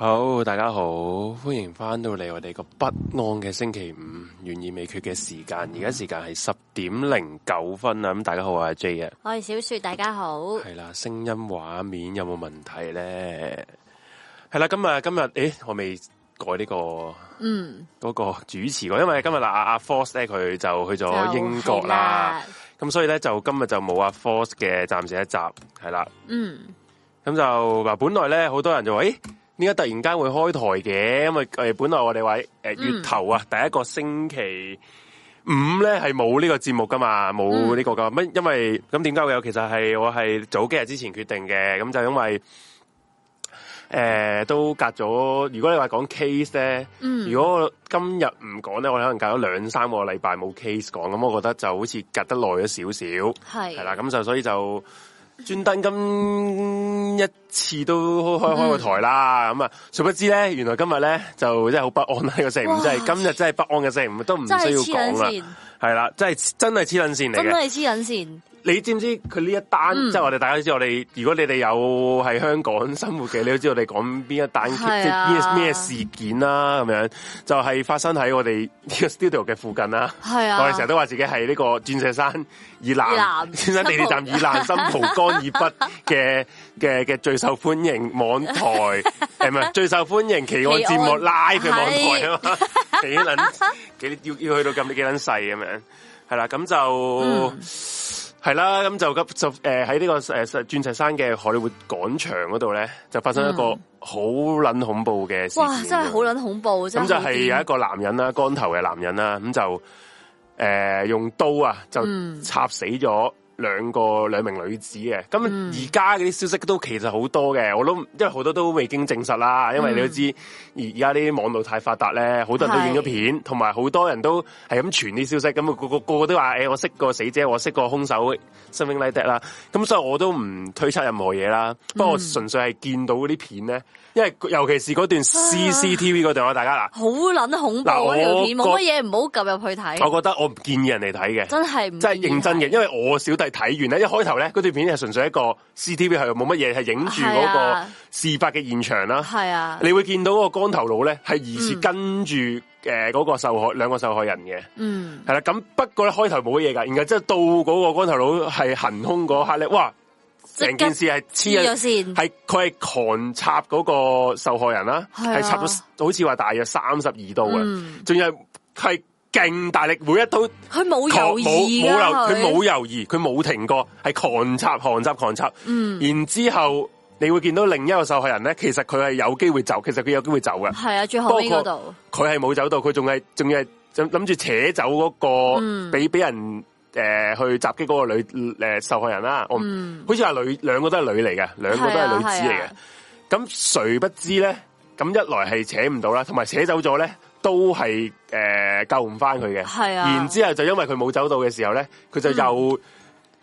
好，大家好，歡迎翻到嚟我哋個不安嘅星期五，懸疑未決嘅時間，而家時間係十點零九分啦，咁大家好啊，J 啊，我係小雪，大家好。係啦，聲音畫面有冇問題咧？係啦，今日今日誒，我未改呢、這個嗯嗰個主持個，因為今日啦阿阿 Force 咧，佢就去咗英國啦，咁所以咧就今日就冇阿 Force 嘅暫時一集係啦。嗯，咁就嗱，本來咧好多人就話，誒、哎。點解突然間會開台嘅？因為誒，本來我哋話誒月頭啊，嗯、第一個星期五咧係冇呢個節目噶嘛，冇呢個噶。乜因為咁點解會有？其實係我係早幾日之前決定嘅。咁就因為誒、呃，都隔咗。如果你話講 case 咧，嗯、如果今日唔講咧，我可能隔咗兩三個禮拜冇 case 講。咁我覺得就好似隔得耐咗少少。係係係啦，咁就所以就。專登今一次都開開個台啦，嗯嗯，咁啊，誰不知殊不知咧，原來今日咧就真係好不安呢 個星期五，真係今日真係不安嘅星期五，都唔需要講啦，係啦，真係真係黐撚線嚟嘅，真係黐撚線。你知唔知佢呢一單？即係我哋大家都知我哋，如果你哋有喺香港生活嘅，你都知我哋講邊一單，即係咩事件啦？咁樣就係發生喺我哋呢個 studio 嘅附近啦。係啊，我哋成日都話自己係呢個鑽石山以南，鑽石山地鐵站以南，新蒲崗以北嘅嘅嘅最受歡迎網台，係咪最受歡迎奇案節目拉佢網台啊嘛，幾捻幾要要去到咁，幾捻細咁樣，係啦，咁就。係啦，咁就咁就誒喺呢個誒鑽石山嘅荷里活廣場度咧，就發生一個好撚恐怖嘅事，嗯，哇！真係好撚恐怖，真係。咁就係有一個男人啦，光頭嘅男人啦，咁就誒、呃、用刀啊，就插死咗。嗯兩個兩名女子嘅，咁而家嗰啲消息都其實好多嘅，我都因為好多都未經證實啦，因為你都知而家啲網路太發達咧，好多人都影咗片，同埋好多人都係咁傳啲消息，咁個個個個都話，誒，我識個死者，我識個兇手，Something like that 啦。咁所以我都唔推測任何嘢啦，不過純粹係見到嗰啲片咧。即係尤其是嗰段 CCTV 嗰段，我大家嗱，好捻恐怖呢條片，冇乜嘢唔好撳入去睇。我覺得我唔建議人嚟睇嘅，真係即係認真嘅。因為我小弟睇完咧，一開頭咧嗰段片係純粹一個 CCTV 係冇乜嘢，係影住嗰個事發嘅現場啦。係啊，你會見到嗰個光頭佬咧，係疑似跟住誒嗰個受害兩個受害人嘅。嗯，係啦，咁不過咧開頭冇乜嘢噶，然後即係到嗰個光頭佬係行凶嗰刻咧，哇！成件事係黐咗線，係佢係狂插嗰個受害人啦，係、啊、插到好似話大約三十二度嘅，仲要係勁大力每一刀，佢冇猶疑佢。冇佢猶豫，佢冇停過，係狂插狂插狂插。狂插狂插，嗯、然之後你會見到另一個受害人咧，其實佢係有機會走，其實佢有機會走嘅。係、嗯、啊，最後嗰度，佢係冇走到，佢仲係仲要係諗諗住扯走嗰、嗰個俾俾、嗯、人。誒、呃，去襲擊嗰個女誒、呃、受害人啦、啊，嗯、我好似話女兩個都係女嚟嘅，兩個都係女子嚟嘅。咁誰、啊啊、不知咧，咁一來係扯唔到啦，同埋扯走咗咧，都係誒、呃、救唔返佢嘅。係是啊，然之後就因為佢冇走到嘅時候咧，佢就又誒、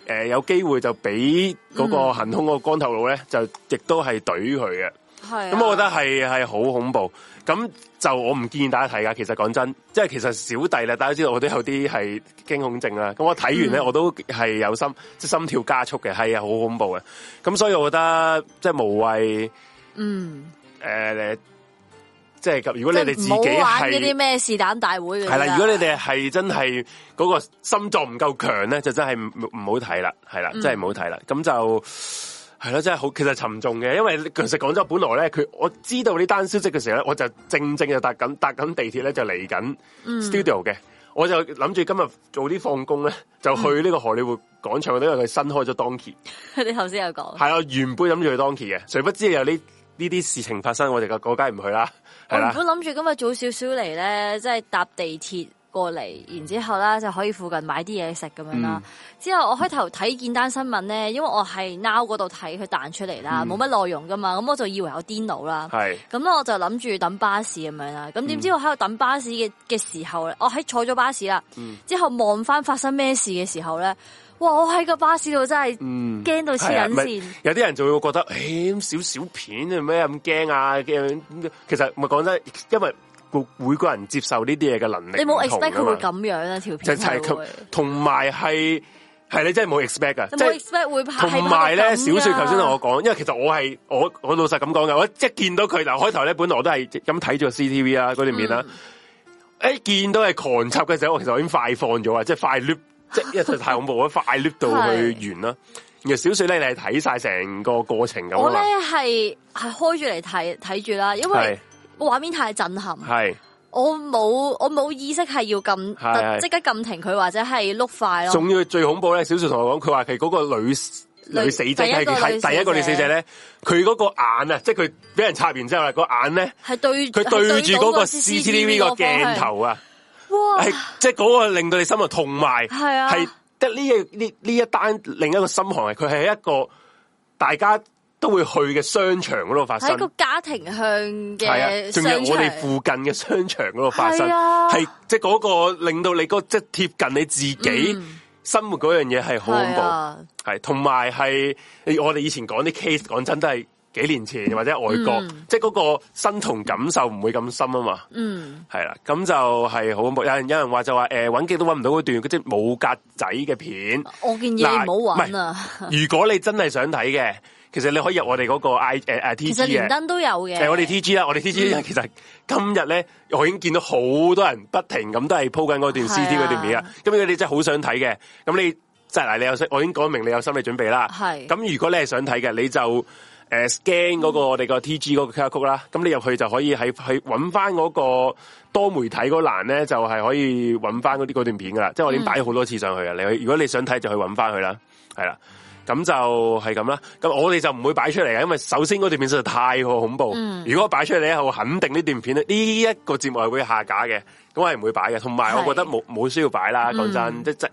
嗯呃、有機會就俾嗰個行凶嗰個光頭佬咧，嗯、就亦都係懟佢嘅。咁是、啊、我覺得係係好恐怖，咁就我唔建議大家睇㗎。其實講真，即係其實小弟咧，大家知道我都有啲係驚恐症啦。咁我睇完咧，嗯、我都係有心即係、就是、心跳加速嘅，係啊，好恐怖嘅。咁所以我覺得即係、就是、無謂，嗯，誒、呃，即係如果你哋自己係呢啲咩是蛋大會嘅，係啦。如果你哋係、啊、真係的嗰個心臟唔夠強咧，就真係唔唔好睇啦，係啦、啊，真係唔好睇啦。咁、嗯、就。係啦，真係好，其實沉重嘅，因為其實廣州本來咧，佢我知道呢單消息嘅時候咧，我就正正就搭緊搭緊地鐵咧，就嚟緊 studio 嘅，嗯、我就諗住今日早啲放工咧，就去呢個荷里活廣場，嗯、因為佢新開咗 Donkey，佢你頭先有講，係啊，我原本諗住去 Donkey 嘅，誰不知有呢呢啲事情發生，我哋個個街唔去啦，係啦。原本諗住今日早少少嚟咧，即係搭地鐵。過嚟，然之後咧就可以附近買啲嘢食咁樣啦。嗯、之後我開頭睇見單新聞咧，因為我係 now 嗰度睇佢彈出嚟啦，冇乜內容噶嘛，咁我就以為有癲佬啦。係咁咧，我就諗住等巴士咁樣啦。咁點知我喺度等巴士嘅嘅時候咧，嗯、我喺坐咗巴士啦。嗯、之後望翻發生咩事嘅時候咧，哇！我喺個巴士度真係驚到黐人線。有啲人就會覺得，誒咁少少片，咩咁驚啊？驚？其實唔係講真，因為。每個人接受呢啲嘢嘅能力，你冇 expect 佢會咁樣啊條片就係同埋係係你真係冇 expect 噶，冇 expect 會拍。同埋咧小說頭先同我講，因為其實我係我我老實咁講㗎，我即係見到佢嗱開頭咧，本來我都係咁睇住 C T V 啊嗰段片啦。誒，嗯、見到係狂插嘅時候，我其實我已經快放咗啊，即係快 loop，即係因為太恐怖，我 快 loop 到去完啦。然後小說咧，你係睇晒成個過程噶嘛？我咧係係開住嚟睇睇住啦，因為。個畫面太震撼，係是我冇我冇意識係要咁即刻撳停佢或者係碌快咯。仲要最恐怖咧，小雪同我講，佢話其實嗰個女女死者係係第,第一個女死者咧，佢嗰個眼啊，即係佢俾人插完之後咧，那個眼咧係對佢對住嗰個 CCTV 個鏡頭啊，是哇！係即係嗰個令到你心啊痛埋，係啊，係得呢一呢呢一單另一個心寒係佢係一個大家。都會去嘅商場嗰度發生一個家庭向嘅商場，仲、啊、有我哋附近嘅商場嗰度發生係、啊，係即係嗰個令到你、嗰個即係貼近你自己生活嗰樣嘢係好恐怖，係同埋係我哋以前講啲 case，講真都係幾年前或者是外國，即係嗰個身同感受唔會咁深啊嘛。嗯，係啦、啊，咁就係好恐怖。有人有人話就話誒，揾、欸、極都揾唔到嗰段嗰隻冇格仔嘅片。我建議你唔好揾啊！ 如果你真係想睇嘅。其實你可以入我哋嗰個 I 誒、呃、誒、啊、T G 嘅，其燈都有嘅、呃。我哋 T G 啦，我哋 T G、嗯、其實今日咧，我已經見到好多人不停咁都係鋪緊嗰段 C D 嗰段片啊。咁你你真係好想睇嘅，咁你即係嗱，你有我已經講明你，你有心理準備係、呃那個、啦。係咁，如果你係想睇嘅，你就誒 scan 嗰個我哋個 T G 嗰個卡拉曲啦。咁你入去就可以喺喺揾翻嗰個多媒體嗰欄咧，就係可以揾翻嗰啲嗰段片噶啦。即係我已經擺咗好多次上去啊。你如果你想睇就去揾翻佢啦，係啦。咁就係咁啦，咁我哋就唔會擺出嚟啊！因為首先嗰段片實在太過恐怖。嗯、如果擺出嚟咧，我肯定呢段片咧，呢、這、一個節目係會下架嘅，咁我係唔會擺嘅。同埋，我覺得冇冇是 需要擺啦，講真、嗯，即係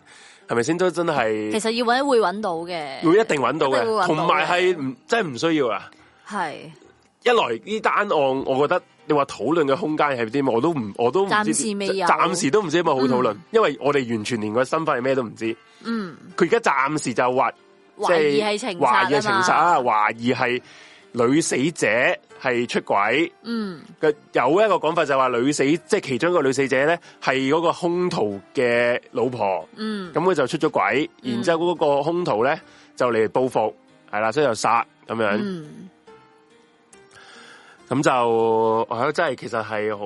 係咪先都真係。其實要搵會搵到嘅，會一定搵到嘅。同埋係唔真係唔需要啊。係是 一來呢單案，我覺得你話討論嘅空間係啲咩，我都唔我都暫時未有，暫時都唔知有冇好討論，嗯、因為我哋完全連個身份係咩都唔知。嗯，佢而家暫時就話。懷疑係情殺，懷疑係女死者係出軌。嗯，有一個講法就話女死即係、就是、其中一個女死者咧係嗰個兇徒嘅老婆。嗯，咁佢就出咗軌，然之後嗰個兇徒咧就嚟報復，係啦、嗯，所以就殺咁樣。咁、嗯、就係真係，其實係好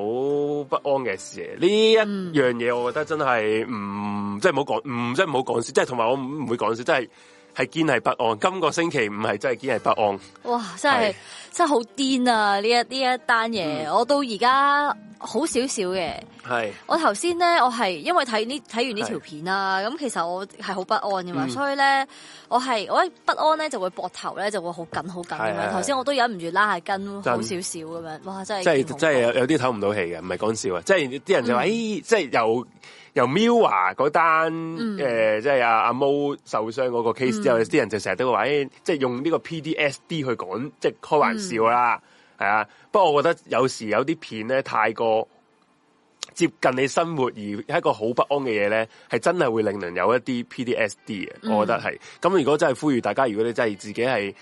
不安嘅事。呢一樣嘢，我覺得真係唔即係唔好講，唔即係唔好講笑，即係同埋我唔會講笑，即係。係堅係不安，今個星期五係真係堅係不安。哇！真係是真係好癲啊！呢一呢一單嘢，嗯、我到而家。好少少嘅，我頭先咧，我係因為睇呢睇完呢條片啦，咁其實我係好不安嘅嘛，所以咧我係我一不安咧就會膊頭咧就會好緊好緊咁樣。頭先我都忍唔住拉下筋，好少少咁樣，哇，真係真係真係有啲唞唔到氣嘅，唔係講笑啊！即係啲人就話，咦，即係由由 Mirror 嗰單誒，即係阿阿 Mo 受傷嗰個 case 之後，啲人就成日都話，誒，即係用呢個 PDSD 去講，即係開玩笑啦。係啊，不過我覺得有時有啲片咧太過接近你生活而一個好不安嘅嘢咧，係真係會令人有一啲 PDSD 嘅。嗯、我覺得係，咁如果真係呼籲大家，如果你真係自己係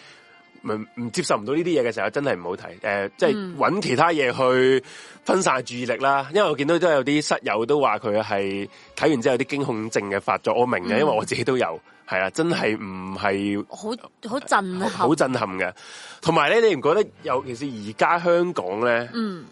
唔唔接受唔到呢啲嘢嘅時候，真係唔好睇。誒、呃，即係揾其他嘢去分散注意力啦。因為我見到都有啲室友都話佢係睇完之後有啲驚恐症嘅發作，我明嘅，因為我自己都有。嗯嗯。係啊，真係唔係好好震撼，好震撼嘅。同埋咧，你唔覺得，尤其是而家香港咧，嗯。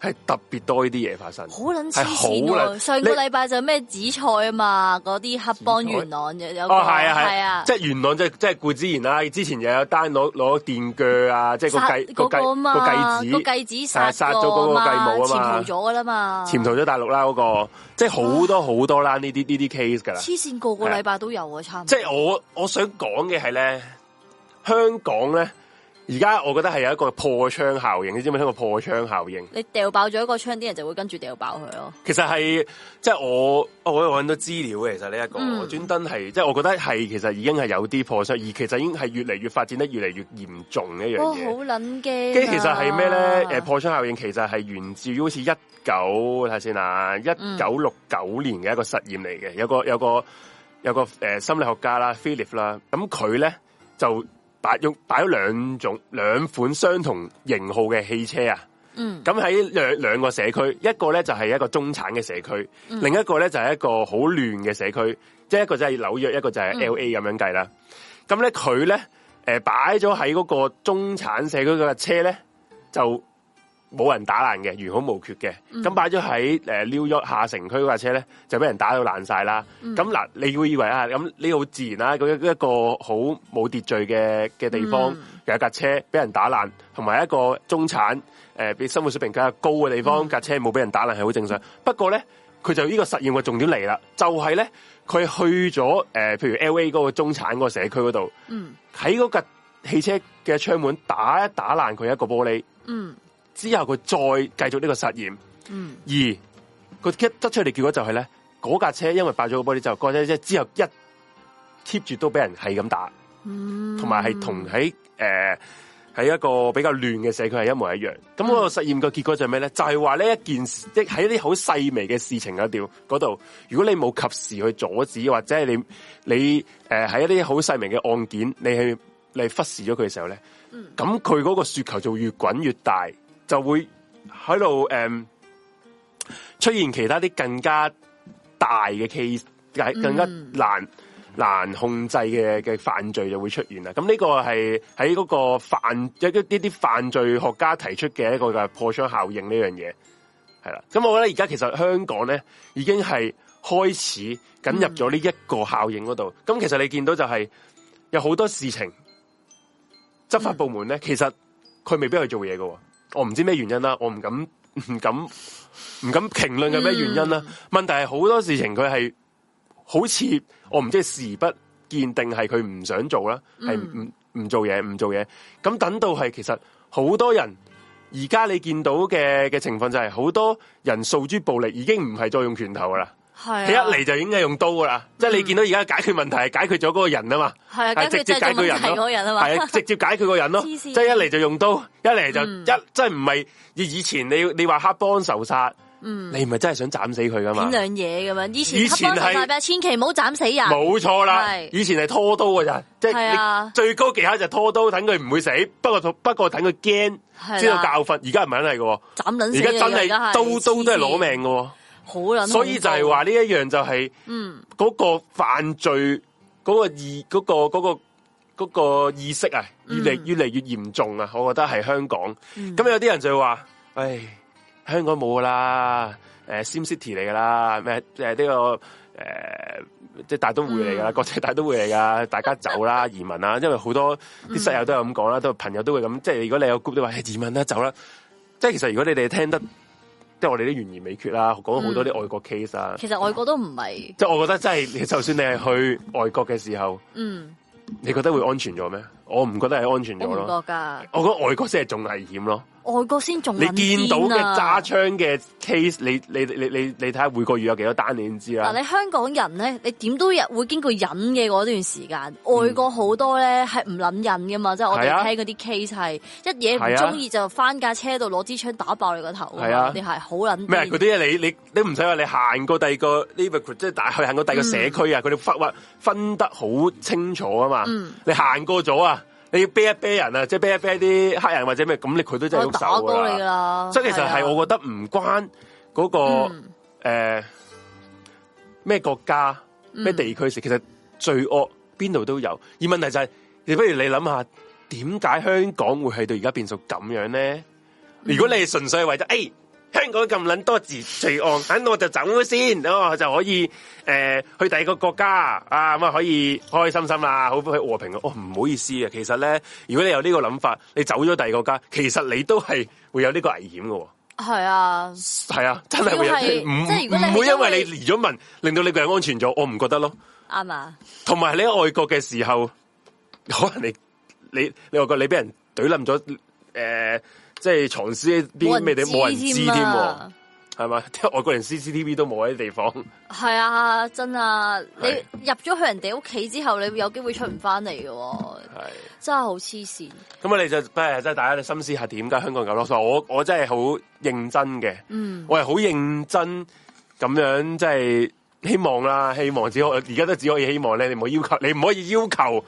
係特別多呢啲嘢發生，好卵黐線喎！上個禮拜就咩紫菜啊嘛，嗰啲黑幫元朗就有，係啊，即係元朗即係即係顧之賢啦，之前又有單攞攞電鋸啊，即係個繼個繼個繼子，個繼子殺殺咗嗰個繼母啊嘛，潛逃咗噶啦嘛，潛逃咗大陸啦嗰個，即係好多好多啦呢啲呢啲 case 噶啦，黐線個個禮拜都有啊，差唔多，即係我我想講嘅係咧，香港咧。而家我覺得係有一個破窗效應，你知唔知聽過破窗效應？你掉爆咗一個窗，啲人就會跟住掉爆佢咯、就是。其實係即係我我揾咗資料嘅，其實呢一個專登係即係我覺得係其實已經係有啲破窗，而其實已經係越嚟越發展得越嚟越嚴重一樣嘢。好撚驚！啊、其實係咩咧？破窗效應其實係源自於好似一九睇先啊，一九六九年嘅一個實驗嚟嘅、嗯，有個有個有個心理學家啦，菲利普啦，咁佢咧就。擺咗咗兩種兩款相同型號嘅汽車啊，嗯，咁喺兩兩個社區，一個咧就係、是、一個中產嘅社區，嗯、另一個咧就係、是、一個好亂嘅社區，即係一個就係紐約，一個就係 LA 咁樣計啦。咁咧佢咧，誒，擺咗喺嗰個中產社區嘅車咧就。冇人打爛嘅，完好無缺嘅。咁擺咗喺誒 New York 下城區嗰架車咧，就俾人打到爛晒啦。咁嗱、嗯，你會以為啊，咁呢度自然啦、啊，一個好冇秩序嘅嘅地方，嗯、有一架車俾人打爛，同埋一個中產誒，比、呃、生活水平更加高嘅地方，嗯、架車冇俾人打爛係好正常。不過咧，佢就呢個實驗嘅重點嚟啦，就係、是、咧，佢去咗誒、呃，譬如 LA 嗰個中產嗰個社區嗰度，喺嗰架汽車嘅窗門打一打爛佢一個玻璃。嗯之後佢再繼續呢個實驗，嗯，而佢一得出嚟結果就係咧，嗰架車因為爆咗個玻璃之後，就嗰架車之後一 keep 住都俾人係咁打，同埋係同喺誒喺一個比較亂嘅社區係一模一樣。咁個實驗嘅結果就係咩咧？嗯、就係話咧一件事，即係喺啲好細微嘅事情嗰度，嗰度如果你冇及時去阻止，或者係你你誒喺、呃、一啲好細微嘅案件，你去你忽視咗佢嘅時候咧，咁佢嗰個雪球就越滾越大。就會喺度誒，um, 出現其他啲更加大嘅 case，mm. 更加難難控制嘅嘅犯罪就會出現啦。咁呢個係喺嗰個犯一啲一啲犯罪學家提出嘅一個嘅破窗效應呢樣嘢，係啦。咁我覺得而家其實香港咧已經係開始緊入咗呢一個效應嗰度。咁，mm. 其實你見到就係有好多事情，執法部門咧，mm. 其實佢未必去做嘢喎。我唔知咩原因啦，我唔敢唔敢唔敢評論係咩原因啦。嗯、問題係好多事情佢係好似我唔知係視不見定，係佢唔想做啦，係唔唔做嘢，唔做嘢。咁等到係其實好多人而家你見到嘅嘅情況就係好多人訴諸暴力，已經唔係再用拳頭啦。佢一嚟就應該用刀噶啦，即係你見到而家解決問題係解決咗嗰個人啊嘛，係直接解決人啊嘛，係直接解決個人咯，即係一嚟就用刀，一嚟就一，即係唔係以前你你話黑幫仇殺，你唔係真係想斬死佢噶嘛？點兩嘢咁嘛，以前黑係唔係千祈唔好斬死人，冇錯啦。以前係拖刀㗎咋，即係最高技巧就拖刀等佢唔會死，不過不過等佢驚，知道教訓。而家唔係咁嚟噶，斬死，而家真係刀刀都係攞命噶。所以就係話呢一樣就係，嗰個犯罪嗰個意、嗰個、嗰個、嗰個意識啊，越嚟越嚟越嚴重啊！我覺得係香港，咁有啲人就會話，唉，香港冇噶啦，誒，City 嚟噶啦，咩誒呢個誒，即係大都會嚟噶啦，國際大都會嚟噶，大家走啦， 移民啦，因為好多啲室友都有咁講啦，都朋友都會咁，即係如果你有 group 都話，欸、移民啦，走啦，即係其實如果你哋聽得。即係我哋啲懸疑未決啦，講咗好多啲外國 case 啊、嗯。其實外國都唔係，即係我覺得真係，就算你係去外國嘅時候，嗯，你覺得會安全咗咩？我唔覺得係安全咗咯，我唔覺噶。我覺得外國先係仲危險咯，外國先仲、啊、你見到嘅揸槍嘅 case，你你你你你睇下每個月有幾多單，你,你,你,你,你,睇下你都知啦。嗱，你香港人咧，你點都會會經過忍嘅嗰段時間，嗯、外國好多咧係唔諗忍噶嘛，即、就、係、是、我哋聽嗰啲 case 係是、啊、一嘢唔中意就翻架車度攞支槍打爆你個頭，你係好撚咩？嗰啲嘢你你你唔使話，你行過第二個 neighborhood 即係去行過第二個社區啊，佢哋分劃分得好清楚啊嘛，嗯、你行過咗啊？你要啤一啤人啊，即係啤一啤啲黑人或者咩，咁你佢都真係好受噶啦。所以其實係我覺得唔關嗰、那個誒咩、啊嗯呃、國家咩地區事，嗯、其實罪惡邊度都有。而問題就係、是，不如你諗下點解香港會去到而家變做咁樣咧？嗯、如果你係純粹係為咗誒。欸香港咁捻多字罪案，等我就走咗先哦，我就可以誒、呃、去第二個國家啊，咁啊可以開開心心啦，好去和平咯。哦，唔好意思嘅，其實咧，如果你有呢個諗法，你走咗第二個國家，其實你都係會有呢個危險喎、哦。係啊，係啊，真係會有。你唔會，會因為你移咗民，令到你個人安全咗，我唔覺得咯。啱啊吧。同埋喺外國嘅時候，可能你你你外國你俾人懟冧咗誒、呃即係藏屍啲咩嘢冇人知添喎，係嘛？啲、啊、外國人 CCTV 都冇喺啲地方。係啊，真啊！ 你入咗去人哋屋企之後，你會有機會出唔翻嚟嘅。係是、啊、真係好黐線。咁啊，你就不係即係大家心思下點解香港人咁囉嗦？我我真係好認真嘅。嗯，我係好認真咁樣，即、就、係、是、希望啦，希望只可而家都只可以希望咧，你唔好要，要求，你唔可以要求。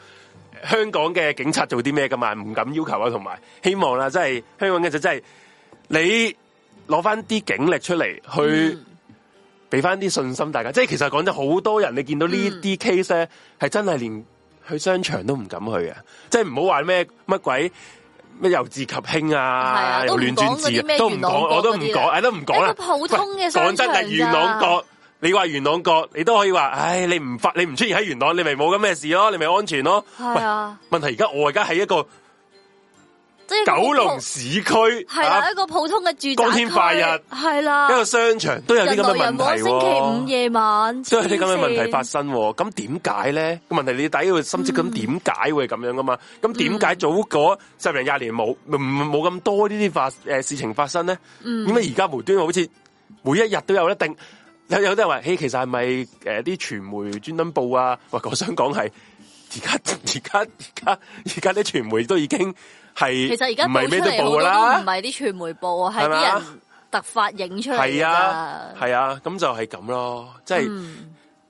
香港嘅警察做啲咩噶嘛？唔敢要求啊，同埋希望啦，即係香港嘅就真係你攞翻啲警力出嚟去俾翻啲信心大家。嗯、即係其實講真，好多人你見到呢啲 case 咧，係真係連去商場都唔敢去啊，即係唔好話咩乜鬼咩由自及興啊，又亂轉字，都唔講，我都唔講，哎都唔講啦。普通嘅商場啊，講真係元朗角。你話元朗角，你都可以話，唉，你唔發，你唔出現喺元朗，你咪冇咁咩事咯，你咪安全咯。係啊，問題而家我而家喺一個即係九龍市區係啦，一個，啊、一個普通嘅住宅，光天化日係啦，啊、一個商場都有啲咁嘅問題。人人星期五夜晚都有啲咁嘅問題發生，咁點解咧？問題你第一個心知咁點解會咁樣㗎嘛？咁點解早嗰十年廿年冇冇冇咁多呢啲發誒事情發生咧？嗯，點解而家無端好似每一日都有一定？有有啲人話，嘿，其實係咪誒啲傳媒專登報啊？我、呃、我想講係而家而家而家而家啲傳媒都已經係，其實而家唔係咩都報噶啦，唔係啲傳媒報啊，係啲人突發影出嚟噶。係啊，係啊，咁就係咁咯。即係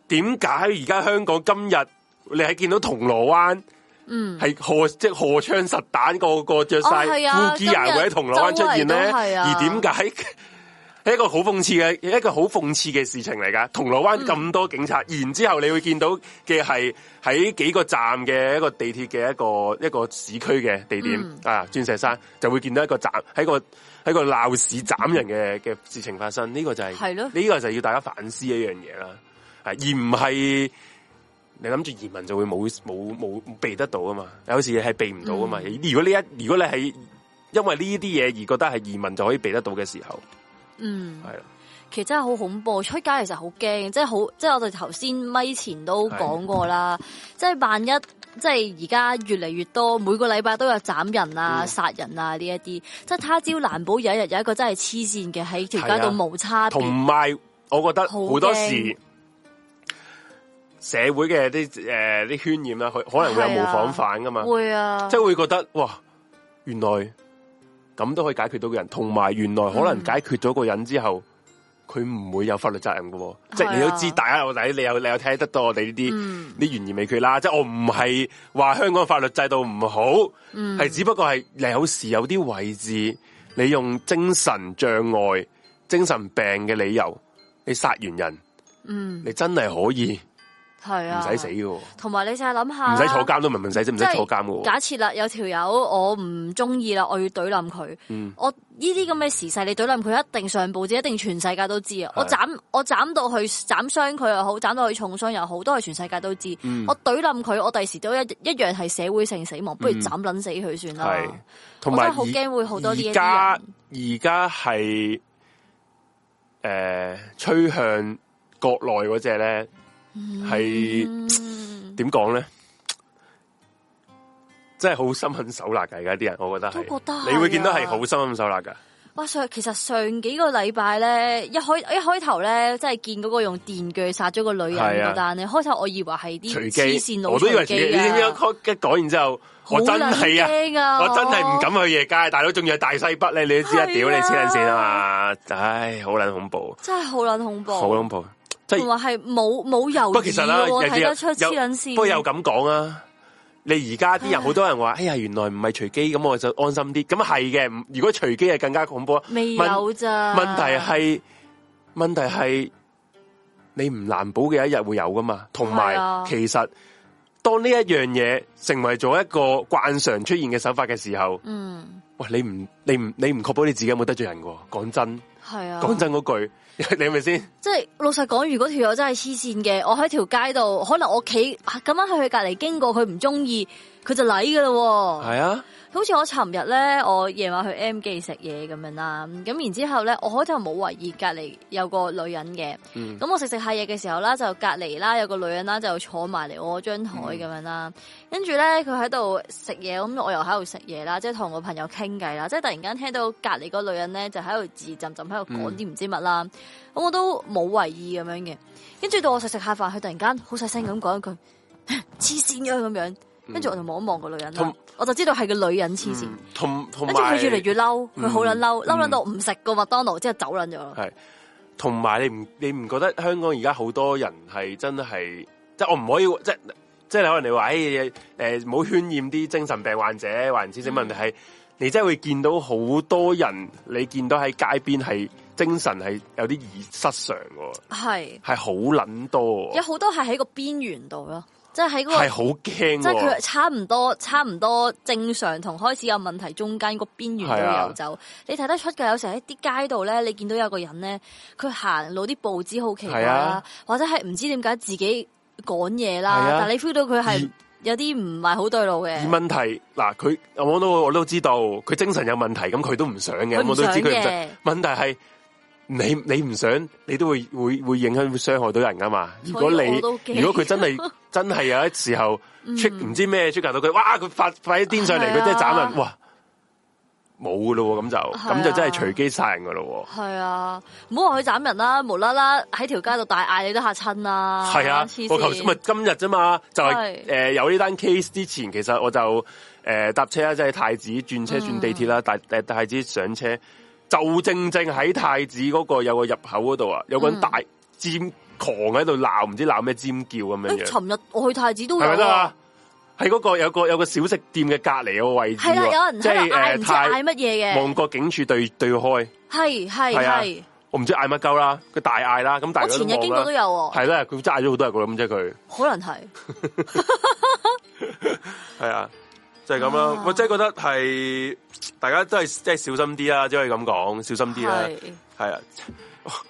點解而家香港今日你係見到銅鑼灣，嗯，係荷即係荷槍實彈、那個個着晒 full gear 喺銅鑼灣出現咧？而點解？嗯係一個好諷刺嘅一個好諷刺嘅事情嚟噶，銅鑼灣咁多警察，嗯、然之後你會見到嘅係喺幾個站嘅一個地鐵嘅一個一個市區嘅地點、嗯、啊，鑽石山就會見到一個站喺個喺個鬧市斬人嘅嘅事情發生，呢、呢個就係、是，是呢個就要大家反思的一樣嘢啦，係而唔係你諗住移民就會冇冇冇避得到啊嘛，有時係避唔到啊嘛、嗯、如，如果呢一、如果你係因為呢啲嘢而覺得係移民就可以避得到嘅時候。嗯，係啦，其實真係好恐怖，出街其實好驚，即係好，即係我哋頭先咪前都講過啦，是的 即係萬一，即係而家越嚟越多，每個禮拜都有斬人啊、殺、嗯、人啊呢一啲，即係他朝難保有一日有一個真係黐線嘅喺條街度，無差，同埋我覺得好多時很害社會嘅啲誒啲渲染啦，佢、呃、可能會有模仿犯噶嘛，會啊，即係會覺得哇，原來。咁都可以解決到個人，同埋原來可能解決咗個人之後，佢唔、嗯、會有法律責任嘅喎。嗯、即係你都知，是啊、大家有睇，你有你有，你有聽得到我哋呢啲，啲懸、嗯、而未決啦。即係我唔係話香港法律制度唔好，係、嗯、只不過係你有時有啲位置，你用精神障礙、精神病嘅理由，你殺完人，嗯，你真係可以。係啊，唔使死喎。同埋你試下諗下，唔使坐監都文明使，即唔使坐監喎？假設啦，有條友我唔中意啦，我要懟冧佢，嗯、我呢啲咁嘅時勢，你懟冧佢一定上報紙，一定全世界都知啊的！我斬我斬到佢斬傷佢又好，斬到佢重傷又好，都係全世界都知、嗯我。我懟冧佢，我第時都一一樣係社會性死亡，不如斬撚死佢算啦。係、嗯，同埋我好驚會好多啲嘢。而家而家係誒，趨、呃、向國內嗰隻咧。係點講咧？真係好心狠手辣噶而家啲人，我覺得係，你會見到係好心狠手辣噶。哇！上其實上幾個禮拜咧，一開一開頭咧，真係見嗰個用電鋸殺咗個女人但你開頭我以為係啲黐線路，我都以為自己點樣一講，完之後我真係啊！我真係唔敢去夜街，大佬仲要係大西北咧，你都知一屌你黐捻線啊嘛！唉，好捻恐怖，真係好捻恐怖，好恐怖。不係話係冇冇猶豫嘅，睇、啊、得出黐卵線。不過有咁講啊！你而家啲人好多人話：，唉哎呀，原來唔係隨機，咁我就安心啲。咁係嘅。如果隨機係更加恐怖。未有咋問已？問題係問題係你唔難保嘅一日會有噶嘛？同埋，啊、其實當呢一樣嘢成為咗一個慣常出現嘅手法嘅時候，嗯，哇！你唔你唔你唔確保你自己有冇得罪人嘅？講真，係啊，講真嗰句。 你係咪先？即係、就是、老實講，如果條友真係黐線嘅，我喺條街度，可能我企咁、啊、樣喺佢隔籬經過，佢唔中意，佢就嚟噶喇喎。係啊。好似我尋日咧，我夜晚去 M 記食嘢咁樣啦，咁然之後咧，我喺度冇為意，隔離有個女人嘅。咁、嗯、我食食下嘢嘅時候啦，就隔離啦有個女人啦就坐埋嚟我張台咁樣啦，跟住咧佢喺度食嘢，咁我又喺度食嘢啦，即係同我朋友傾偈啦，即係突然間聽到隔離個女人咧就喺度自浸浸喺度講啲唔知乜啦，咁、嗯、我都冇為意咁樣嘅。跟住到我食食下飯，佢突然間好細聲咁講一句黐線嘅咁樣，跟住、嗯、我就望一望個女人我就知道係個女人黐線、嗯，同同埋佢越嚟越嬲，佢好撚嬲，嬲撚到唔食個麥當勞，即係走撚咗。係，同埋你唔你唔覺得香港而家好多人係真係，即係我唔可以，即係即係可能你話誒誒，唔好渲染啲精神病患者，或者黐線問題係，嗯、你真係會見到好多人，你見到喺街邊係精神係有啲異失常嘅，係係好撚多，有好多係喺個邊緣度咯。即係喺嗰個係好驚，是即係佢差唔多，差唔多正常同開始有問題中間個邊緣都有走，是啊、你睇得出嘅。有時喺啲街道咧，你見到有個人咧，佢行路啲步子好奇怪啦，是啊、或者係唔知點解自己講嘢啦，是啊、但係你 feel 到佢係有啲唔係好對路嘅。問題嗱，佢我都我都知道佢精神有問題，咁佢都唔想嘅，佢唔想嘅我都知佢唔想。問題係。你你唔想，你都會會會影響、會傷害到人噶嘛？如果你如果佢真係真係有一時候出唔知咩出界到佢，哇！佢發快啲癲上嚟，佢真係斬人哇！冇噶咯，咁就咁就真係隨機殺人噶咯。係啊，唔好話佢斬人啦，無啦啦喺條街度大嗌，你都吓親啦。係啊，我頭先咪今日啫嘛，就係誒有呢單 case 之前，其實我就誒搭車啦即係太子轉車轉地鐵啦，但誒太子上車。就正正喺太子嗰個有個入口嗰度啊，有個人大尖狂喺度鬧，唔知鬧咩尖叫咁樣、欸。尋日我去太子都有、啊是是。係咪得啊？喺嗰個有個有個小食店嘅隔籬個位置。係啦，有人喺度嗌唔知嗌乜嘢嘅？旺角警署對對開。係係係。我唔知嗌乜鳩啦，佢大嗌啦。咁但係我前日經過，過都有、啊啊。係啦，佢真係嗌咗好多句咁，即係佢。可能係。係啊。就係咁啦，Yeah. 我真係覺得係，大家都係即係小心啲啦，即可以咁講，小心啲啦，係啊是，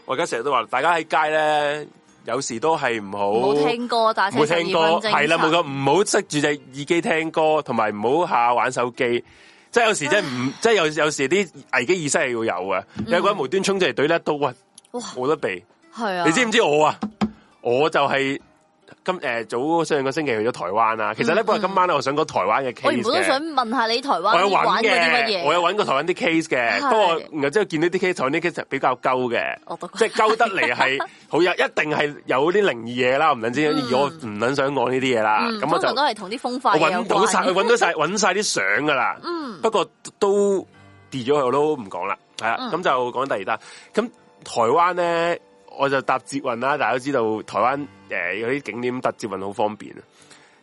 我而家成日都話，大家喺街咧，有時都係唔好聽歌，大打醒十二分精神，係啦，冇咁，唔好塞住隻耳機聽歌，同埋唔好下玩手機，即係有時唉即係唔，即係有有時啲危機意識係要有嘅，有個人無端衝出嚟懟你一刀，哇，冇得避，係啊，你知唔知我啊？我就係、是。今誒早上個星期去咗台灣啦，其實咧不過今晚咧，我想講台灣嘅 case。我原本都想問下你台灣，我有玩嘅，我有揾過台灣啲 case 嘅，不過然之後見到啲 case，台灣啲 case 比較鳩嘅，即係鳩得嚟係好有，一定係有啲靈異嘢啦，唔撚知，如果我唔撚想講呢啲嘢啦。咁我就都係同啲風化嘢有關，揾到晒，搵到曬，揾晒啲相噶啦。不過都跌咗去，咗，我都唔講啦。係啊，咁就講第二單。咁台灣咧。我就搭捷運啦，大家都知道台灣誒啲景點搭捷運好方便啊。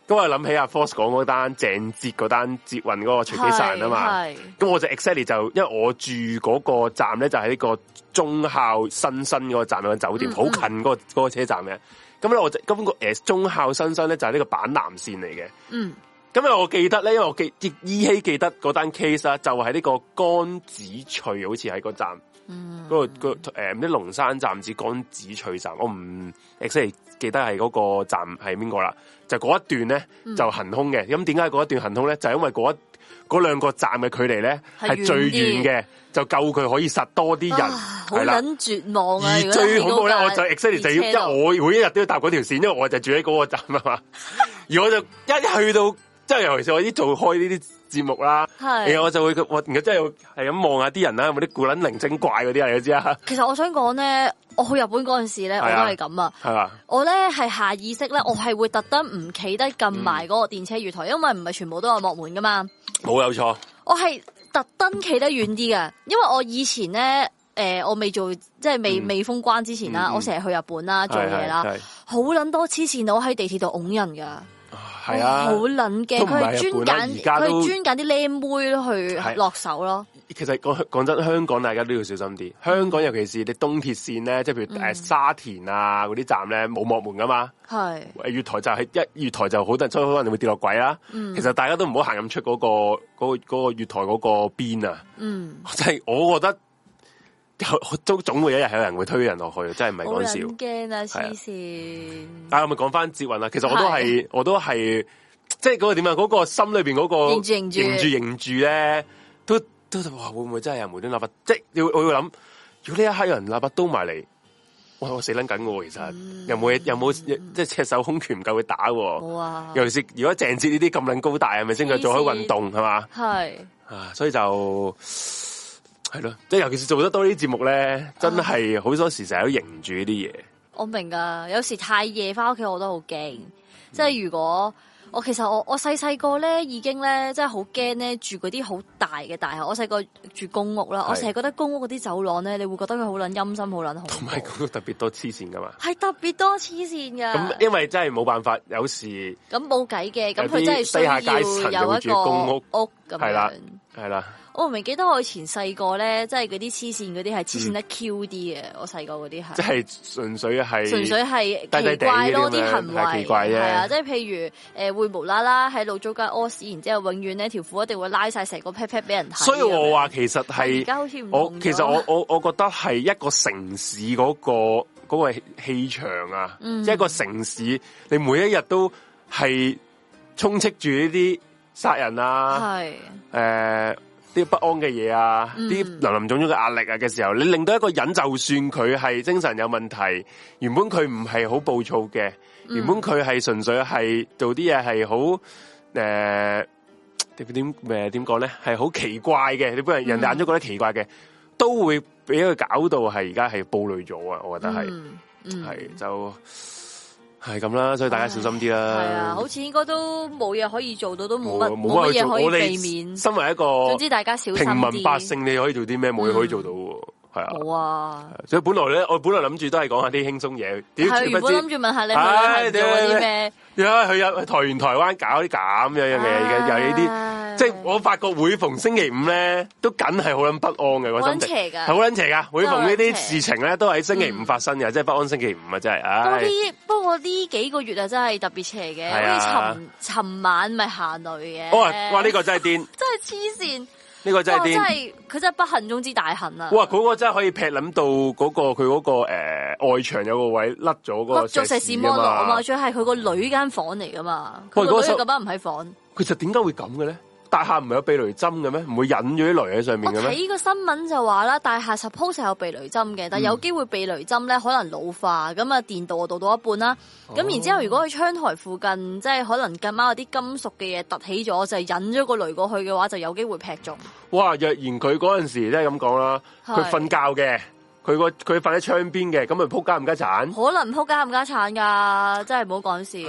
咁我諗起阿 Force 講嗰單鄭捷嗰單捷運嗰個隨機站啊嘛。咁我就 excite 就，因為我住嗰個站咧就喺、是、呢個忠孝新生嗰個站嘅酒店，好、嗯、哼近嗰、那個車、那個車站嘅。咁咧我就，咁、那個誒忠孝新生咧就係、是、呢個板南線嚟嘅。嗯，咁我記得咧，因為我記依稀記得嗰單 case 啦、啊，就係、是、呢個江子翠，好似喺個站。嗰、嗯那個、那個誒，唔知龍山站至港紫翠站，我唔 exactly 記得係嗰個站係邊個啦。就嗰一段咧就行空嘅。咁點解嗰一段行空咧？就因為嗰嗰兩個站嘅距離咧係最遠嘅，就夠佢可以實多啲人。好狠絕望而最恐怖咧，我就 exactly 就要，因為我每一日都要搭嗰條線，因為我就住喺嗰個站啊嘛。嗯、 而我就一去到，即係尤其是我啲做開呢啲。節目啦，然是後我就會，我而家真係係咁望下啲人啦、啊，有冇啲古撚靈精怪嗰啲啊？你知啊？其實我想講咧，我去日本嗰陣時咧，是的我都係咁啊。係啊的，我咧係下意識咧， 我係會特登唔企得近埋嗰個電車月台，因為唔係全部都有幕門㗎嘛。冇有錯，我係特登企得遠啲嘅，因為我以前咧，誒、呃，我未做即係未未封關之前啦，嗯、我成日去日本啦做嘢啦，好撚多黐線佬喺地鐵度拱人㗎。係啊，好捻驚，佢專揀佢專揀啲靚妹去落手咯，啊。其實講講真，香港大家都要小心啲。嗯、香港尤其是你東鐵線咧，即係譬如誒沙田啊嗰啲站咧冇幕門噶嘛。係、嗯、月台就係、係、一月台就好多人，所以可能會跌落軌啦。嗯、其實大家都唔好行咁出嗰、嗰個嗰個、嗰個月台嗰個邊啊。嗯，即係我覺得。都總會有一日有人會推人落去，真係唔係講笑。好驚啊！黐線。啊，嗯、我咪講翻捷運啦，其實我都係，是的 我都係，即係嗰個點啊？嗰、那個心裏邊嗰、那個認住認住咧，都都就會唔會真係有無端立法？即係要我會諗，如果呢一刻有人立法刀埋嚟，我我死撚緊其實又冇又冇，即係赤手空拳唔夠佢打的。冇啊哇！尤其是如果鄭捷呢啲咁撚高大，係咪先佢做開運動係嘛？係啊，所以就。係咯，即係尤其是做得多這節呢啲節目咧，啊、真係好多時成日都認唔住啲嘢。我明噶，有時太夜翻屋企，我都好驚。嗯、即係如果我其實我我細細個咧，已經咧，即係好驚咧住嗰啲好大嘅大廈。我細個住公屋啦，是的 我成日覺得公屋嗰啲走廊咧，你會覺得佢好卵陰森，好卵恐怖。同埋公屋特別多黐線噶嘛，係特別多黐線噶。咁因為真係冇辦法，有時咁冇計嘅。咁佢真係需要有一個公屋屋咁係啦，係啦。我唔係，記得我以前細個呢，即係嗰啲黐線嗰啲係黐線得 Q 啲嘅，嗯、我細個嗰啲係。即係純粹係純粹係奇怪咯啲行為，係啊、嗯嗯，即係譬如誒、呃、會無啦啦喺老租間屙屎，然之後永遠呢條褲一定會拉曬成個 pat pat 俾人睇。所以我話其實係，我其實我我，我覺得係一個城市嗰、嗰個嗰、嗰個氣場啊，嗯、哼 即係一個城市你每一日都係充斥住呢啲殺人啊，係是、呃啲不安嘅嘢啊，啲林林種種嘅壓力啊嘅時候，你令到一個人，就算佢係精神有問題，原本佢唔係好暴躁嘅，嗯嗯原本佢係純粹係做啲嘢係好誒點點誒點講咧，係、呃、好奇怪嘅，你本嚟人眼中覺得奇怪嘅，嗯嗯都會俾佢搞到係而家係暴戾咗啊！我覺得係，係、嗯嗯、就。係咁啦，所以大家小心啲啦。係啊，好似應該都冇嘢可以做到，都冇乜冇嘢可以避免。身為一個總之大家小心啲。平民百姓你可以做啲咩？冇嘢可以做到。係啊，所以本來咧，我本來諗住都係講下啲輕鬆嘢。佢原本諗住問下你，係點啲咩？呀，佢有去台灣、台灣搞啲咁樣嘅嘢，又呢啲，即係我發覺每逢星期五咧，都緊係好捻不安嘅個心情，係好捻邪噶。每逢呢啲事情咧，都係喺星期五發生嘅，即係不安星期五啊！真係啊。不過呢，不過呢幾個月啊，真係特別邪嘅。好似尋尋晚咪行雷嘅。哇哇！呢個真係癲，真係黐線。呢個是真係啲，佢真係不幸中之大幸啦，啊！哇，嗰、那個真係可以劈諗到嗰、那個佢嗰、那個誒、呃、外牆有個位甩咗嗰個做石屎摩魔啊是他嘛！仲係佢個女間房嚟噶嘛？佢嗰女咁啱唔喺房，其實點解會咁嘅咧？大廈唔係有避雷針嘅咩？唔會引咗啲雷喺上面嘅咩？我睇個新聞就話啦，大廈十鋪係有避雷針嘅，但係有機會避雷針咧可能老化，咁啊電導啊導到一半啦。咁、哦、然之後如果喺窗台附近，即係可能夾有咁啱有啲金屬嘅嘢凸起咗，就係、引咗個雷過去嘅話，就有機會劈中。哇！若然佢嗰陣時都係咁講啦，佢瞓覺嘅，佢個佢瞓喺窗邊嘅，咁咪撲街唔加鏟，可能撲街唔加鏟噶，真係唔好講笑。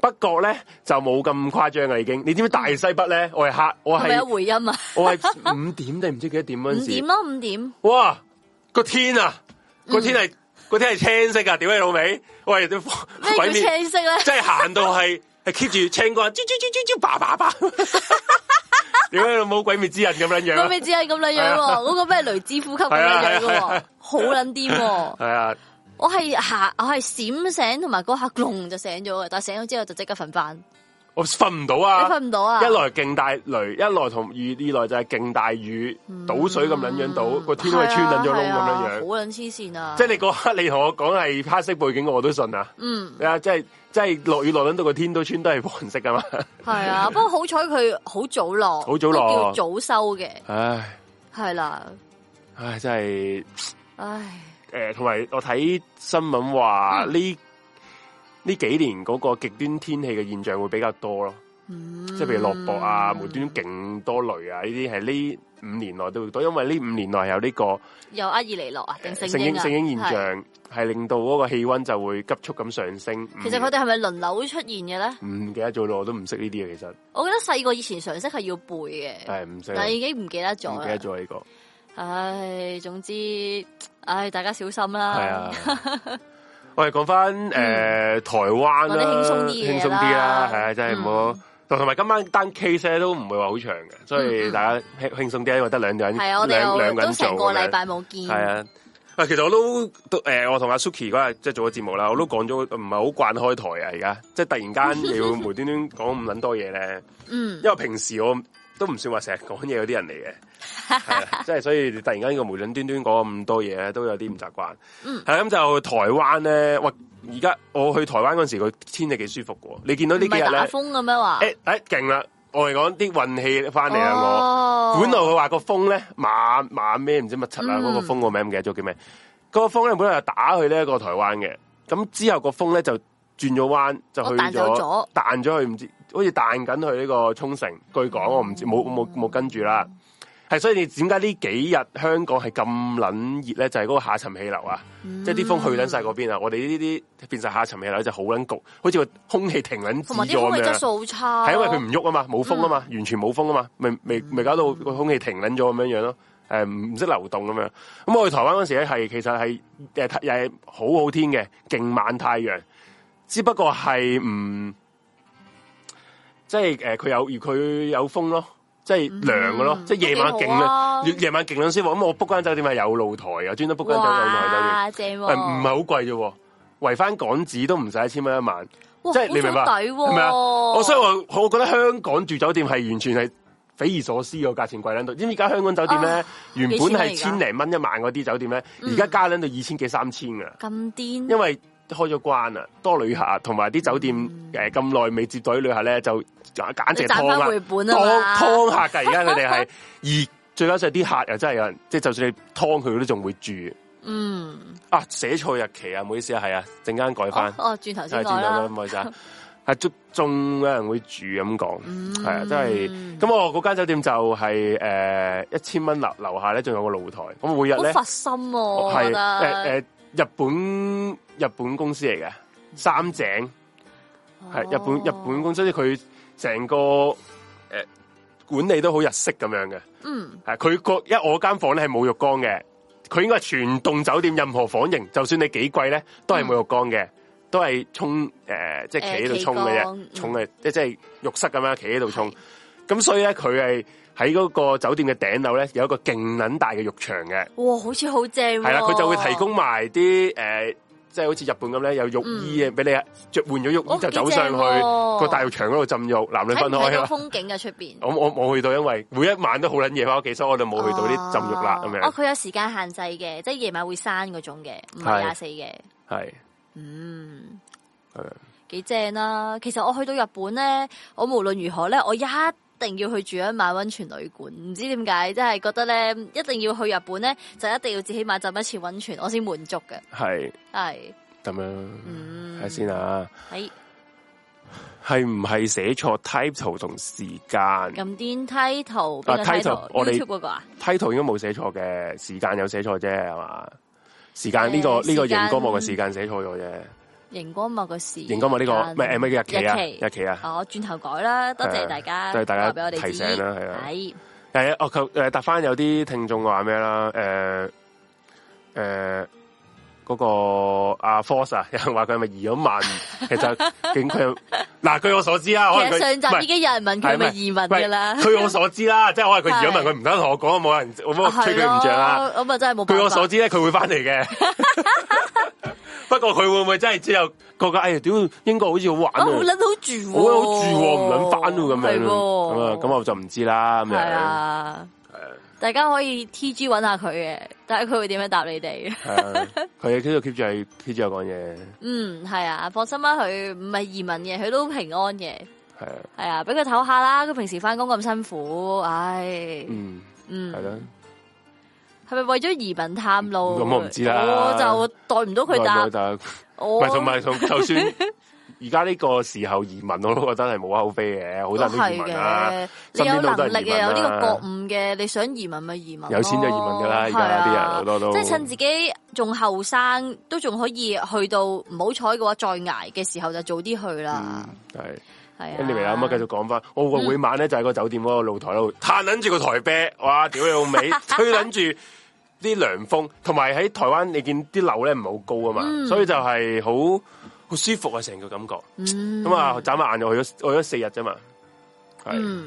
不過咧就冇咁誇張啊，已經。你知唔知大西北咧？我係客，我係。有回音啊！我係五點定唔知幾多點啊？五點啊五點。哇！個天啊，個天係個天係青色啊屌你老味！喂，鬼咩叫青色咧？即係行到係係 keep 住青光，轉轉轉轉轉，叭叭點解冇鬼滅之刃咁樣樣？鬼滅之刃咁樣樣，嗰個咩雷之呼吸咁樣好撚癲！係啊。我係吓我係閃醒，同埋嗰刻龍就醒咗嘅，但係醒咗之後就即刻瞓翻。我瞓唔到啊！你瞓唔到啊！一來勁大雷，一來同雨，二來就係勁大雨，倒水咁卵、嗯、樣倒，個天都穿捻咗窿咁樣樣，好卵黐線啊！是啊啊即係你嗰刻你同我講係黑色背景，我都信啊！嗯，啊，即係即係落雨落到到個天都穿都係黃色啊嘛！係啊，不過好彩佢好早落，好早落上，早收嘅。唉，係啦、啊，唉，真係唉。誒，同埋、呃、我睇新聞話呢呢幾年嗰個極端天氣嘅現象會比較多咯，即係、嗯、譬如落雹啊、無端勁多雷啊呢啲，係呢五年內都會多，因為呢五年內有呢個有厄爾尼諾啊，聖嬰聖嬰現象係令到嗰個氣温就會急速咁上升。嗯、其實佢哋係咪輪流出現嘅咧？唔記得咗咯，我都唔識呢啲啊。其實我覺得細個以前常識係要背嘅，但係已經唔記得咗，唔記得咗呢個。唉，總之，唉，大家小心啦。係啊，喂，講翻誒台灣啦，輕鬆啲嘅嘢，輕鬆啲啦，係啊，真係唔好同埋今晚單 case 咧都唔會話好長嘅，所以大家輕輕鬆啲，因為得兩個人，係啊，我哋兩兩個人做嘅，成個禮拜冇見，係啊。啊，其實我都都誒，我同阿 Suki 嗰日即係做咗節目啦，我都講咗唔係好慣開台啊，而家即係突然間要無端端講咁捻多嘢咧。嗯，因為平時我。都唔算話成日講嘢嗰啲人嚟嘅 即係所以突然間呢個無端端講咁多嘢咧，都有啲唔習慣。嗯，係咁就台灣咧，哇！而家我去台灣嗰時，個天就幾舒服嘅。你見到呢幾日，風咁樣話誒誒，勁啦、欸欸！我哋講啲運氣翻嚟啊！哦、我本來佢話個風咧馬馬咩唔知乜柒啊，嗯、嗰個風個名唔記得咗叫咩？嗰、嗰個風咧本來就打去呢一個台灣嘅，咁之後個風咧就轉咗彎就去咗，彈咗去唔知。好似彈緊去呢個沖繩，據講我唔知冇冇冇跟住啦。係所以你點解呢幾日香港係咁撚熱咧？就係、是、嗰個下沉氣流啊，嗯、即係啲風去撚晒嗰邊啊。我哋呢啲變曬下沉氣流，就好撚焗，好似個空氣停撚住咁樣。啲氣質素差，係因為佢唔喐啊嘛，冇風啊嘛，完全冇風啊嘛，咪咪咪搞到個空氣停撚咗咁樣樣咯。誒唔唔識流動咁樣。咁、嗯嗯、我去台灣嗰時咧，係其實係誒又係好好天嘅，勁晚太陽，只不過係唔。即係誒，佢有而佢有風咯，即係涼嘅咯，即係夜晚勁咧，夜晚勁兩先。咁我 book 間酒店係有露台啊，專登 book 間酒店有露台，酒店唔係好貴啫，圍翻港紙都唔使一千蚊一晚。即係你明白，係咪啊？我所以話，我覺得香港住酒店係完全係匪夷所思個價錢貴到。咁而家香港酒店咧，原本係千零蚊一晚嗰啲酒店咧，而家加捻到二千幾三千㗎。咁癲！因為。開咗關啦，多旅客同埋啲酒店誒咁耐未接待旅客咧就簡簡直劏啦，劏劏下噶。而家佢哋係而最緊要啲客又真係有人，即係就算你劏佢，都仲會住。嗯啊，寫錯日期啊，唔好意思啊，係啊，陣間改翻。哦，轉頭先，轉頭啦，唔好意思。係捉中有人會住咁講，係啊，真係、嗯。咁、就是、我嗰間酒店就係、是、誒、呃、一千蚊樓樓下咧，仲有個露台。咁每日咧，發心係誒誒。的日本日本公司嚟嘅，三井係、哦、日本日本公司，所以佢成個誒、呃、管理都好日式咁樣嘅。嗯，係佢個，因為我間房咧係冇浴缸嘅，佢應該係全棟酒店任何房型，就算你幾貴咧，都係冇浴缸嘅，嗯、都係沖誒即係企喺度沖嘅啫，沖誒即係即係浴室咁樣企喺度沖。咁是所以咧，佢係。喺嗰個酒店嘅頂樓咧，有一個勁捻大嘅浴場嘅。哇，好似好正！係啦，佢就會提供埋啲誒，即係好似日本咁咧，有浴衣嘅俾你着，換咗浴衣就，嗯、走上去個大浴場嗰度浸浴，哦、男女分開啦。風景嘅出邊，我我我冇去到，因為每一晚都好捻夜返屋企，所以我就冇去到啲浸浴啦咁樣。哦、啊，佢、啊、有時間限制嘅，即係夜晚會閂嗰種嘅，唔係廿四嘅。係，嗯，係幾、嗯嗯、正啦！其實我去到日本咧，我無論如何咧，我一。一定要去住一晚温泉旅館，唔知點解，即係覺得咧，一定要去日本咧，就一定要至少起碼浸一次温泉，我先滿足嘅。係係咁樣，睇先啊。係係唔係寫錯 title 同時間？撳電梯圖 title 我哋個啊，title 應該冇寫錯嘅，時間有寫錯啫，係嘛？時間呢個呢個熒光幕嘅時間寫錯咗啫。熒光物個事，熒光物呢個咩 M V 嘅日期啊，日期啊，我轉頭改啦，多謝大家，大家俾我哋提醒啦，係啊，係，誒，我佢誒答翻有啲聽眾話咩啦，誒誒，嗰個阿 Force 啊，有人話佢係咪移咗民，其實警，嗱，據我所知啦，其實上集已經有人問佢係咪移民噶啦，據我所知啦，即係我係佢移咗民，佢唔得同我講，冇人我唔推佢唔着啦，咁啊真係冇，據我所知咧，佢會翻嚟嘅。不過佢會唔會真係之後覺得哎呀屌英國好似好玩啊，好諗好住，啊，好諗住唔諗翻咁樣咯，咁啊咁我就唔知啦咁樣。係啊，係啊，大家可以 T G 揾下佢嘅，但係佢會點樣答你哋。佢都、啊、keep 住喺 T G 度講嘢。嗯，係啊，放心啦，佢唔係移民嘅，佢都平安嘅。係啊，係啊，俾佢唞下啦，佢平時返工咁辛苦，唉，嗯嗯。係咯，嗯。係咪為咗移民探路？咁我唔知啦，我就代唔到佢答。唔係，同埋同就算而家呢個時候移民，我都覺得係冇口非嘅，好多啲移民啦，身邊都係移民啊，你有能力嘅有呢個覺悟嘅，你想移民咪移民，有錢就移民㗎啦，而家啲人好多都。即係趁自己仲後生，都仲可以去到唔好彩嘅話，再捱嘅時候就早啲去啦。係係啊，跟住咪啱啱繼續講翻。我每晚咧就喺個酒店嗰個露台度嘆撚住個台啤，哇！屌又尾吹緊住啲涼風，同埋喺台灣，你見啲樓咧唔係好高啊嘛？嗯、所以就係好好舒服啊，成個感覺。咁啊、嗯，眨下眼就去咗去咗四日啫嘛，係。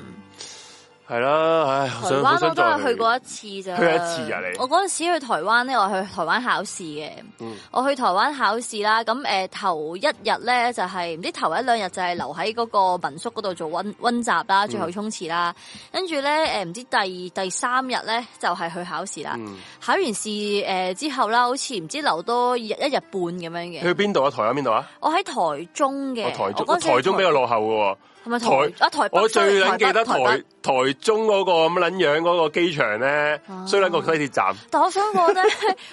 係啦，唉！台灣我都係去過一次咋，去一次啊你。我嗰陣時去台灣咧，我去台灣考試嘅。嗯、我去台灣考試啦，咁誒、呃、頭一日咧就係、是、唔知頭一兩日就係留喺嗰個民宿嗰度做溫溫習啦，最後沖刺啦。跟住咧唔知第二第三日咧就係、是、去考試啦。嗯、考完試之後啦、呃，好似唔知留多一日半咁樣嘅。去邊度啊？台灣邊度啊？我喺台中嘅，哦、台中我台，台中比較落後嘅喎。台啊台，我最撚記得台台中嗰個咁撚樣嗰個機場咧，衰啦個西鐵站。但我想講咧，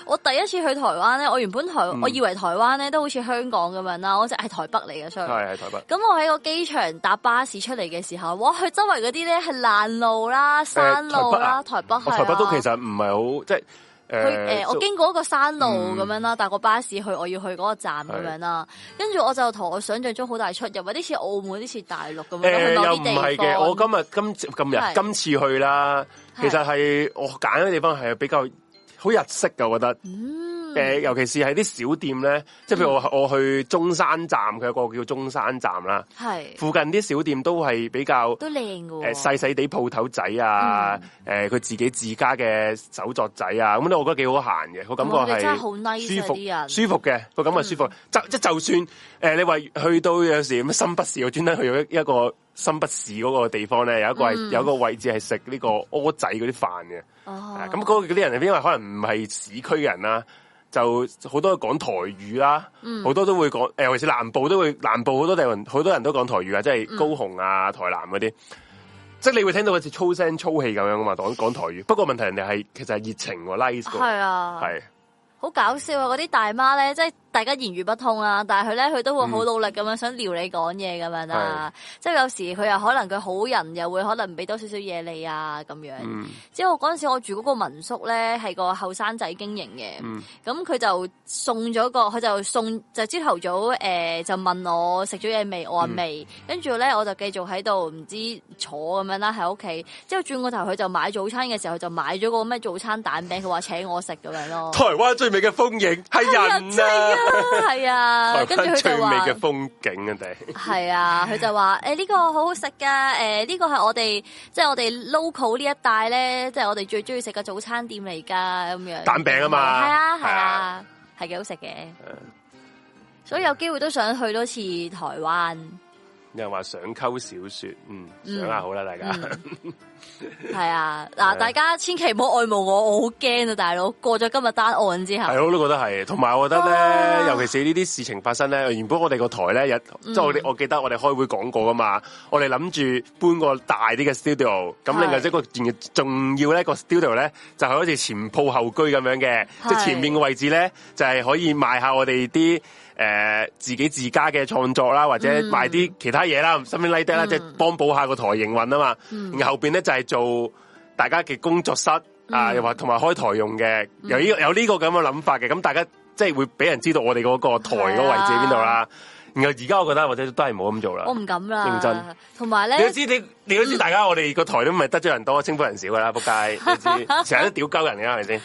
我第一次去台灣咧，我原本台，我以為台灣咧都好似香港咁樣啦，我淨係台北嚟嘅，所以係係台北。咁我喺個機場搭巴士出嚟嘅時候，哇！佢周圍嗰啲咧係爛路啦、山路啦，台北。台北都其實唔係好即係。佢、呃、So, 我經過一個山路咁樣啦，搭個、嗯、巴士去，我要去嗰個站咁樣啦，跟住是我就同我想象中好大出入，有啲似澳門，啲似大陸咁，咁多啲地方，又唔係嘅，我今日今今日今次去啦，其實係是我揀嘅地方係比較好日式嘅，我覺得。嗯誒、呃，尤其是係啲小店咧，即係譬如我我去中山站，佢、嗯、有個叫中山站啦，係是附近啲小店都係比較都靚嘅、哦，誒細細地鋪頭仔啊，誒佢、嗯呃、自己自家嘅手作仔啊，咁咧我覺得幾好行嘅，個感覺係舒、啊、舒服，舒服嘅個感啊舒服。即即、嗯、就，就算誒、呃，你話去到有時咁啊，新北市，我專登去咗一一個新北市嗰個地方咧，有一個係、嗯、有個位置係食呢個蚵仔嗰啲飯嘅，哦，咁嗰啲人係因為可能唔係市區嘅人啦、啊。就好多講台語啦，好、嗯、多都會講，尤其是南部都會南部好多地，好多人都講台語啊，即係高雄啊、台南嗰啲，嗯、即係你會聽到好似粗聲粗氣咁樣噶嘛，講講台語。不過問題人哋係其實係熱情喎，nice，係啊，係是，好搞笑啊，嗰啲大媽咧，即係。大家言語不通啦、啊，但係佢咧，佢都會好努力咁樣想撩你講嘢咁樣啦。嗯、即係有時佢又可能佢好人又會可能俾多少少嘢你啊咁樣。之後嗰陣時我住嗰個民宿咧係個後生仔經營嘅，咁佢、嗯、就送咗個佢就送就朝頭早誒、呃、就問我食咗嘢未，我話未。跟住咧我就繼續喺度唔知坐咁樣啦喺屋企。之後轉過頭佢就買早餐嘅時候就買咗個咩早餐蛋餅，佢話請我食咁樣咯。台灣最美嘅風景係人啊！ 係 啊,啊，跟住佢就話最美嘅風景、嗯、是啊，哋係、欸這個、啊，佢、欸這個、就話誒呢個好好食嘅，誒呢個係我哋即係我哋 local 呢一帶咧，即係我哋最中意食嘅早餐店嚟噶咁樣蛋餅啊嘛，係啊係啊，係幾、啊啊啊啊、好食嘅，啊、所以有機會都想去多次台灣。有人話想溝小說，嗯，嗯，想下好啦，大家係、嗯、 啊，嗱、啊，大家千祈唔好外慕我，我好驚啊，大佬過咗今日單案之後，係我都覺得係，同埋我覺得咧，啊、尤其是呢啲事情發生咧，原本我哋個台咧有，即係我我記得我哋開會講過噶嘛，我哋諗住搬個大啲嘅 studio，咁另外一個仲重是要咧個 studio 咧就係好似前鋪後居咁樣嘅，即係是前面嘅位置咧就係、是、可以賣下我哋啲。誒、呃，自己自家嘅創作啦，或者賣啲其他嘢啦，嗯、身邊拉低啦，即係幫補下個台營運啊嘛。嗯、然後後邊咧就係、是、做大家嘅工作室、嗯、啊，又或同埋開台用嘅，有呢、這個、有呢個咁嘅諗法嘅。咁大家即係、就是、會俾人知道我哋嗰個台個位置喺邊度啦。是啊、然後而家我覺得，或者都係冇咁做啦。我唔敢啦，認真。同埋咧，你要知你你知，大家、嗯、我哋個台都唔係得咗人多，稱呼人少噶啦，仆街，成日 都屌鳩人噶係咪先？是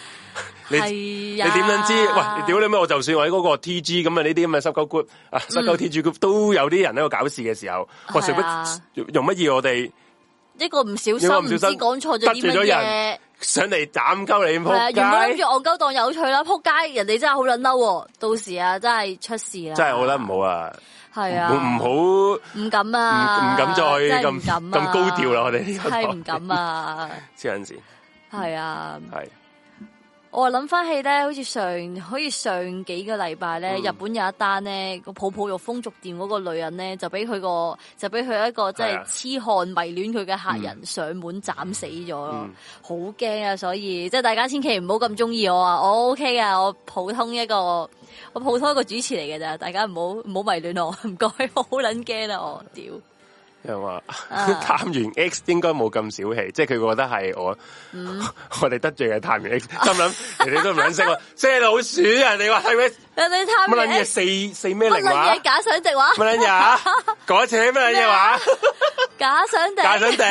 你你點樣知？喂，屌你咩？我就算我喺嗰個 T G 咁啊，呢啲咁嘅濕鳩 group 啊，濕鳩 T G group 都有啲人喺度搞事嘅時候，我用乜用乜嘢我哋一個唔小心唔小心講錯就惹住咗人，上嚟斬鳩你扑街，原本諗住戇鳩當有趣啦，扑街人哋真係好撚嬲，到時啊真係出事啦，真係我覺得唔好啊，係啊，唔好唔敢啊，唔敢再咁咁高調啦，我哋係唔敢啊，黐緊線，係啊，係。我諗翻起咧，好似上好似上幾個禮拜咧，日本有一單咧，個泡泡浴風俗店嗰個女人咧，就俾佢個就俾佢一個即係痴漢迷戀佢嘅客人上門斬死咗咯，好驚啊！所以即係大家千祈唔好咁中意我啊，我 OK 噶，我普通一個我普通一個主持嚟嘅咋，大家唔好唔好迷戀我，唔該，我好捻驚啊，我屌！ 又話 探員 X 應該冇咁小氣，即係佢覺得係我，嗯、 我哋得罪嘅探員 X，心諗你哋都唔肯識我，即係 老鼠、啊，人哋話係咩？乜撚嘢四四咩嚟、啊？乜撚嘢假想敵話？乜撚嘢啊？講一次乜撚嘢話？假想敵？假想敵？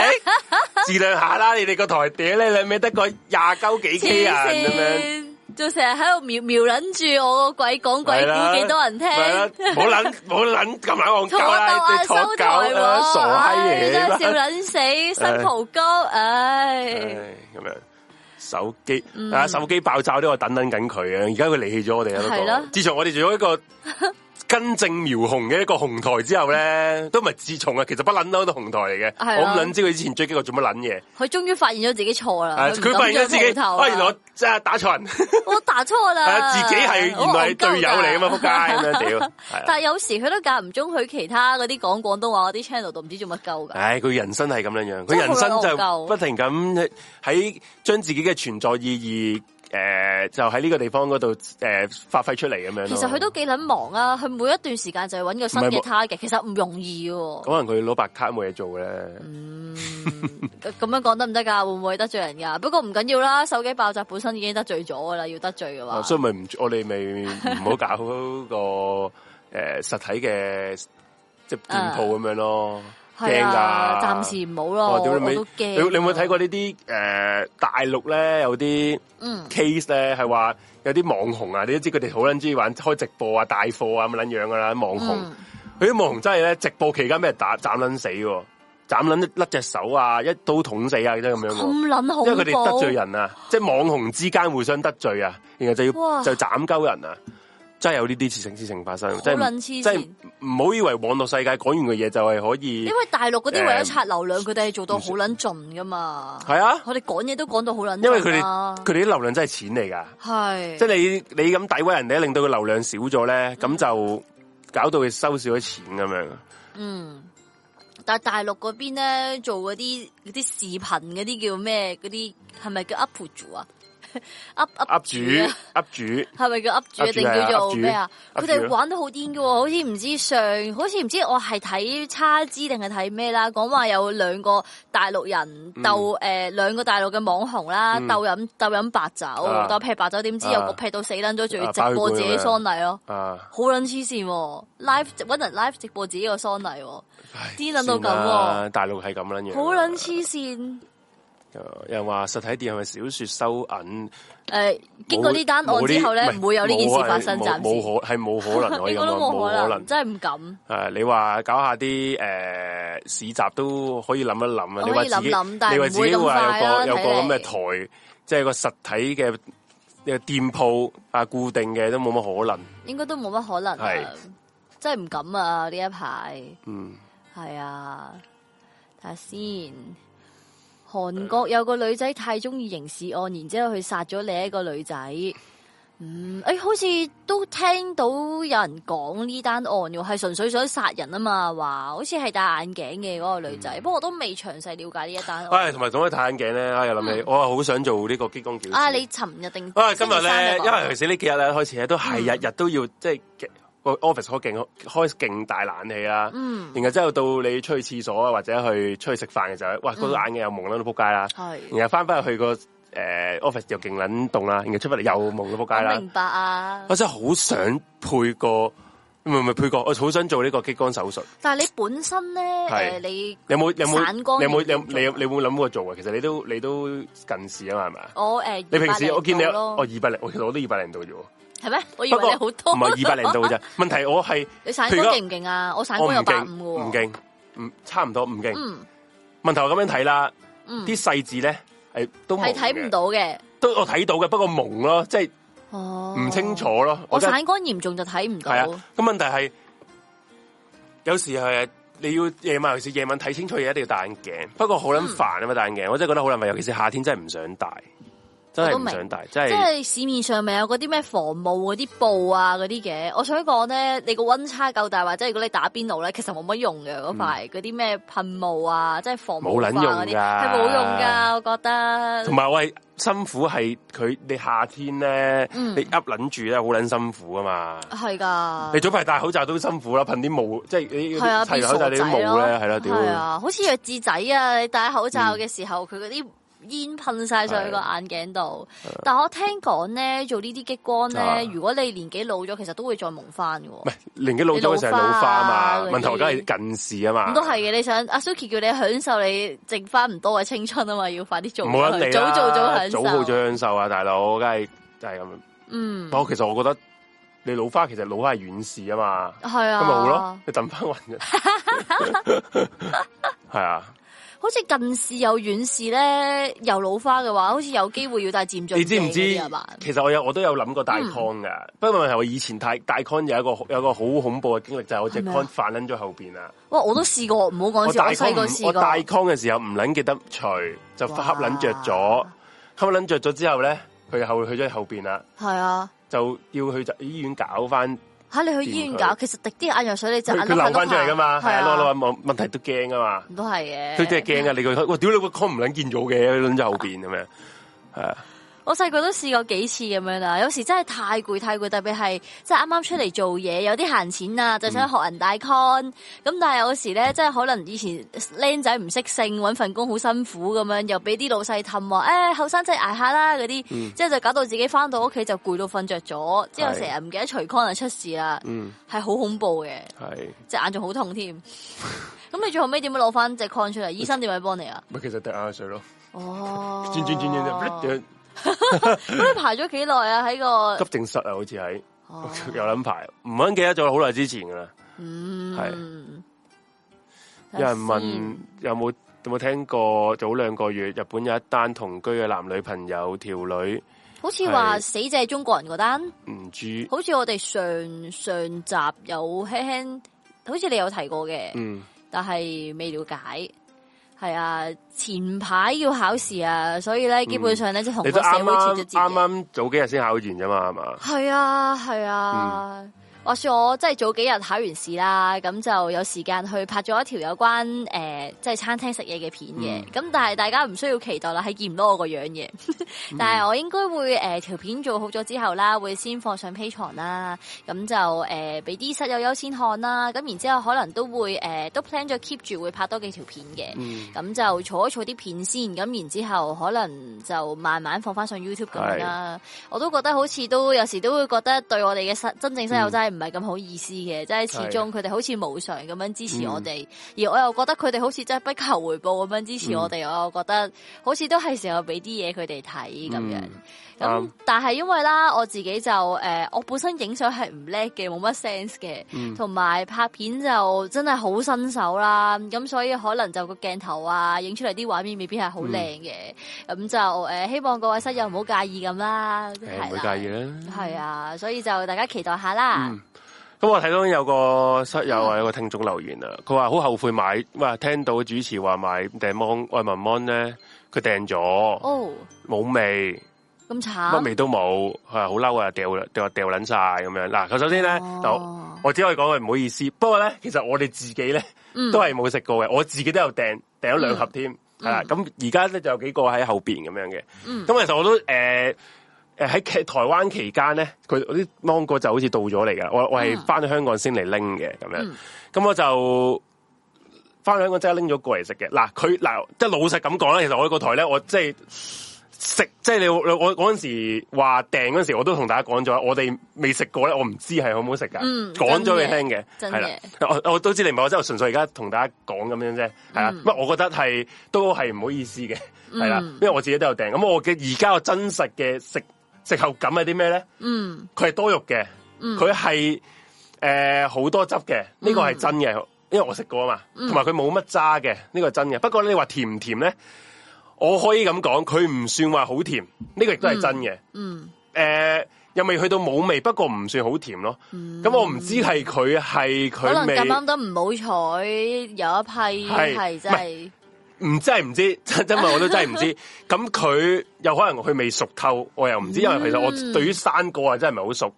自量下啦，你哋個台嗲咧，你咪得個廿九幾 K 人咁樣。就成日喺度瞄瞄，諗住我個鬼講鬼故幾多人聽？唔好諗，唔好諗咁硬戇交啦，你坐凳啊，收台傻閪嘢，真係笑捻死，新豪哥，唉，咁樣手機啊，手機爆炸都係等等緊佢啊！而家佢離棄咗我哋啊，係囉，自從我哋做咗一個。根正苗紅嘅一個紅台之後咧，都唔係自從啊！其實不捻嬲，都紅台嚟嘅，啊、我唔捻知佢之前追幾個做乜捻嘢？佢終於發現咗自己錯啦！佢、啊、發現咗自己，哎、啊，原來我係打錯人，我打錯啦、啊！自己係原來隊友嚟啊嘛，仆街咁樣屌！但係有時佢都間唔中佢其他嗰啲講廣東話啲 channel 都唔知道什麼做乜鳩噶。唉、哎，佢人生係咁樣樣，佢的人生就不停咁喺將自己嘅存在意義。誒、呃、就喺呢個地方嗰度誒發揮出嚟，咁樣，其實佢都幾撚忙啊！佢每一段時間就揾個新嘅 target，其實唔容易喎、哦。可能佢攞白卡冇嘢做咧、嗯。咁 樣講得唔得㗎？會唔會得罪人㗎、啊？不過唔緊要啦，手機爆炸本身已經得罪咗㗎啦，要得罪嘅話、啊。所以咪唔，我哋咪唔好搞、嗰個誒、 呃、實體嘅即係店鋪咁樣咯。驚噶，暫、啊啊、時唔好咯、哦。你你有冇睇過呢啲、呃？大陸咧有啲 case 咧，係話、嗯、有啲網紅啊，你都知佢哋好撚鍾意玩開直播啊、帶貨啊咁撚樣噶啦。網紅，佢啲、嗯、網紅真係咧直播期間俾人打斬撚死喎，斬撚甩隻手啊，一刀捅死啊，即係咁樣。咁撚因為佢哋得罪人啊，嗯、即係網紅之間互相得罪啊，然後就要哇 就要斬鳩人啊。真係有呢啲事情事情發生，即係唔好以為網絡世界講完嘅嘢，就係可以。因為大陸嗰啲為咗刷流量，佢哋係做到好撚盡噶嘛。係啊，我哋講嘢都講到好撚盡，因為佢哋佢哋啲流量真係錢嚟噶。係，即係你你咁詆毀人哋，令到佢流量少咗咧，咁就搞到佢收少咗錢咁樣。嗯，但係大陸嗰邊咧做嗰啲嗰啲視頻嗰啲叫咩？嗰啲係咪叫 UP 主啊？up up up 主，up 主係咪叫 up 主啊？定叫做咩啊？佢哋玩得好癲嘅，好似唔知上，好似唔知我係睇叉之定係睇咩啦？講話有兩個大陸人鬥誒，兩個大陸嘅網紅啦，鬥飲鬥飲白酒，鬥劈白酒，點知又劈到死撚咗，仲要直播自己喪禮咯，好撚痴線，live 搵人 live 直播自己個喪禮，癲到咁，大陸係咁撚樣，好撚痴線。有人話實體店係咪小說收銀？誒，經過呢單案之後咧，唔會有呢件事發生。暫時冇可係冇可能可都冇可能，真係唔敢。誒，你話搞下啲誒市集都可以諗一諗啊。你話諗諗，但係唔會咁快啦。有個有個咁嘅台，即係個實體嘅店鋪啊，固定嘅都冇乜可能。應該都冇乜可能，係真係唔敢啊！呢一排，嗯，係啊，睇下先。韓國有個女仔太中意刑事案，然之後去殺咗另一個女仔。嗯，哎，好似都聽到有人講呢單案喎，係純粹想殺人啊嘛，話好似係戴眼鏡嘅嗰個女仔。不過、嗯、我都未詳細了解呢一單、哎。哎，同埋講起戴眼鏡咧，我又諗起，嗯、我係好想做呢個激光。啊，你尋日定天、哎？今日咧，因為其實呢幾日咧開始咧，都係日日都要，嗯、都要即係。個 office 好勁開，開勁大冷氣啦。嗯，然後之後到你出去廁所啊，或者去出去食飯嘅時候，哇，個眼鏡又蒙到扑街啦。係，然後翻翻去個誒 office 又勁撚凍啦。然後出翻嚟又蒙到扑街啦。明白啊！我真係好想配個，唔係唔係配角，我好想做呢個激光手術。但係你本身咧，你有冇有冇？散光，有冇你有你有諗過做啊？其實你都你都近視啊嘛，係咪啊？我誒，你平時我見你，我二百零，我其實我都二百零度啫。係咩？我以為你好多，唔係二百零度嘅啫。問題我係你散光勁唔勁啊？我散光有百五嘅喎，唔勁，唔差唔多唔勁。嗯，問題我咁樣睇啦。嗯，啲細節咧係都係睇唔到嘅。都我睇到嘅，不過矇咯，即係唔清楚咯。我散光嚴重就睇唔到。係啊。咁問題係，有時係你要夜晚，尤其是夜晚睇清楚嘢一定要戴眼鏡。不過好捻煩啊嘛，戴眼鏡，我真係覺得好捻煩。尤其是夏天，真係唔想戴。真係唔想戴，真係。即係市面上咪有嗰啲咩防霧嗰啲布啊，嗰啲嘅？我想講咧，你個溫差夠大，或者如果你打邊爐咧，其實冇乜用嘅。嗰塊嗰啲咩噴霧啊，即係防霧化嗰啲，係冇用噶，啊，我覺得。同埋我係辛苦係佢，你夏天咧，你握撚住咧，好撚辛苦啊嘛。係噶。你早排戴口罩都辛苦啦，噴啲霧，即係你戴口罩啲霧咧，係啦，點解。係啊，好似弱智仔啊！你戴口罩嘅時候，佢嗰啲煙噴晒上去個眼鏡度，但係我聽講咧，做呢啲激光咧，如果你年紀老咗，其實都會再矇翻嘅。唔係年紀老咗嘅時候老花啊嘛，啊，問題都係近視啊嘛。咁都係嘅，你想阿 Suki、啊、叫你享受你剩翻唔多嘅青春啊嘛，要快啲做，早做早享受、啊，早好早享受啊，大佬，梗係就係咁樣。嗯，不過我其實我覺得你老花其實老花係遠視啊嘛，係啊，咁咪好咯， 你等翻運啫，係啊。好似近視又遠視咧，又老花嘅話，好似有機會要戴漸進。你知唔知？其實我有我都有諗過戴 con 嘅，嗯、不過問題係我以前戴戴 con 有一個有個好恐怖嘅經歷，就係、是、我隻 con 翻撚咗後邊啦嗎。哇！我都試過，唔好講笑，細個試過。我戴 con 嘅時候唔撚記得除，就瞌撚着咗，瞌撚着咗之後咧，佢後去咗後邊啦。係是啊，就要去就醫院搞翻。嚇、啊、你去醫院搞，他其實滴啲眼藥水你就眼都佢流翻出嚟噶嘛，係啊，我話問問題都驚噶嘛，都係是嘅。佢真係驚啊你喂，你佢哇，屌你個框唔撚見咗嘅，撚右邊咁樣，係 啊。我細個都試過幾次咁樣啦，有時真係太攰太攰，特別係即係啱啱出嚟做嘢，嗯、有啲閒錢啊，就想學人戴 con 咁，嗯、但係有時咧，即係可能以前僆仔唔識性，搵份工好辛苦咁樣，又俾啲老細氹話，誒、哎嗯、後生仔捱下啦嗰啲，即係就搞到自己翻到屋企就攰到瞓着咗，之後成日唔記得除 con 就出事啦，係好、嗯、恐怖嘅，隻、嗯、眼仲好痛添。咁是的 你最後尾點樣攞翻隻 con 出嚟？ 醫生點解幫你啊？咪其實戴眼水咯，轉轉轉轉。轉轉咁你 排咗幾耐啊？喺個急症室啊，好似喺、啊、有諗排，唔肯記得咗好耐之前噶啦。嗯，係是等有人問有冇有冇聽過早兩個月日本有一單同居嘅男女朋友條女，好似話死者係中國人嗰單，唔知好似我哋上上集有輕輕，好似你有提過嘅，嗯，但係未了解。係啊，前排要考試啊，所以咧基本上咧、嗯、就同個社會前就接。啱啱早幾日先考完啫嘛，係嘛？係啊，係啊。嗯。話說我即係早幾日考完試啦，咁就有時間去拍咗一條有關誒、即係餐廳食嘢嘅片嘅，咁、嗯、但係大家唔需要期待啦，係見唔到我個樣嘅。 嗯、但係我應該會誒、呃、條片做好咗之後啦，會先放上 P 床啦，咁就誒俾啲室友有先看啦，咁然之後可能都會誒、呃、都 plan 咗 keep 住會拍多幾條片嘅，咁、嗯、就儲一儲啲片先，咁然之後可能就慢慢放翻上 YouTube 咁啦。是我都覺得好似都有時都會覺得對我哋嘅真正室友真係～唔係咁好意思嘅，即係始終佢哋好似無償咁樣支持我哋，的嗯、而我又覺得佢哋好似真係不求回報咁樣支持我哋，嗯、我又覺得好似都係成日俾啲嘢佢哋睇咁樣。咁但係因為啦，我自己就誒、呃，我本身影相係唔叻嘅，冇乜 sense 嘅，同埋、嗯、拍片就真係好新手啦。咁所以可能就個鏡頭啊，影出嚟啲畫面未必係好靚嘅。咁、嗯、就誒、呃，希望各位室友唔好介意咁啦。誒，唔會介意，係啊，所以就大家期待下啦。嗯咁我睇到有個室友啊，有個聽眾留言啦，佢話好後悔買，哇！聽到主持話買訂芒愛文芒咧，佢訂咗，冇、哦、味，咁慘，咁乜味都冇，佢話好嬲啊，掉掉掉捻晒咁樣。嗱，佢首先咧、哦，我只可以講佢唔好意思，不過咧，其實我哋自己咧都係冇食過嘅，我自己都有訂訂咗兩盒添，係啦、嗯。咁而家咧就有幾個喺後邊咁樣嘅，咁、嗯、其實我都誒。呃喺台台灣期間咧，佢嗰啲芒果就好似到咗嚟噶。我我係翻到香港先嚟拎嘅，咁樣咁、嗯、我就翻到香港即刻拎咗過嚟食嘅。嗱，佢嗱即係老實咁講啦，其實我呢個台咧，我即係食，即係、就是、你我嗰陣時話訂嗰陣時，我都同大家講咗，我哋未食過咧，我唔知係好唔好食噶。講咗你聽嘅，係啦，我都知你唔係，我真係純粹而家同大家講咁樣啫。係啦，不過我覺得係都係唔好意思嘅，係啦、嗯，因為我自己都有訂。咁我嘅而家我真實嘅食。食後感係啲咩咧？嗯，佢係多肉嘅，佢係誒好多汁嘅，呢個係真嘅，因為我食過啊嘛，同埋佢冇乜渣嘅，呢個係真嘅。不過你話甜唔甜咧？我可以咁講，佢唔算話好甜，呢個亦都係真嘅。嗯，誒又未去到冇味，不過唔算好甜咯。咁我唔知係佢係佢，味可能咁啱得唔好彩，有一批係啫。唔真係唔知，真真係我都真係唔知。咁佢 又可能佢未熟透，我又唔知。嗯、因為其實我對於生果啊真係唔係好熟。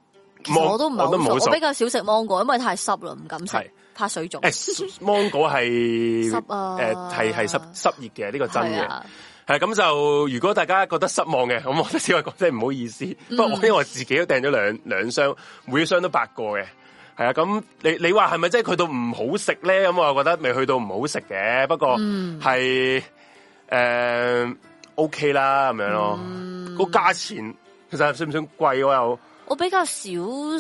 我都唔係好熟，我熟我比較少食芒果，因為太濕啦，唔敢食，怕是水腫、欸。芒果係濕啊，誒係係濕濕熱嘅呢個真嘅。係咁、啊、就，如果大家覺得失望嘅，咁我覺得只可以講，即係唔好意思。嗯、不過我因為我自己都訂咗兩兩箱，每一箱都八個嘅。係啊，咁你你話係咪真係去到唔好食咧？咁我又覺得未去到唔好食嘅，不過係誒 O K 啦咁樣咯。個價、嗯、錢其實算唔算貴？我又我比較少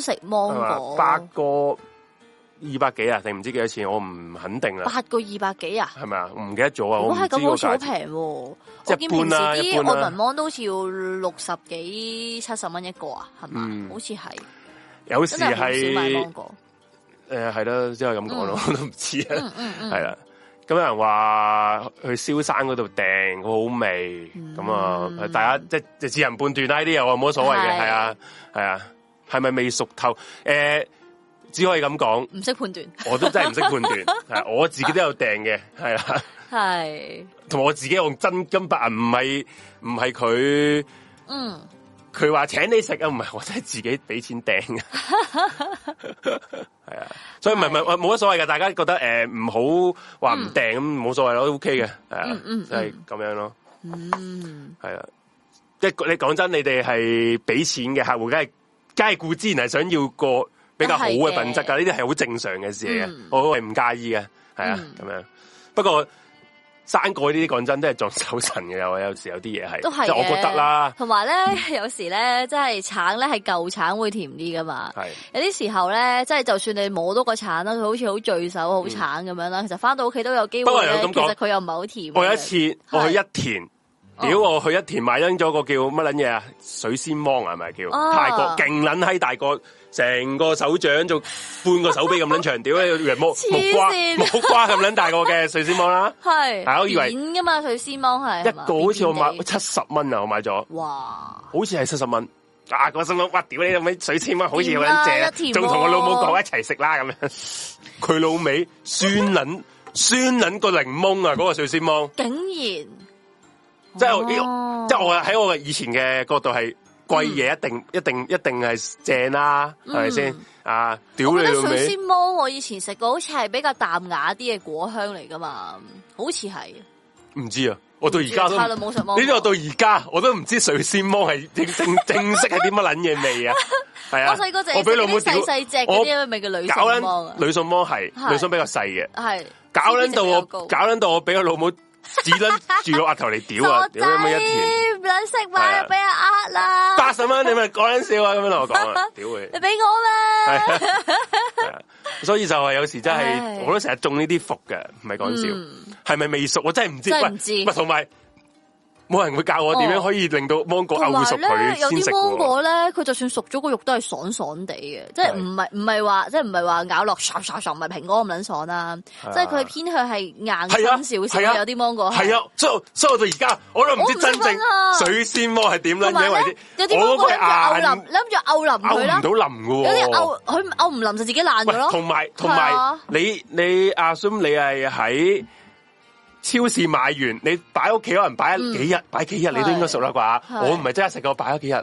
食芒果，八個二百幾啊？定唔知幾多錢？我唔肯定啦。八個二百幾啊？係咪啊？唔記得咗啊！我係咁，好似好平喎。一般啦，一般啦。個外文芒都好似要六十幾七十蚊一個啊？係嘛？嗯、好似係。有時係誒，係啦，只可以咁講咯，我都唔知啊。係啦，咁有人話去燒山嗰度訂，好好味。咁啊，大家即係自人判斷呢啲又我冇所謂嘅。係啊，係啊，係咪未熟透？誒，只可以咁講，唔識判斷，我都真係唔識判斷。係，我自己都有訂嘅，係啊，係同我自己用真金白銀，唔係唔係佢，嗯。佢話請你食啊，唔係，我真係自己俾錢訂㗎。係 啊，所以唔係唔係冇乜所謂㗎。大家覺得誒唔好話唔訂咁冇所謂咯，O K 嘅，係啊，就係、是、咁樣咯，係、嗯嗯嗯、啊，即係你講真，你哋係俾錢嘅客戶，梗係梗係固之然係想要個比較好嘅品質噶，呢啲係好正常嘅事嚟嘅，嗯嗯我係唔介意嘅，係啊，咁、嗯、樣，不過。生果呢啲講真都係撞手神嘅，有有時有啲嘢係，都係我覺得啦。同埋咧，有時咧，即係橙咧係舊橙會甜啲噶嘛。是的 有啲時候咧，即係就算你摸到個橙啦，佢好似好墜手、好橙咁樣啦，其實翻到屋企都有機會咧。有其實佢又唔係好甜。我有一次我去一田。屌、oh. 我去一田買咗個叫乜捻嘢啊？水仙芒係咪叫？Oh. 泰國勁捻喺大個，成個手掌仲半個手臂咁捻長，屌你， 楊木木瓜 木瓜咁捻大個嘅水仙芒啦、啊。係是，我以為。點噶嘛水仙芒係一個，好似我買七十蚊啊，我買咗、啊。哇！好似係七十蚊啊！個心諗，哇！屌你有咩水仙芒？好似有人正，仲同我老母講一齊食啦咁樣。佢老味酸捻酸捻個檸檬啊！嗰個水仙芒竟然。即係呢，即係我喺我以前嘅角度係貴嘢一定一定一定係正啦，係咪先啊？屌你老母！水仙芒我以前食過，好似係比較淡雅啲嘅果香嚟噶嘛，好似係。唔知啊，我到而家都呢個到而家，我都唔知水仙芒係正正式係點乜捻嘢味啊？係啊！我細個只我俾老母細細隻啲係咪叫呂宋芒？呂宋芒係呂宋比較細嘅，係搞捻到我搞捻到我俾個老母。只捻住個額頭嚟屌啊！屌你咪一條，唔捻識咪俾人呃啦。八十蚊你咪講緊笑啊！咁 樣同我講啊，屌 你！你俾我啦。所以就係有時真、就、係、是、唉我都成日中呢啲伏嘅，唔係講笑。係咪、嗯、未熟我真係唔知，唔知唔同埋。冇人會教我點樣可以令到芒果漚熟。佢有啲芒果咧，佢就算熟咗個肉都係爽爽地嘅，即係唔係唔係話，即係唔係話咬落爽爽唰唔係蘋果咁捻爽啦。是啊、即係佢偏向係硬少少，有啲芒果。係啊我，所所以到而家我都唔知真正水仙芒係點啦，因為有啲芒果漚淋，你諗住漚淋佢啦，唔到淋嘅。有啲漚佢漚唔淋就自己爛咗咯。同埋同埋，你你阿孫你係喺。超市買完，你擺屋企可能擺幾日，擺、嗯、幾日你都應該熟啦啩。我唔係真係食過，擺咗幾日，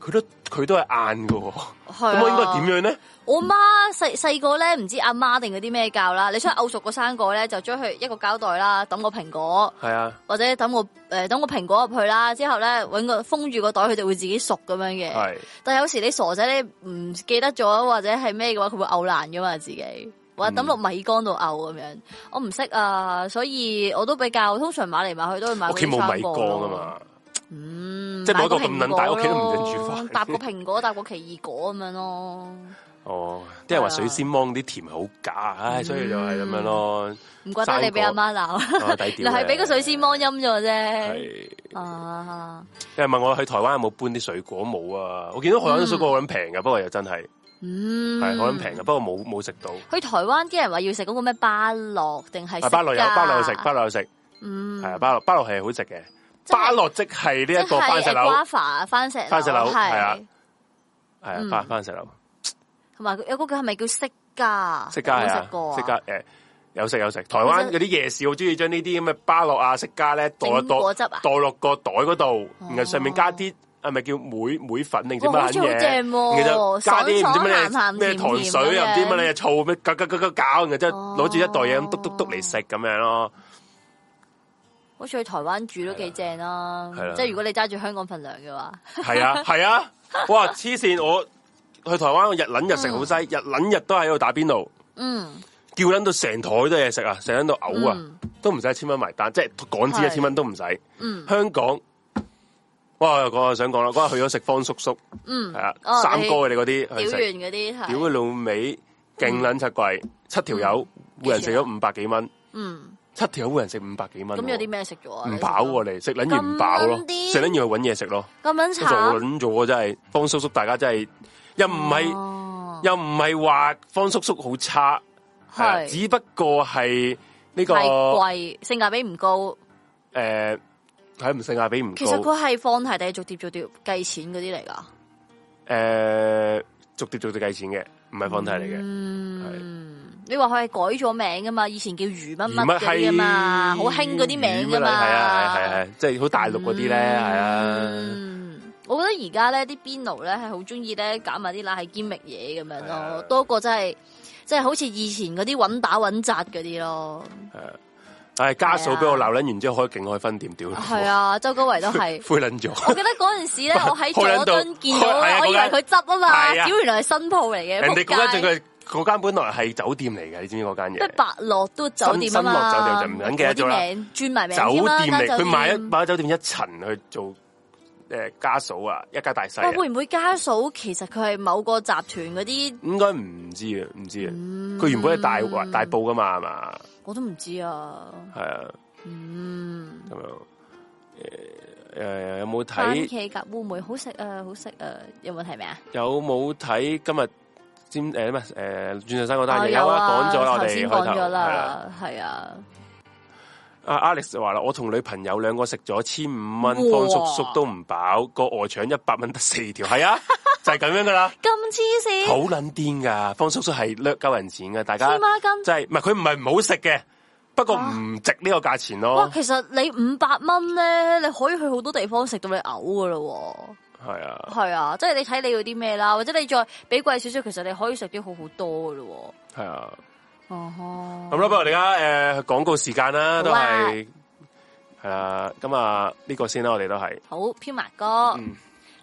佢都佢都係硬嘅。咁、 啊、我應該點樣咧？我媽細細個咧，唔知阿媽定嗰啲咩教啦。你出去漚熟個生果咧，就將佢一個膠袋啦，等個蘋果。係啊。或者等個誒，等、呃、個蘋果入去啦，之後咧搵個封住個袋，佢就會自己熟咁樣嘅。係是。但有時你傻仔你唔記得咗或者係咩嘅話，佢會漚爛噶嘛自己嘛。話抌落米缸度漚咁樣，我唔識啊，所以我都比較通常買嚟，買去都係買嗰啲生果。屋企冇米缸啊嘛，嗯，即係嗰個咁撚大屋企都唔准煮飯。搭個蘋果，搭個奇異果咁樣咯。哦，啲人話水仙芒啲甜好假，唉，所以就係咁樣咯。唔怪得你俾阿媽鬧，又係俾個水仙芒陰咗啫。係，啊，有人問我去台灣有冇搬啲水果冇啊？我見到台灣水果好咁平噶，不過又真係。嗯，係好咁平嘅，不過冇冇食到。去台灣啲人話要食嗰個咩芭樂定係？啊，芭樂有，芭樂有食，芭樂食。嗯，係啊，芭樂芭樂係好食嘅。芭樂即係呢一個番石榴啊，番石番石榴係啊，係啊，番番石榴。同埋有嗰個係咪叫釋迦？釋迦啊，食過啊，釋迦誒，有食有食。台灣有啲夜市好中意將呢啲咁嘅芭樂啊、釋迦咧，袋袋袋落個袋嗰度，然後上面加啲。係咪叫妹妹粉，定唔知乜嘢？其實加啲唔知乜嘢咩糖水又唔知乜嘢醋咩，夾夾夾搞，然後即攞住一袋嘢咁篤篤篤嚟食咁樣咯。好似去台灣住都幾正咯，即係如果你揸住香港份糧嘅話，係啊係啊，哇黐線！我去台灣我日捻日食好西，日捻日都喺度打邊爐。嗯，叫捻到成台都嘢食啊，食捻到嘔啊，都唔使一千蚊埋單，即係港紙一千蚊都唔使。香港。哇！我又想講啦，嗰日去咗食方叔叔，係啊，三哥你嗰啲去食，屌完嗰啲，屌佢老味。勁捻七貴，七條友每人食咗五百幾蚊，嗯，七條友每人食五百幾蚊，咁有啲咩食咗唔飽喎，食捻完唔飽咯，食捻完去搵嘢食咯，咁捻慘，做捻咗真係方叔叔，大家真係又唔係又唔係話方叔叔好差，係，只不過係呢個貴，性價比唔高，誒。係唔性價比唔高。其實佢係放題定係逐碟逐碟計錢嗰啲嚟噶？誒、呃，逐碟逐碟計錢嘅，唔係放題嚟嘅。嗯，是你話佢係改咗名噶嘛？以前叫魚乜乜㗎嘛，好興嗰啲名噶嘛？係啊係係即係好大陸嗰啲咧係啊，啊，啊，啊，啊，啊，啊 。我覺得而家咧啲邊爐咧係好中意咧搞埋啲辣係堅味嘢，咁樣咯，嗯、多過真係，即係好似以前嗰啲穩打穩紮嗰啲咯。嗯嗯但唉，家嫂俾我鬧捻完之後，開勁開分店屌！係啊，周高維都係灰捻咗。我記得嗰陣時咧，我喺佐敦見到，我以為佢執啊嘛，屌，原來係新鋪嚟嘅。人哋嗰間就係嗰間本來係酒店嚟嘅，你知唔知嗰間嘢？咩百樂都酒店啊嘛，百樂酒店就唔撚記得咗喇，做轉埋名酒店嚟，佢買一買咗酒店一層去做。誒，家嫂啊，一家大細。會唔會家嫂其實佢係某個集團嗰啲？應該唔知啊，唔知啊。佢原本係大、大埔噶嘛，係嘛？我都唔知啊。係啊。嗯。咁樣，誒誒，有冇睇番茄會唔會好食？好食？有冇睇咩啊？有冇睇今日先誒咩誒？鑽石山嗰單有啊，講咗啦，我哋開頭。係啊。阿、uh, Alex 就話啦，我同女朋友兩個食咗千五蚊，方叔叔都唔飽，個鵝腸一百蚊得四條，係啊，就係咁樣噶啦，咁黐線，好撚癲噶，方叔叔係叻鳩人錢噶，大家、就是，即係唔係佢唔係唔好食嘅，不過唔值呢個價錢咯。哇、啊，其實你五百蚊咧，你可以去好多地方食到你嘔噶咯，係啊，係啊，即、就、係、是、你睇你嗰啲咩啦，或者你再俾貴少少，其實你可以食啲好好多噶咯，係啊。哦，咁啦、uh，不、huh. 如我哋而家誒廣告時間啦，都係，係啊，咁啊呢個先啦，我哋都係好飄麻哥，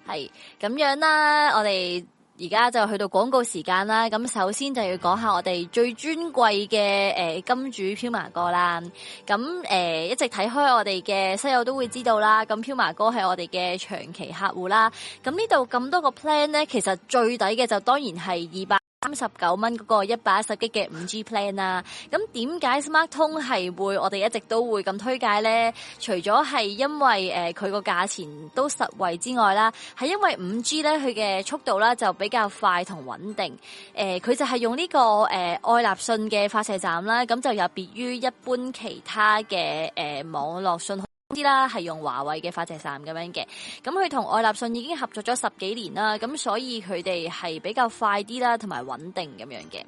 係咁、嗯、樣啦，我哋而家就去到廣告時間啦，咁首先就要講下我哋最尊貴嘅誒金主飄麻哥啦，咁誒、呃、一直睇開我哋嘅室友都會知道啦，咁飄麻哥係我哋嘅長期客戶啦，咁呢度咁多個 plan 咧，其實最抵嘅就當然係二百。三十九蚊嗰個一百一十 G 嘅五 G plan 啦、啊，咁點解 Smart 通係會我哋一直都會咁推介呢？除咗係因為誒佢個價錢都實惠之外啦，係因為五 G 咧佢嘅速度啦就比較快同穩定，誒、呃、佢就係用呢、這個誒、呃、愛立信嘅發射站啦，咁、呃、就有別於一般其他嘅誒、呃、網絡信號。啲啦，係用華為嘅發射站咁樣嘅，咁佢同愛立信已經合作咗十幾年啦，咁所以佢哋係比較快啲啦，同埋穩定咁樣嘅。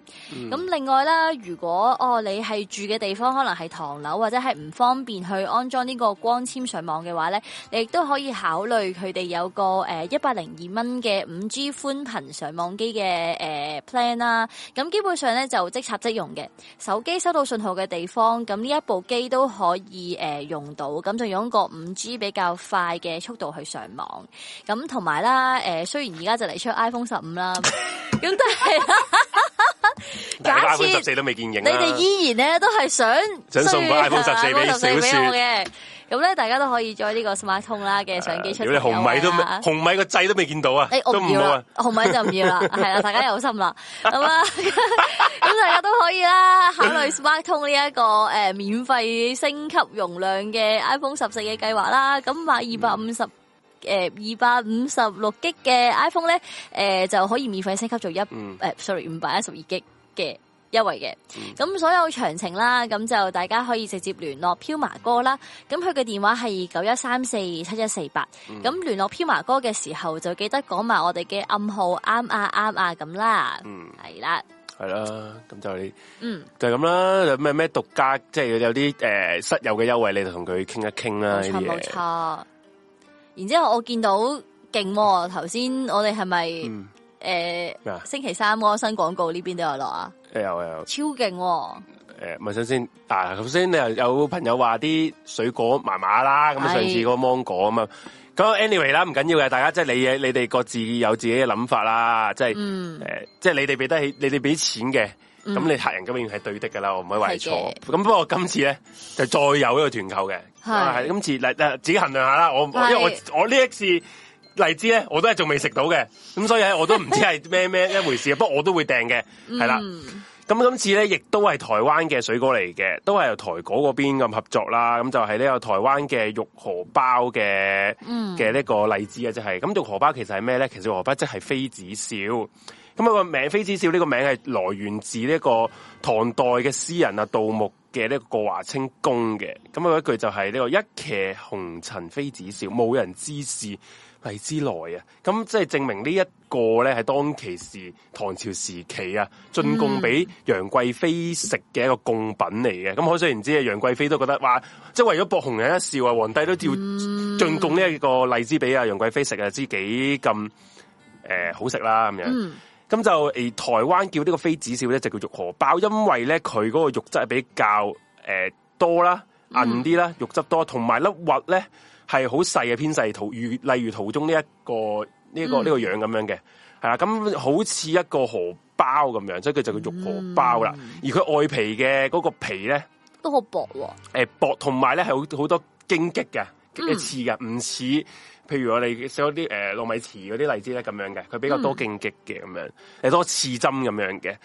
咁、嗯、另外啦，如果哦你係住嘅地方可能係唐樓或者係唔方便去安裝呢個光纖上網嘅話咧，你亦都可以考慮佢哋有個誒一百零二蚊嘅五 G 寬頻上網機嘅誒 plan 啦。咁基本上咧就即插即用嘅，手機收到信號嘅地方，咁呢一部機都可以誒、呃、用到，咁仲要用個五 G 比較快嘅速度去上網，咁同埋啦，誒、呃，雖然而家就嚟出 iPhone 十五啦，咁都係，啦。 假 p 十四都未見影啊！你哋依然咧都係想想送部 iPhone 十四俾小雪嘅。 咁咧，大家都可以再呢個 smart 通啦嘅相機出嚟啦。紅米都，紅米個掣都未見到啊！都唔要啊，紅米就唔要啦。係啦，大家有心啦。咁啊，咁大家都可以啦，考慮 smart 通呢一個誒免費升級容量嘅 iPhone 十四嘅計劃啦。咁買二百五十誒二百五十六 G 嘅 iPhone 咧，誒就可以免費升級做一誒，sorry 五百一十二 G 嘅。優惠嘅，咁、嗯、所有詳情啦，咁就大家可以直接聯絡飄麻哥啦，咁佢嘅電話係九一三四七一四八，咁聯絡飄麻哥嘅時候就記得講埋我哋嘅暗號，啱啊啱啊咁啦，係啦，係啦，咁就嗯就係咁啦，有咩咩獨家，即、就、係、是、有啲誒室友嘅優惠，你就同佢傾一傾啦，冇錯，冇錯，然之後我見到勁喎、啊，頭先、嗯、我哋係咪？誒，欸、麼星期三嗰個新廣告呢邊都有落有、哦欸、啊，有有超勁，誒，咪先先，但係頭先你又有朋友話啲水果麻麻啦，咁上次嗰個芒果咁嘛，咁是的 anyway 啦，唔緊要嘅，大家即係你你哋各自有自己嘅諗法啦，即係誒、嗯呃，即係你哋俾得起，你哋俾錢嘅，咁、嗯、你客人咁樣係對的噶啦，我唔可以話錯，咁是的 不過今次咧就再有一個團購嘅，係是的、啊，今次嚟，自己衡量一下啦，我因為是的 我這我呢一次。荔枝咧，我都係仲未食到嘅，咁所以咧，我都唔知係咩咩一回事。不過我都會訂嘅，係啦、嗯。咁今次咧，亦都係台灣嘅水果嚟嘅，都係由台果嗰邊咁合作啦。咁就係呢個台灣嘅玉荷包嘅嘅呢個荔枝嘅、啊，就係、是、咁玉荷包其實係咩咧？其實荷包即係妃子笑。咁啊個名妃子笑呢個名係來源自呢個唐代嘅詩人啊杜牧嘅呢個過華清宮嘅。咁啊一句就係呢個一騎紅塵妃子笑，冇人知是。」荔枝來啊，咁即係證明呢一個咧，係當其時唐朝時期啊，進貢俾楊貴妃食嘅一個貢品嚟嘅。咁、嗯、可想而知啊，楊貴妃都覺得哇即係為咗博紅人一笑啊，皇帝都照進貢呢一個荔枝俾啊楊貴妃食啊，知幾咁誒好食啦咁樣。咁、嗯、就誒台灣叫呢個妃子笑咧，就叫玉荷包，因為咧佢嗰個肉質係比較誒、呃、多啦，硬啲啦，嗯、肉質多，同埋粒核咧。係好細嘅偏細圖，如例如圖中呢一個呢、這個呢、嗯、個樣咁樣嘅，係啦，咁好似一個荷包咁樣，所以佢就叫肉荷包啦。而佢外皮嘅嗰個皮咧，都好薄。誒、嗯，薄同埋咧係好好多荊棘嘅，棘刺嘅，唔似譬如我哋食嗰啲誒糯米糍嗰啲荔枝咧咁樣嘅，佢比較多荊棘嘅咁樣，係、嗯、多刺針咁樣嘅。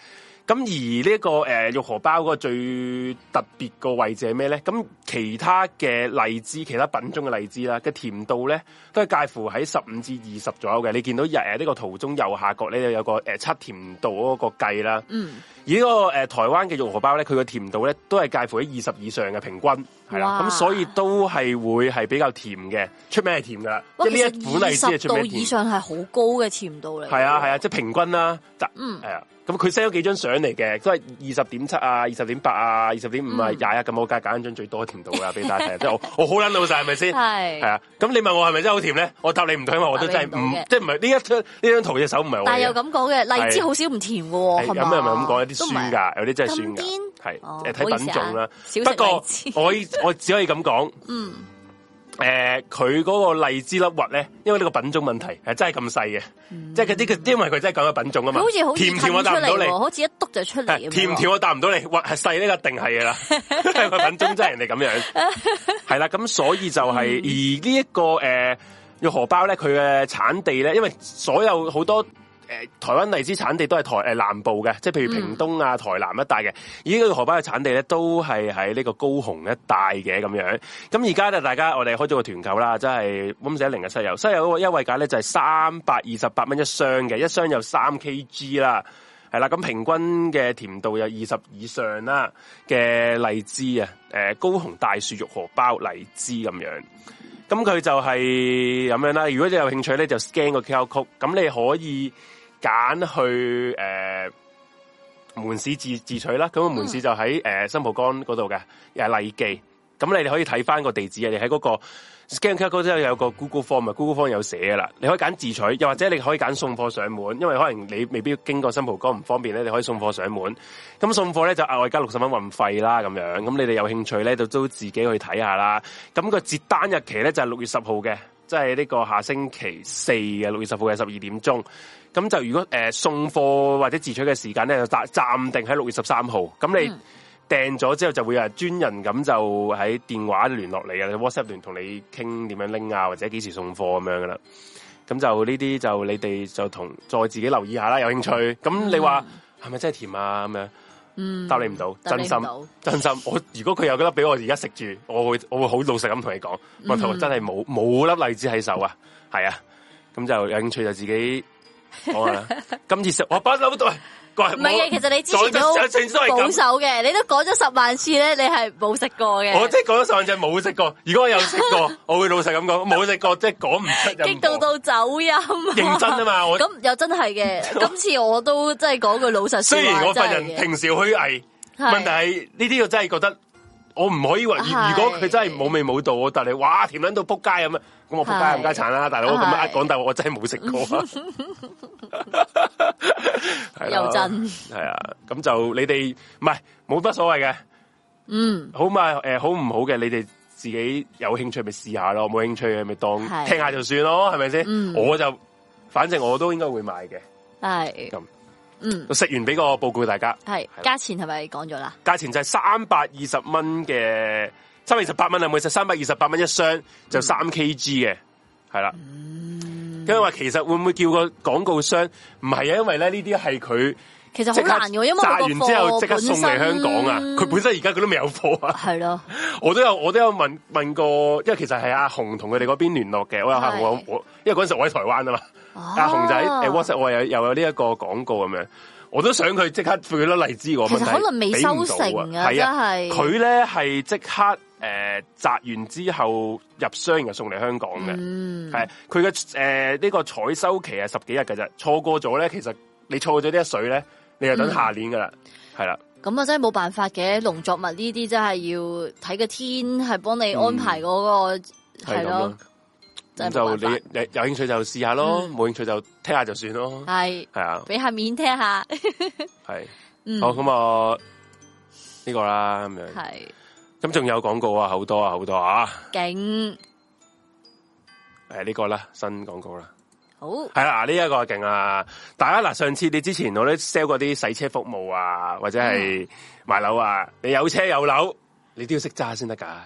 咁而呢、這個誒玉荷包嗰個最特別個位置係咩咧？咁其他嘅荔枝，其他品種嘅荔枝啦，嘅甜度咧都係介乎喺十五至二十左右嘅。你見到日誒呢個圖中右下角咧就有個誒、呃、七甜度嗰個計啦。嗯。而呢個誒台灣嘅肉荷包咧，佢個甜度咧都係介乎喺二十以上嘅平均，係啦，咁所以都係會係比較甜嘅，出名係甜㗎。哇！即係呢一款荔枝係出名。二十度以上係好高嘅甜度嚟。係啊係啊，即係平均啦。嗯，係啊。咁佢 send 咗幾張相嚟嘅，都係二十點七啊，二十點八啊，二十點五啊，廿一咁，我梗係揀一張最多甜度㗎俾大家睇。即係我好撚老晒，係咪先？係。係啊。咁你問我係咪真係好甜咧？我答你唔同，因為我都真係唔即係唔係呢一張呢張圖隻手唔係。但係又咁講嘅，荔枝好少唔甜㗎喎。有咩咪咁講一啲？酸噶，有啲真係酸噶，係誒睇品種啦。不過我我只可以咁講。嗯。誒，佢嗰個荔枝粒核咧，因為呢個品種問題係真係咁細嘅，即係嗰啲因為佢真係咁嘅品種啊嘛。好似好甜唔甜我答唔到你，好似一篤就出嚟。甜唔甜我答唔到你，核係細呢個定係啦？係咪品種真係人哋咁樣？係啦，咁所以就係而呢一個誒，玉荷包咧，佢嘅產地咧，因為所有好多。誒、呃，台灣荔枝產地都係台誒、呃、南部嘅，即係譬如屏東啊、台南一帶嘅。嗯、而呢個荷包嘅產地咧，都係喺呢個高雄一帶嘅咁樣。咁而家咧，大家我哋開咗個團購啦，即係溫氏一零嘅西柚，西柚嗰個優惠價咧就係三百二十八蚊一箱嘅，一箱有三 K G 啦，係啦。咁平均嘅甜度有二十以上啦嘅荔枝啊，誒、呃，高雄大樹肉荷包荔枝咁樣。咁佢就係咁樣啦。如果你有興趣咧，就 scan 個 QR code，咁你可以。揀去誒、呃、門市自自取啦，咁個門市就喺誒、呃、新蒲崗嗰度嘅，又係利記。咁你哋可以睇翻個地址啊，你喺嗰個 scan card 之後有個 Google Form 啊，Google Form 有寫噶啦。你可以揀自取，又或者你可以揀送貨上門，因為可能你未必經過新蒲崗唔方便咧，你可以送貨上門。咁送貨咧就額外加六十蚊運費啦，咁樣咁你哋有興趣咧就都自己去睇下啦。咁、那個截單日期咧就係、是、六月十號嘅，即係呢個下星期四嘅六月十號嘅十二點鐘。咁就如果、呃、送貨或者自取嘅時間咧，就暫定喺六月十三號。咁你訂咗之後就會有人專人咁就喺電話聯絡你啊、嗯，WhatsApp 聯同你傾點樣拎啊，或者幾時送貨咁樣噶啦。咁就呢啲就你哋就同再自己留意下啦。有興趣咁你話係咪真係甜啊？咁樣答你唔到，到真心 真心。我如果佢有粒俾我而家食住，我會我會好老實咁同你講，我真係冇冇粒荔，荔枝喺手啊。係啊，咁就有興趣就自己。好啦，今次食我不嬲到，唔係嘅，其實你之前都講得保守嘅，你都講咗十萬次咧，你係冇食過嘅。我即係講咗十萬次冇食過，如果我有食過，我會老實咁講冇食過，即係講唔出。激到到走音，認真啊嘛！我咁又真係嘅，今次我都真係講句老實，雖然我份人平時好虛偽，問題係呢啲我真係覺得我唔可以話，如果佢真係冇味冇到，但係你哇甜撚到扑街咁咁我仆街唔家鏟啦，大佬咁啊，講大話，我真係冇食過。係又真係啊，咁就你哋唔係冇乜所謂嘅，嗯，好買誒，好唔好嘅，你哋自己有興趣咪試下咯，冇興趣嘅咪當聽下就算咯，係咪先？我就反正我都應該會買嘅，係咁，嗯，食完俾個報告大家，係價錢係咪講咗啦？價錢就係三百二十蚊嘅。三二十八蚊係咪？實三百二十八蚊一,、嗯、一箱就三 K G 嘅，係啦。咁我話其實會唔會叫個廣告商？唔係啊，因為咧呢啲係佢其實好難嘅，因為炸完之後即刻送嚟香港啊。佢本身而家佢都未有貨啊。係咯的， 我都有我都有問問過，因為其實係阿雄同佢哋嗰邊聯絡嘅的。我阿雄我因為嗰陣時我喺台灣啊嘛。啊阿雄仔誒、呃、，WhatsApp 我又又有呢一個廣告咁樣，我都想佢即刻俾粒荔枝我問題。其實可能未收成啊，真係。佢咧係即刻。誒，摘完之後入箱又送嚟香港嘅，係佢嘅。誒呢個採收期係十幾日嘅啫，錯過咗咧，其實你錯過咗呢一水咧，你就等下年噶啦，係啦。咁啊，真係冇辦法嘅，農作物呢啲真係要睇個天，係幫你安排嗰個係咯。咁就你你有興趣就試下咯，冇興趣就聽下就算咯。係係啊，俾下面聽下。係好，咁啊呢個啦咁樣。係。咁仲有廣告啊，好多啊，好多啊！勁害，誒呢、啊這個啦，新廣告啦，好係啦，呢一、這個勁啊！大家嗱，上次你之前我都 sell 過啲洗車服務啊，或者係賣樓啊，嗯、你有車有樓，你都要識揸先得噶。呢、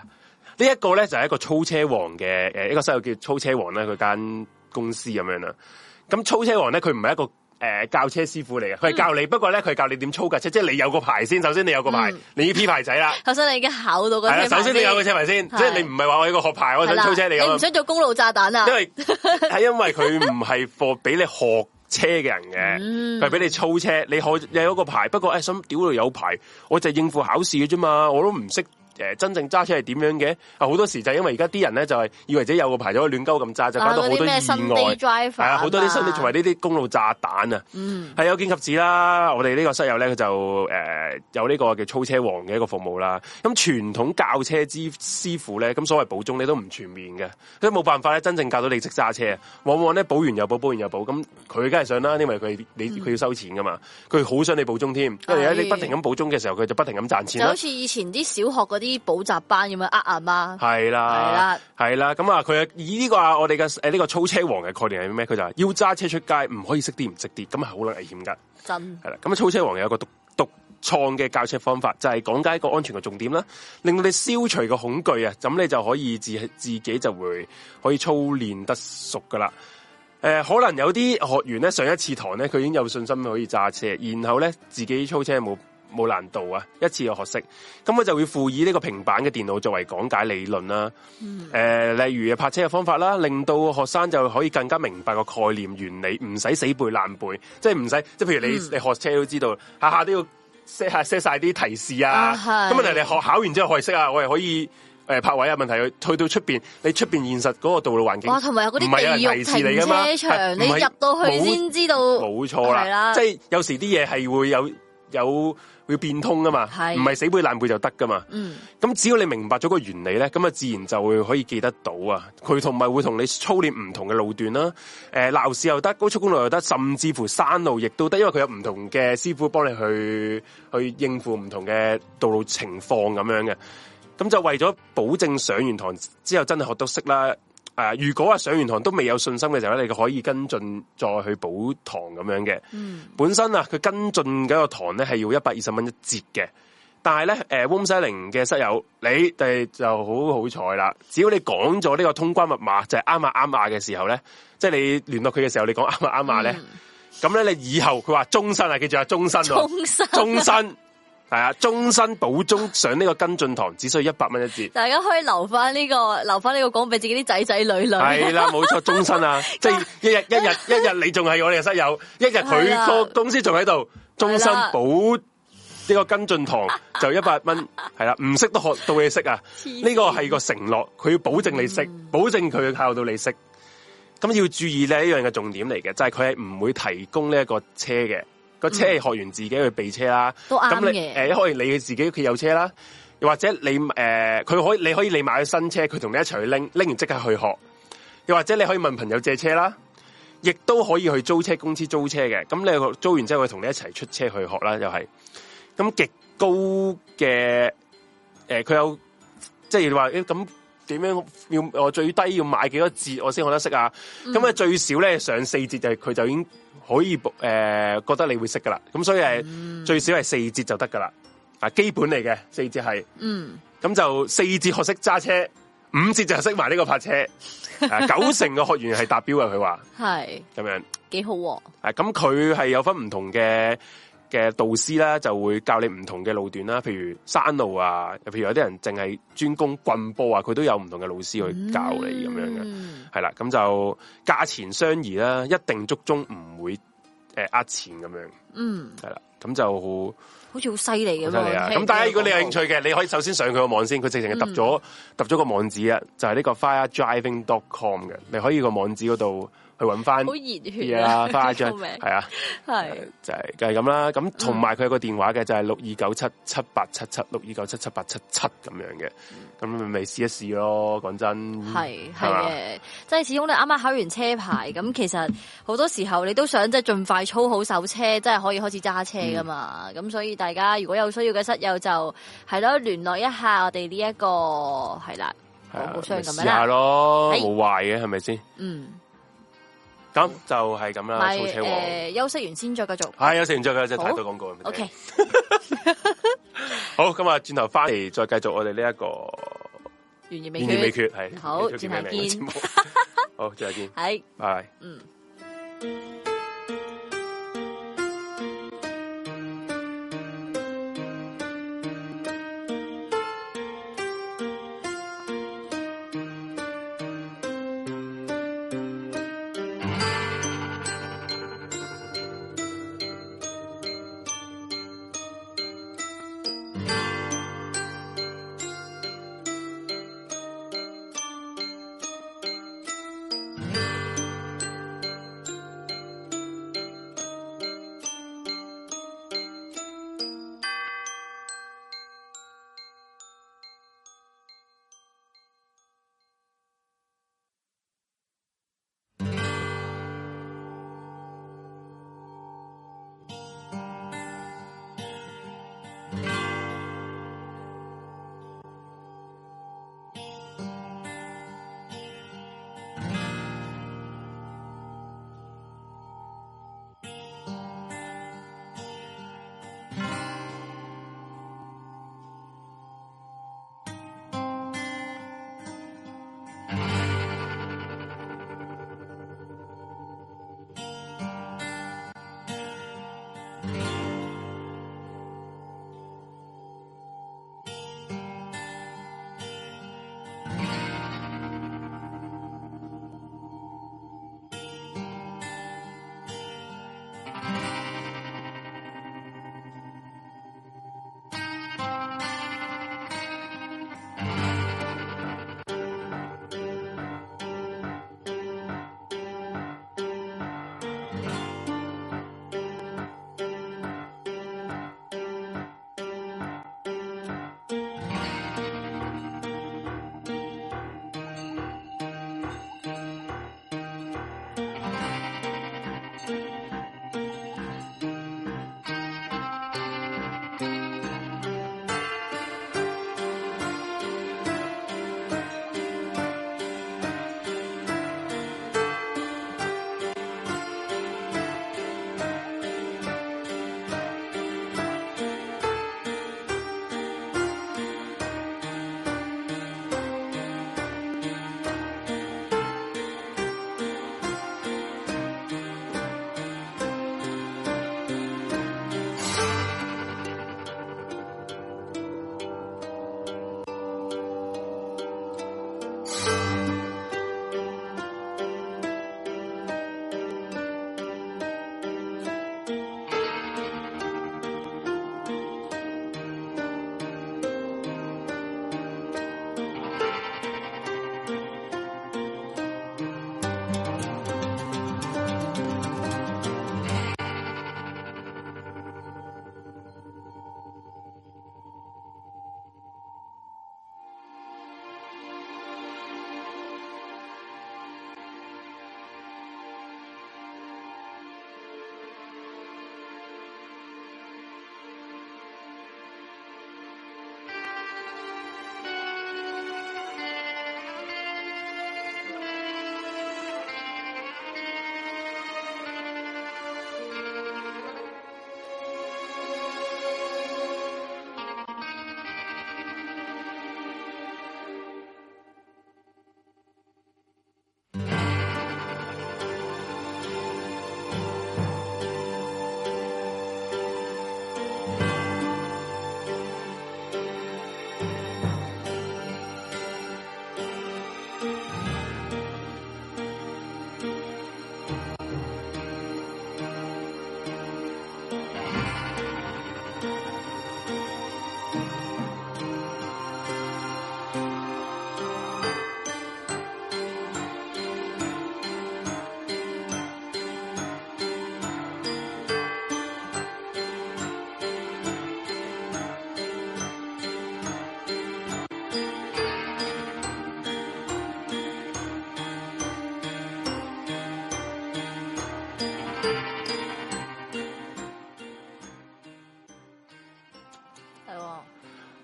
這、一個呢，就係、是、一個粗車王嘅，誒一個細路叫粗車、嗯嗯、車王呢。佢間公司咁樣啦。咁粗車王呢，佢唔係一個。誒，教車師傅嚟嘅，佢係教你。嗯、不過咧，佢教你點操架車，即、就、係、是、你有個牌先。首先，你有個牌，嗯、你要 P 牌仔啦。首先，你已經考到嗰啲。係，首先你有個車牌先，即係是 你唔係話我有個學牌，了我想操車你咁，你唔想做公路炸彈啊？因為係 因為佢唔係貨俾你學車嘅人嘅，係俾、嗯、你操車。你有個牌，不過誒，想屌、哎、到有牌，我就應付考試嘅啫嘛，我都唔識。誒真正揸車係點樣嘅？啊，好多時就係因為而家啲人咧，就係以為自己有個牌就可以亂鳩咁揸，就搞到好多意外、啊。係好多啲新地，作為呢啲公路炸彈啊，係、嗯、有見及至有見及此啦。我哋呢個室友咧，佢就誒、呃、有呢個叫操車王嘅一個服務啦。咁傳統教車之師傅咧，咁所謂補鐘你都唔全面嘅，佢冇辦法咧，真正教到你識揸車。往往咧，補完又補，補完又補，咁佢梗係想啦，因為佢你佢要收錢㗎嘛，佢好、嗯、想你補鐘添。因為你不停咁補鐘嘅時候，佢就不停咁賺錢、哎、就好似以前啲小學啲。啲補習班咁樣，呃、阿媽，係啦，係啦，係啦，咁啊，佢以呢個啊，我哋嘅誒呢個操車王嘅概念係咩？佢就話要揸車出街，唔可以識啲唔識啲，咁係好危險噶。真係啦，咁啊，操車王有個獨獨創嘅教車方法，就係講解一個安全嘅重點啦，令到你消除個恐懼啊，咁你就可以自自己就會可以操練得熟噶啦。誒、呃，可能有啲學員咧，上一次堂咧，佢已經有信心可以揸車，然後咧自己操車冇。冇難度啊，一次就學識，咁我就會輔以呢個平板嘅電腦作為講解理論啦。誒、嗯呃，例如泊車嘅方法啦，令到學生就可以更加明白個概念原理，唔使死背爛背，即係唔使即係。譬如你、嗯、你學車都知道，下下都要 set set 晒啲提示啊。咁問題你學考完之後學識啊，我哋可以誒、呃、泊位啊。問題去到出邊，你出邊現實嗰個道路環境，哇，同埋有嗰啲唔係提示你噶啦，你入到去先知道。冇錯啦，即係有時啲嘢係會有有。會變通噶嘛，唔係的、嗯、死背爛背就得噶嘛。咁只要你明白咗個原理咧，咁啊自然就會可以記得到啊。佢同埋會同你操練唔同嘅路段啦、啊，誒、呃，鬧市又得，高速公路又得，甚至乎山路亦都得，因為佢有唔同嘅師傅幫你去去應付唔同嘅道路情況咁樣嘅。咁就為咗保證上完堂之後真係學到識啦。.誒、呃，如果啊上完堂都未有信心嘅時候咧，你就可以跟進再去補堂咁樣嘅。嗯，本身啊，佢跟進嗰個堂咧係要120元、一百二十蚊一節嘅，但係咧，誒、呃、翁世玲嘅室友，你哋就好好彩啦。只要你講咗呢個通關密碼就係啱啊啱啊嘅時候咧，即、就、係、是、你聯絡佢嘅時候，你講啱啊啱啊咧，咁咧、嗯、你以後佢話終身啊，記住啊終身咯、啊，終身、啊、身。終身啊。係啊，終身保終上呢個跟進堂，只需要100一百蚊一節。大家可以留翻呢、這個，留翻呢個講俾自己啲仔仔女女。係啦，冇錯，終身啊，即係 一日一日一日，一日你仲係我哋嘅室友，一日佢個公司仲喺度，了終身保呢個跟進堂就一百蚊，係啦， 唔識都學到嘢識啊，呢個係個承諾，佢要保證你識，嗯、保證佢靠到你識。咁要注意呢呢樣嘅重點嚟嘅，就係佢係唔會提供呢一個車嘅。個車學完自己去備車啦，咁、嗯、你誒可以對、欸、你，你自己屋企有車啦，又或者你誒，佢、呃、可以你可以你買咗新車，佢同你一齊去拎，拎完即刻去學，又或者你可以問朋友借車啦，亦都可以去租車公司租車嘅，咁你租完之後佢同你一齊出車去學啦，又係咁極高嘅，誒、呃，佢有即係你話誒咁點樣要我最低要買幾多節我先學得識啊？咁啊、嗯、最少咧上四節就係佢就已經。可以，誒、呃，覺得你會識噶啦，咁所以係最、嗯、少係四節就得噶啦，啊，基本嚟嘅四節係，嗯，咁就四節學識揸車，五節就識埋呢個泊車， 九成嘅學員係達標嘅，佢話係咁樣，幾好、啊，係咁佢係有分唔同嘅。嘅導師啦，就會教你唔同嘅路段啦，譬如山路啊，譬如有啲人淨係專攻棍波啊，佢都有唔同嘅老師去教你咁、嗯、樣嘅，係啦，咁就價錢相宜啦，啊，一定足中唔會誒呃錢咁樣，嗯，係啦，咁就好好似好犀利嘅，犀利啊！咁大家如果你有興趣嘅，你可以首先上佢個網先，佢直情係揼咗揼咗個網址啊，就係，是，呢個 firedriving.com 嘅，你可以個網址嗰度。好熱血啊，花着係啊，係就係咁啦。咁同埋佢有個電話嘅，就係六二九七七八七七六二九七七八七七咁樣嘅。咁咪試一試咯。講真係係嘅，即係始終你啱啱考完車牌，咁其實好多時候你都想即係盡快操好手車，即係可以開始揸車㗎嘛。咁所以大家如果有需要嘅室友就係咯，聯絡一下我哋呢一個係啦。試下咯，冇壞嘅係咪先？嗯。咁就係咁啦，坐車我。休息完先再繼續。係，休息完再繼續睇到廣告。O K，好，咁啊，轉頭翻嚟再繼續我哋呢一個懸疑未懸疑未決係。好，轉頭見。好，轉頭見。係，拜拜！嗯。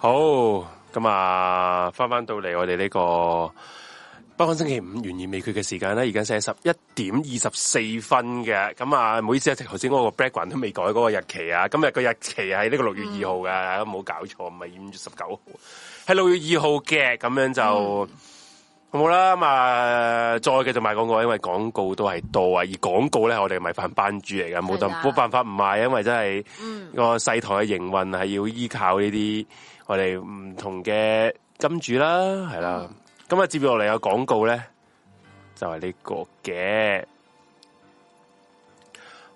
好咁、oh, 啊，返返到嚟我哋呢個《不安星期五懸疑未決》嘅時間咧，而家先十一點二十四分嘅。咁啊，唔好意思啊，頭先嗰個 background 都未改嗰個日期啊。今日個日期係呢個六月二號嘅，冇、嗯、搞錯唔係五月十九號，係六月二號嘅。咁樣就、嗯、好啦。咁啊，再繼續賣廣告，因為廣告都係多啊。而廣告咧，我哋嘅米飯班主嚟㗎，冇得冇辦法唔賣，因為真係個細台嘅營運係要依靠呢啲。我哋唔同嘅金主啦，係啦，今日、嗯嗯、接住落嚟有廣告咧，就係、是、呢個嘅。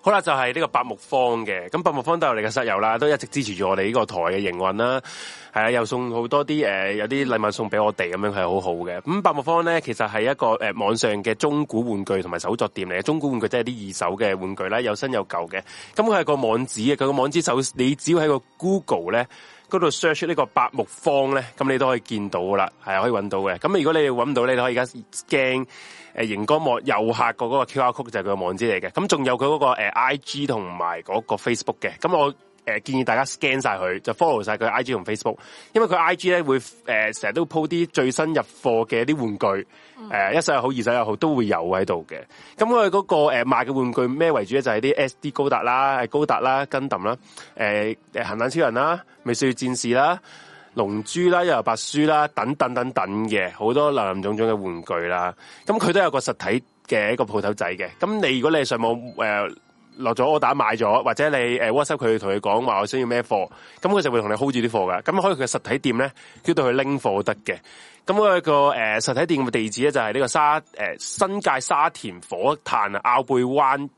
好啦，就係、是、呢個百木坊嘅，咁百木坊都係我哋嘅室友啦，都一直支持住我哋呢個台嘅營運啦，係啊，又送好多啲誒、呃，有啲禮物送俾我哋，咁樣係好好嘅。咁百木坊咧，其實係一個誒、呃、網上嘅中古玩具同埋手作店嚟嘅，中古玩具即係啲二手嘅玩具啦，有新有舊嘅。咁佢係個網址嘅，佢個網址手你只要喺個 Google 咧。嗰度 search 呢個白木方咧，咁你都可以見到噶啦，係可以揾到嘅。咁如果你要揾到咧，你可以而家 scan 誒熒光幕右下角嗰個 QR Code，就係佢個網址嚟嘅。咁仲有佢嗰、嗰個、呃、IG 同埋嗰個 Facebook 嘅。咁我。誒、呃，建議大家 scan 晒佢，就 follow 晒佢 IG 同 Facebook，因為佢 IG 咧會誒成日都鋪啲最新入貨嘅一啲玩具，誒、嗯呃、一手又好二手又好都會有喺度嘅。咁佢嗰個誒賣嘅玩具咩為主咧？就係、是、啲 SD 高達啦、高達啦、Gundam 啦、誒誒鹹蛋超人啦、美少女戰士啦、龍珠啦、幽遊白書啦，等等等等嘅好多林林總總嘅玩具啦。咁、嗯、佢都有個實體嘅一個鋪頭仔嘅。咁你如果你係上網誒。呃落咗 order 買咗，或者你誒 WhatsApp 佢，同佢講話我需要咩貨，咁佢就會同你 hold 住啲貨㗎。咁可以佢嘅實體店咧，叫到佢拎貨得嘅。咁、那、我個誒、呃、實體店嘅地址咧就係、是、呢個沙誒、呃、新界沙田火炭坳背灣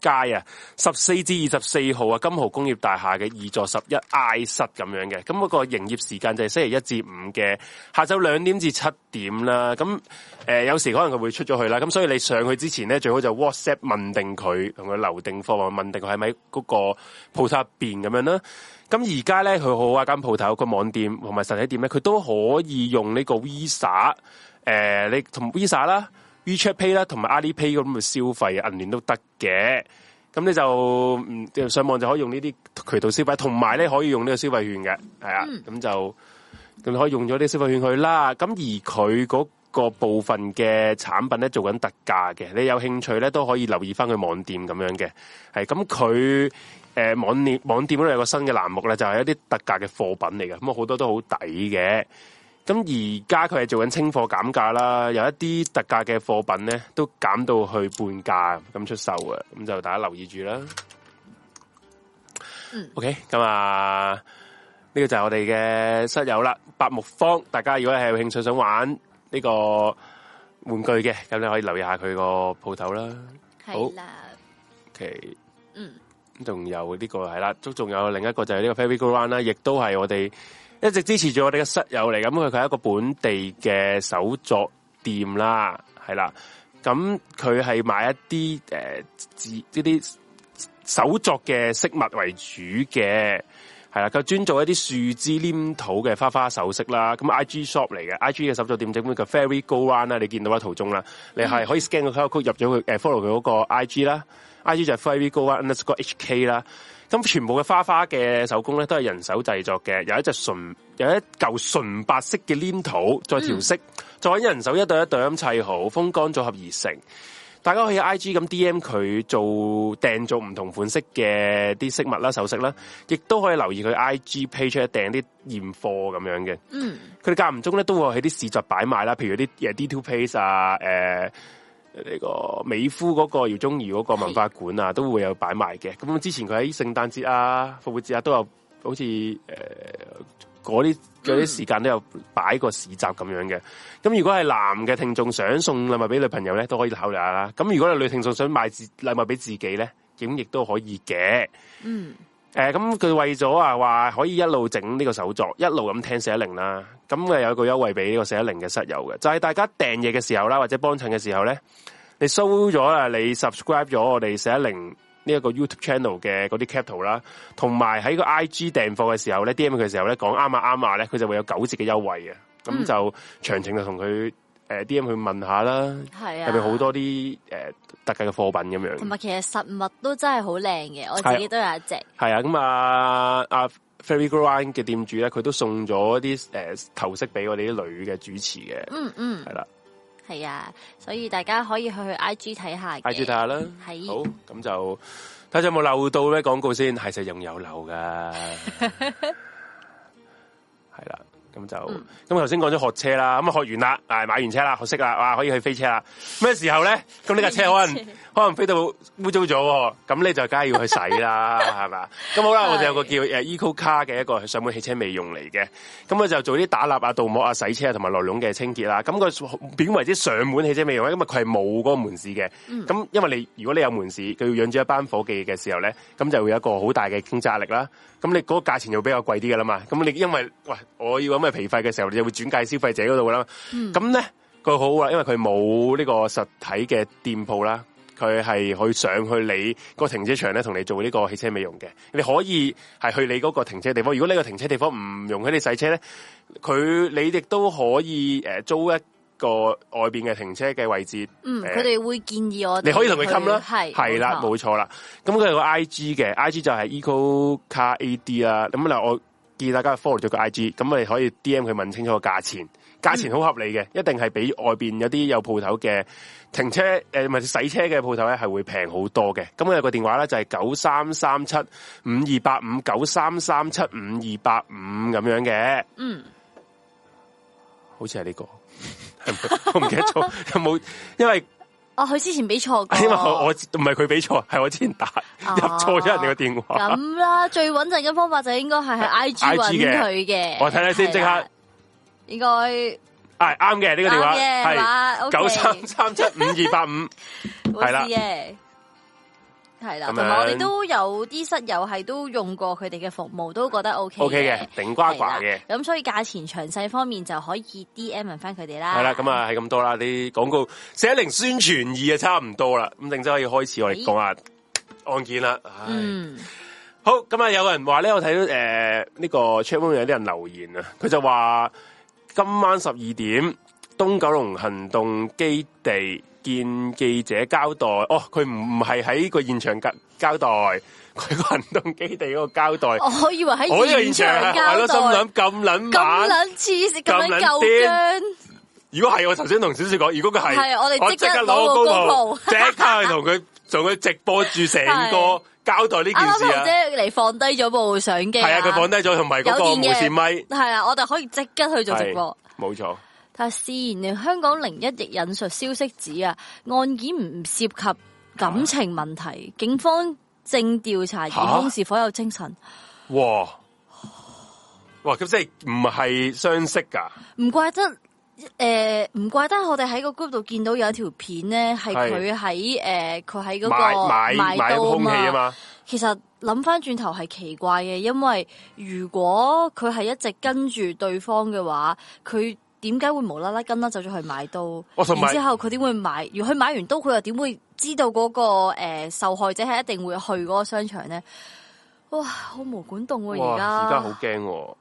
街啊，十四至二十四號啊，金豪工業大廈嘅二座十一 I 室咁樣嘅，咁、那、嗰個營業時間就係星期一至五嘅下晝兩點至七點啦。咁誒、呃，有時可能佢會出咗去啦，咁所以你上去之前咧，最好就 WhatsApp 問定佢，同佢留定貨，或者問定佢喺唔喺嗰個鋪頭入邊咁樣啦。咁而家咧，佢好啊，間鋪頭個網店同埋實體店咧，佢都可以用呢個 Visa，誒、呃，你同 Visa 啦。WeChat Pay 啦，同埋阿里 pay 咁嘅消費銀聯都得嘅，咁你就上網就可以用呢啲渠道消費，同埋咧可以用呢個消費券嘅，係啊、嗯，咁就咁可以用咗啲消費券去啦。咁而佢嗰個部分嘅產品咧做緊特價嘅，你有興趣咧都可以留意翻佢網店咁樣嘅，係，咁佢誒網店網店度有個新嘅欄目啦，就係、是、一啲特價嘅貨品嚟嘅，咁啊好多都好抵嘅。咁而家佢係做緊清貨減價啦，有一啲特價嘅貨品咧都減到去半價咁出售嘅，咁就大家留意住啦。嗯，OK，咁啊，呢個就係我哋嘅室友啦，白木方。大家如果係有興趣想玩呢個玩具嘅，咁你可以留意下佢個鋪頭啦。係啦，OK，嗯，仲有呢個係啦，仲仲有另一個就係呢個 Fairy Ground 啦，亦都係我哋。一直支持住我哋嘅室友嚟，咁佢佢係一個本地嘅手作店啦，係啦，咁佢係賣一啲誒，自呢啲手作嘅飾物為主嘅，係啦，佢專做一啲樹枝黏土嘅花花首飾啦，咁 I G shop 嚟嘅，I G 嘅手作店，整係咁 Fairy Go One 啦，你見到喺途中啦，你係可以 scan 個 qr code 入咗去，誒 follow 佢嗰個 I G 啦，I G 就係 Fairy Go One e h e t s Got H K 啦。咁全部嘅花花嘅手工咧，都係人手製作嘅，有一隻純，有一嚿純白色嘅黏土，再調色，嗯、再揾人手一對一對咁砌好，風乾組合而成。大家可以喺 I G 咁 D M 佢做訂做唔同款式嘅啲飾物啦，首飾啦，亦都可以留意佢 I G page 訂啲現貨咁樣嘅。嗯，佢哋間唔中咧都會喺啲市集擺賣啦，譬如啲嘅 D two place 啊，呃呢個美孚嗰個饒宗頤嗰個文化館啊，都會有擺賣嘅。咁之前佢喺聖誕節啊、復活節啊，都有好似誒嗰啲嗰啲時間都有擺個市集咁樣嘅。咁如果係男嘅聽眾想送禮物俾女朋友咧，都可以考慮下啦。咁如果係女聽眾想買禮物俾自己咧，梗亦都可以嘅。嗯。誒，咁佢、呃、為咗啊，話可以一路整呢個手作，一路咁聽四一零啦，咁誒有一個優惠俾呢個四一零嘅室友嘅，就係、是、大家訂嘢嘅時候啦，或者幫襯嘅時候咧，你 show 咗啊，你 subscribe 咗我哋四一零呢一個 YouTube channel 嘅嗰啲 caption 啦，同埋喺個 IG 訂貨嘅時候咧，DM 佢嘅時候咧，講啱啊啱啊咧，佢就會有九折嘅優惠嘅，咁、嗯、就詳情就同佢。誒 D M 去問下啦，係啊，入邊好多啲誒、呃、特價嘅貨品咁樣。同埋其實實物都真係好靚嘅，我自己都有一隻。係啊，咁啊啊，啊 Fairy Grind 嘅店主咧，佢都送咗啲誒頭飾俾我哋啲女嘅主持嘅、嗯。嗯嗯，係啦、啊，係啊，所以大家可以去去 I G 睇下，I G 睇下啦。係，是好，咁就睇下有冇漏到咩廣告先，係實用有漏㗎。 咁就咁頭先講咗學車啦，咁啊學完啦，買完車啦，學識啦，哇可以去飛車啦！咩時候咧？咁呢架車可能？可能飛到污糟咗，咁你就梗係要去洗啦，係嘛？ 咁好啦，我哋有個叫 Eco Car 嘅一個上門汽車美容嚟嘅，咁佢就做啲打蠟啊、鍍膜啊、洗車啊同埋內籠嘅清潔啦。咁佢點為之上門汽車美容咧？咁啊佢係冇嗰個門市嘅，咁、嗯、因為你如果你有門市，佢要養住一班伙計嘅時候咧，咁就會有一個好大嘅經濟壓力啦。咁你嗰個價錢就比較貴啲嘅啦嘛。咁你因為喂，我要咁嘅皮費嘅時候，你就會轉介消費者嗰度啦。咁咧佢好啊，因為佢冇呢個實體嘅店鋪啦。佢係去上去你個停車場咧，同你做呢個汽車美容嘅。你可以係去你嗰個停車的地方。如果呢個停車地方唔容許你洗車咧，佢你亦都可以誒租一個外邊嘅停車嘅位置，嗯。佢哋會建議我。你可以同佢氹啦，係係啦，冇錯啦。咁佢係個 I G 嘅，I G 就係 Eco Car A D 啦。咁嗱，我建議大家 follow 咗個 I G，咁我哋可以 D M 佢問清楚個價錢，價錢好合理嘅，嗯、一定係比外邊有啲有鋪頭嘅。停車誒，唔、呃、係洗車嘅鋪頭咧，係會平好多嘅。咁我有個電話咧，就係九三三七五二八五九三三七五二八五咁樣嘅。嗯，好似係呢個， 我唔記得咗有冇， 因為哦佢、啊、之前俾錯，因為我唔係佢俾錯，係我，我之前打、啊、入錯咗人哋個電話。咁啦，最穩陣嘅方法就是應該係喺 I G 揾佢嘅。我睇睇先，即刻應該。係啱嘅呢個電話係九三三七五二八五，係啦，係啦，同埋我哋都有啲室友係都用過佢哋嘅服務，都覺得 O K O K 嘅，頂呱呱嘅，咁的的所以價錢詳細方面就可以 D M 問翻佢哋啦。係啦，咁啊係咁多啦，啲廣告寫零宣傳二啊，差唔多啦，咁定真可以開始我哋講下案件啦。嗯，好，咁啊有人話咧，我睇到誒呢、呃這個 chatroom 有啲人留言啊，佢就話。今晚十二點，東九龍行動基地見記者交代。哦，佢唔唔係喺個現場交交代，佢個行動基地嗰個交代，我以為喺，我以為現場係咯，心諗咁卵，咁卵黐線，咁卵癲。如果係 我頭先同小雪講，如果佢係，係我哋，即刻攞個 GoPro，即刻去同佢，同佢直播住成個。 交代呢件事啊！阿即頭嚟放低咗部相機，啊，係啊，佢放低咗，同埋嗰個無線咪？係啊克，我哋可以即刻去做直播，冇錯。但係，事然嚟香港零一亦引述消息指啊，案件唔涉及感情問題，啊、警方正調查疑凶是否有精神。哇！哇！咁即係唔係相識㗎？唔怪得。誒，唔怪得我哋喺個 group 度見到有一條片咧，係佢喺誒，佢喺嗰個買、買、買刀啊嘛。其實諗翻轉頭係奇怪嘅，因為如果佢係一直跟住對方嘅話，佢點解會無啦啦跟啦走咗去買刀？然之後佢點會買？如佢買完刀，佢又點會知道嗰個誒、呃、受害者係一定會去嗰個商場咧？哇、呃，好毛管戙喎！而家而家好驚。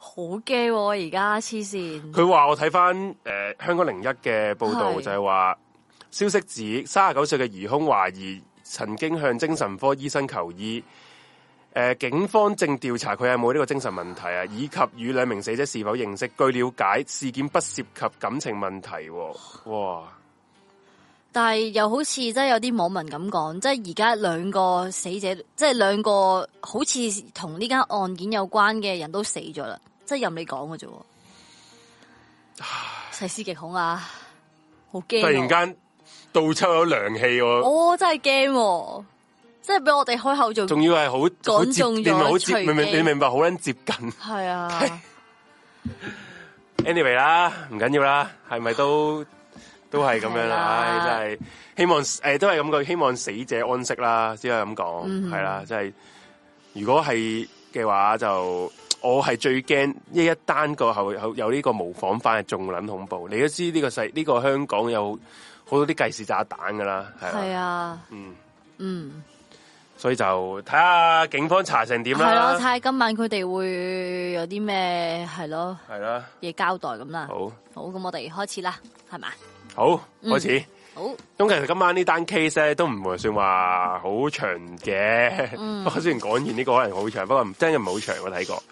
好驚喎、哦！而家黐線。佢話我睇翻，誒，香港零一嘅報道是就係話，消息指三十九歲嘅疑兇懷疑曾經向精神科醫生求醫。誒、呃，警方正調查佢有冇呢個精神問題啊，唉以及與兩名死者是否認識。據了解，事件不涉及感情問題、哦。哇！但係又好似真係有啲網民咁講，即係而家兩個死者，即係兩個好似同呢間案件有關嘅人都死咗啦。即係任你講嘅啫，細思極恐啊！好驚，突然間倒抽咗涼氣。我、oh, 真係驚、啊，即係俾我哋開口做，仲要係好講要咗，明唔明？你明白好捻接近。係啊 ，anyway 係啦，唔緊要啦，係咪都都係咁樣啦、啊哎？真係希望誒、呃，都係咁講，希望死者安息啦，只係咁講，係、嗯、哼啦，即係如果係嘅話就。我係最驚呢一單過後有呢個模仿翻，係仲捻恐怖。你都知呢、呢個世呢、呢個香港有好多啲計時炸彈噶啦，係啊，嗯嗯，嗯所以就睇下警方查成點啦。係咯、啊，睇下今晚佢哋會有啲咩係咯，係啦、啊，嘢、啊、交代咁啦。好，好，咁我哋開始啦，係嘛？好，嗯、開始。咁其實今晚呢單 case 咧都唔算話好長嘅，雖然講完呢個可能好長，不過真係唔係好長，我睇過。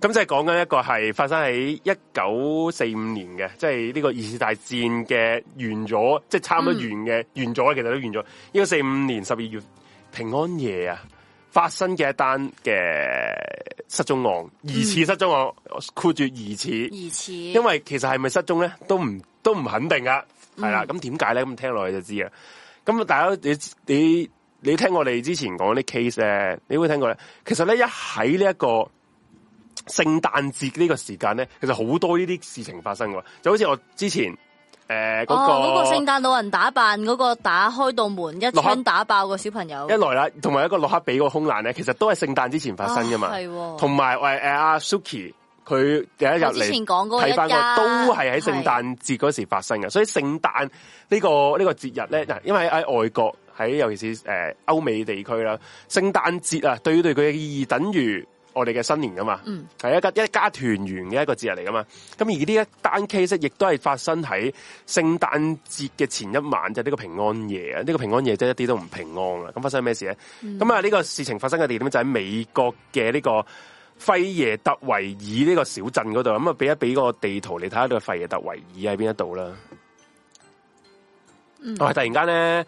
咁即係講緊一個係發生喺一九四五年嘅，即係呢個二次大戰嘅完咗，即係差唔多完嘅，嗯，完咗其實都完咗。一九四五年十二月平安夜啊，發生嘅一單嘅失蹤案，疑似失蹤案，括住疑似，疑似，因為其實係咪失蹤咧都唔都唔肯定啊係啦，咁點解咧？咁聽落去就知啊。咁大家你你你聽我哋之前講啲 case 咧，你會聽過咧？其實咧一喺呢一個聖誕節呢個時間咧，其實好多呢啲事情發生嘅，就好似我之前誒嗰、呃那個聖誕、哦那個、老人打扮嗰個打開道門一槍打爆個小朋友，一來啦，同埋一個洛克比個空難咧，其實都係聖誕之前發生㗎嘛。係、啊，同埋喂誒阿 Suki。佢第一日嚟睇翻個都係喺聖誕節嗰時發生嘅，所以聖誕呢個呢個節日咧，嗱，因為喺外國喺尤其是誒歐美地區啦，聖誕節啊，對對佢嘅意義等於我哋嘅新年噶嘛，係一家一家團圓嘅一個節日嚟噶嘛。咁而呢一單 case 亦都係發生喺聖誕節嘅前一晚，就呢個平安夜啊，呢個平安夜真係一啲都唔平安啦。咁發生咩事咧？咁啊，呢個事情發生嘅地點就喺美國嘅呢個。費耶特維爾呢個小鎮嗰度，咁啊俾一俾個地圖你睇下，呢個費耶特維爾喺邊一度啦。嗯、啊，突然間咧，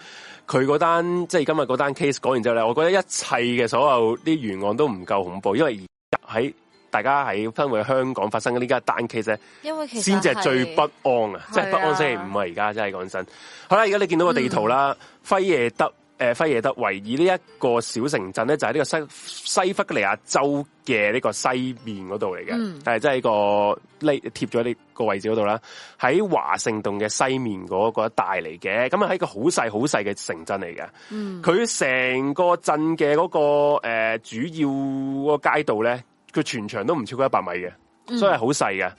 佢嗰單即係今日嗰單 case 講完之後咧，我覺得一切嘅所有啲懸案都唔夠恐怖，因為而家喺大家喺分為香港發生嘅呢家單 case，因為其實先至係最不安啊，即係不安星期五啊，而家真係講真。好啦，而家你見到個地圖啦，費、嗯、耶特。誒，輝、呃、耶德維爾呢一個小城鎮咧，就喺、是、呢個西西弗吉尼亞州嘅呢個西面嗰度嚟嘅，係即係呢個呢貼咗呢個位置嗰度啦，喺華盛頓嘅西面嗰個一帶嚟嘅，咁啊係一個好細好細嘅城鎮嚟嘅，佢成、嗯、個鎮嘅嗰個誒、呃、主要個街道咧，佢全長都唔超過一百米嘅，嗯、所以係好細嘅，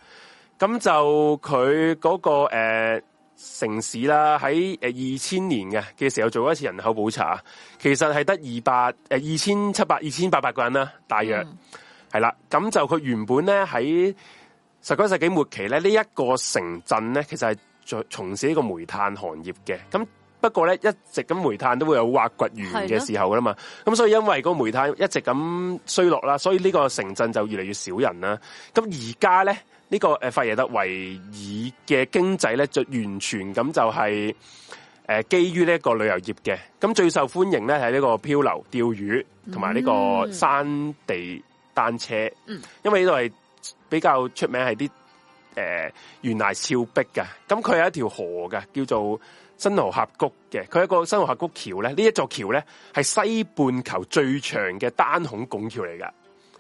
咁就佢嗰、那個誒。呃城市啦，喺誒二千年嘅嘅時候做過一次人口普查，其實係得二百誒二千七百二千八百個人啦，大約係啦。咁、嗯、就佢原本咧喺十九世紀末期咧，呢、這、一個城鎮咧，其實係做從事呢個煤炭行業嘅。咁不過咧，一直咁煤炭都會有挖掘完嘅時候噶嘛。咁是的 所以因為個煤炭一直咁衰落啦，所以呢個城鎮就越嚟越少人啦。咁而家咧。呢個誒費耶德維爾嘅經濟咧，就完全咁就係誒基於呢一個旅遊業嘅。咁最受歡迎咧，係呢個漂流、釣魚同埋呢個山地單車。嗯，因為呢度係比較出名係啲誒懸崖峭壁嘅。咁佢係一條河嘅，叫做新河峽谷嘅。佢係一個新河峽谷橋咧。呢一座橋咧，係西半球最長嘅單孔拱橋嚟嘅。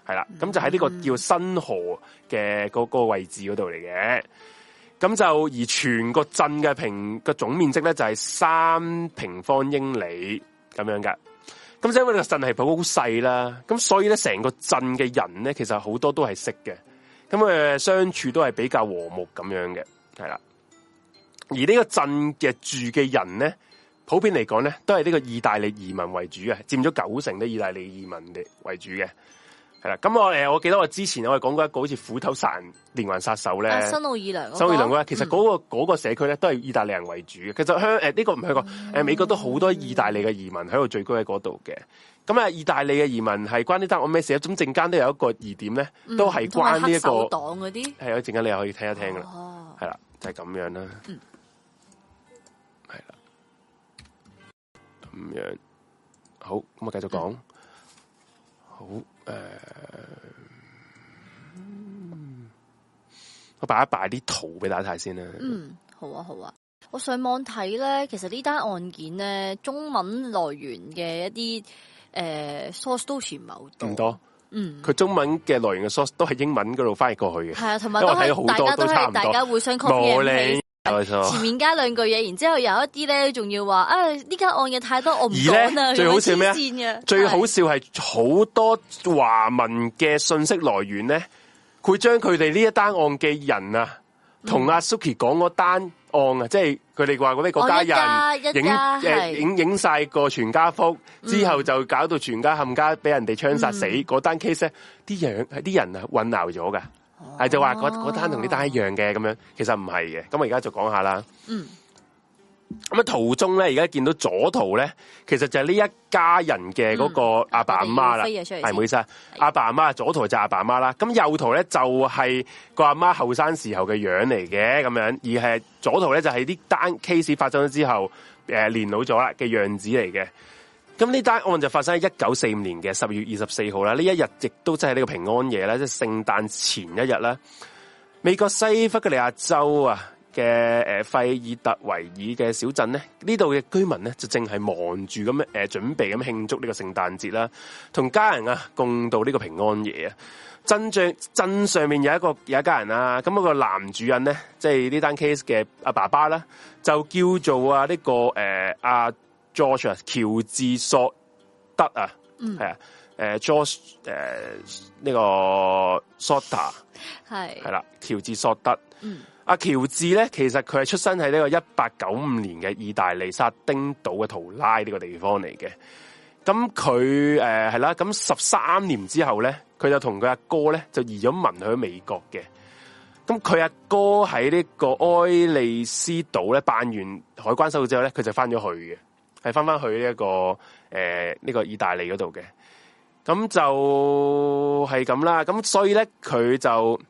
係啦，咁就喺呢個叫新河嘅嗰個位置嗰度嚟嘅，咁就而全個鎮嘅平嘅總面積咧就係三平方英里咁樣㗎。咁因為個鎮係好好細啦，咁所以咧成個鎮嘅人咧其實好多都係識嘅，咁誒相處都係比較和睦咁樣嘅，係啦。而呢個鎮嘅住嘅人咧，普遍嚟講咧都係呢個意大利移民為主嘅，佔咗九成都意大利移民嘅為主嘅。係啦，咁我誒、呃，我記得我之前我哋講過一個好似斧頭殺連環殺手咧、啊，新奧爾良，新奧爾良嘅，嗯、其實嗰、個嗰、個社區咧都係意大利人為主嘅。其實香誒呢個唔係個誒美國都好多意大利嘅移民喺度聚居喺嗰度嘅。咁啊、嗯，意大利嘅移民係關啲單，我咩事。咁陣間都有一個疑點咧，都係關呢一、這個黨嗰啲。係啊、嗯，陣間你又可以聽一聽啦。係啦、哦，就係、是、咁樣啦。係啦、嗯，咁樣好，咁我繼續講，好。誒，我擺一擺啲圖俾大家睇先啦。嗯，好啊，好啊。我上網睇咧，其實呢單案件咧，中文來源嘅一啲誒、呃、source 都全冇咁多。咁多？多。嗯，佢中文嘅來源嘅 source 都係英文嗰度翻譯過去嘅。係啊，同埋都係，大家都係大家互相確認。前面加兩句嘢，然之後有一啲咧，仲要話啊呢間案嘅太多，我唔講最好笑咩？最好笑係好多華文嘅信息來源咧，佢將佢哋呢一單案嘅人啊，同阿 Suki 講嗰單案啊，即係佢哋話嗰啲國家人影影影晒個全家福，嗯、之後就搞到全家冚家俾人哋槍殺死。嗰單 case 咧，啲人係啲人啊混淆咗噶。係、啊、就話嗰單單同呢單一樣嘅咁樣，其實唔係嘅。咁我而家就講下啦。嗯，咁啊途中咧，而家見到左圖咧，其實就係呢一家人嘅嗰個阿、嗯、爸阿媽啦，係唔好意思啊。阿爸阿媽，左圖就阿爸阿媽啦。咁右圖咧就係、是、個阿媽後生時候嘅樣嚟嘅，咁樣而係左圖咧就係啲單 case 發生咗之後誒年、呃、老咗啦嘅樣子嚟嘅。咁呢單案就發生喺一九四五年嘅十月二十四號啦，呢一日亦都即係呢個平安夜啦，即係聖誕前一日啦。美國西弗吉尼亞州啊嘅誒費爾特維爾嘅小鎮咧，呢度嘅居民咧就正係忙住咁誒準備咁慶祝呢個聖誕節啦，同家人啊共度呢個平安夜啊。鎮上鎮上面有一個有一家人啊，咁、那、嗰個男主人咧，即係呢單 case 嘅阿、啊、爸爸啦、啊，就叫做啊呢、這個誒、呃啊 George 喬治索德啊，係、嗯、啊，誒、呃、George 誒、呃、呢、這個 Sota，係係啦，喬治索德。阿、嗯啊、喬治咧，其實佢係出生喺呢個一八九五年嘅意大利薩丁島嘅圖拉呢個地方嚟嘅。咁佢誒係啦，咁十三年之後咧，佢就同佢阿哥咧就移咗民去美國嘅。咁佢阿哥喺呢個埃利斯島咧辦完海關手續之後咧，佢就返咗去嘅。係翻翻去呢一、呢個誒呢、呃呢個意大利嗰度嘅，咁就係咁啦。咁所以咧佢就誒一、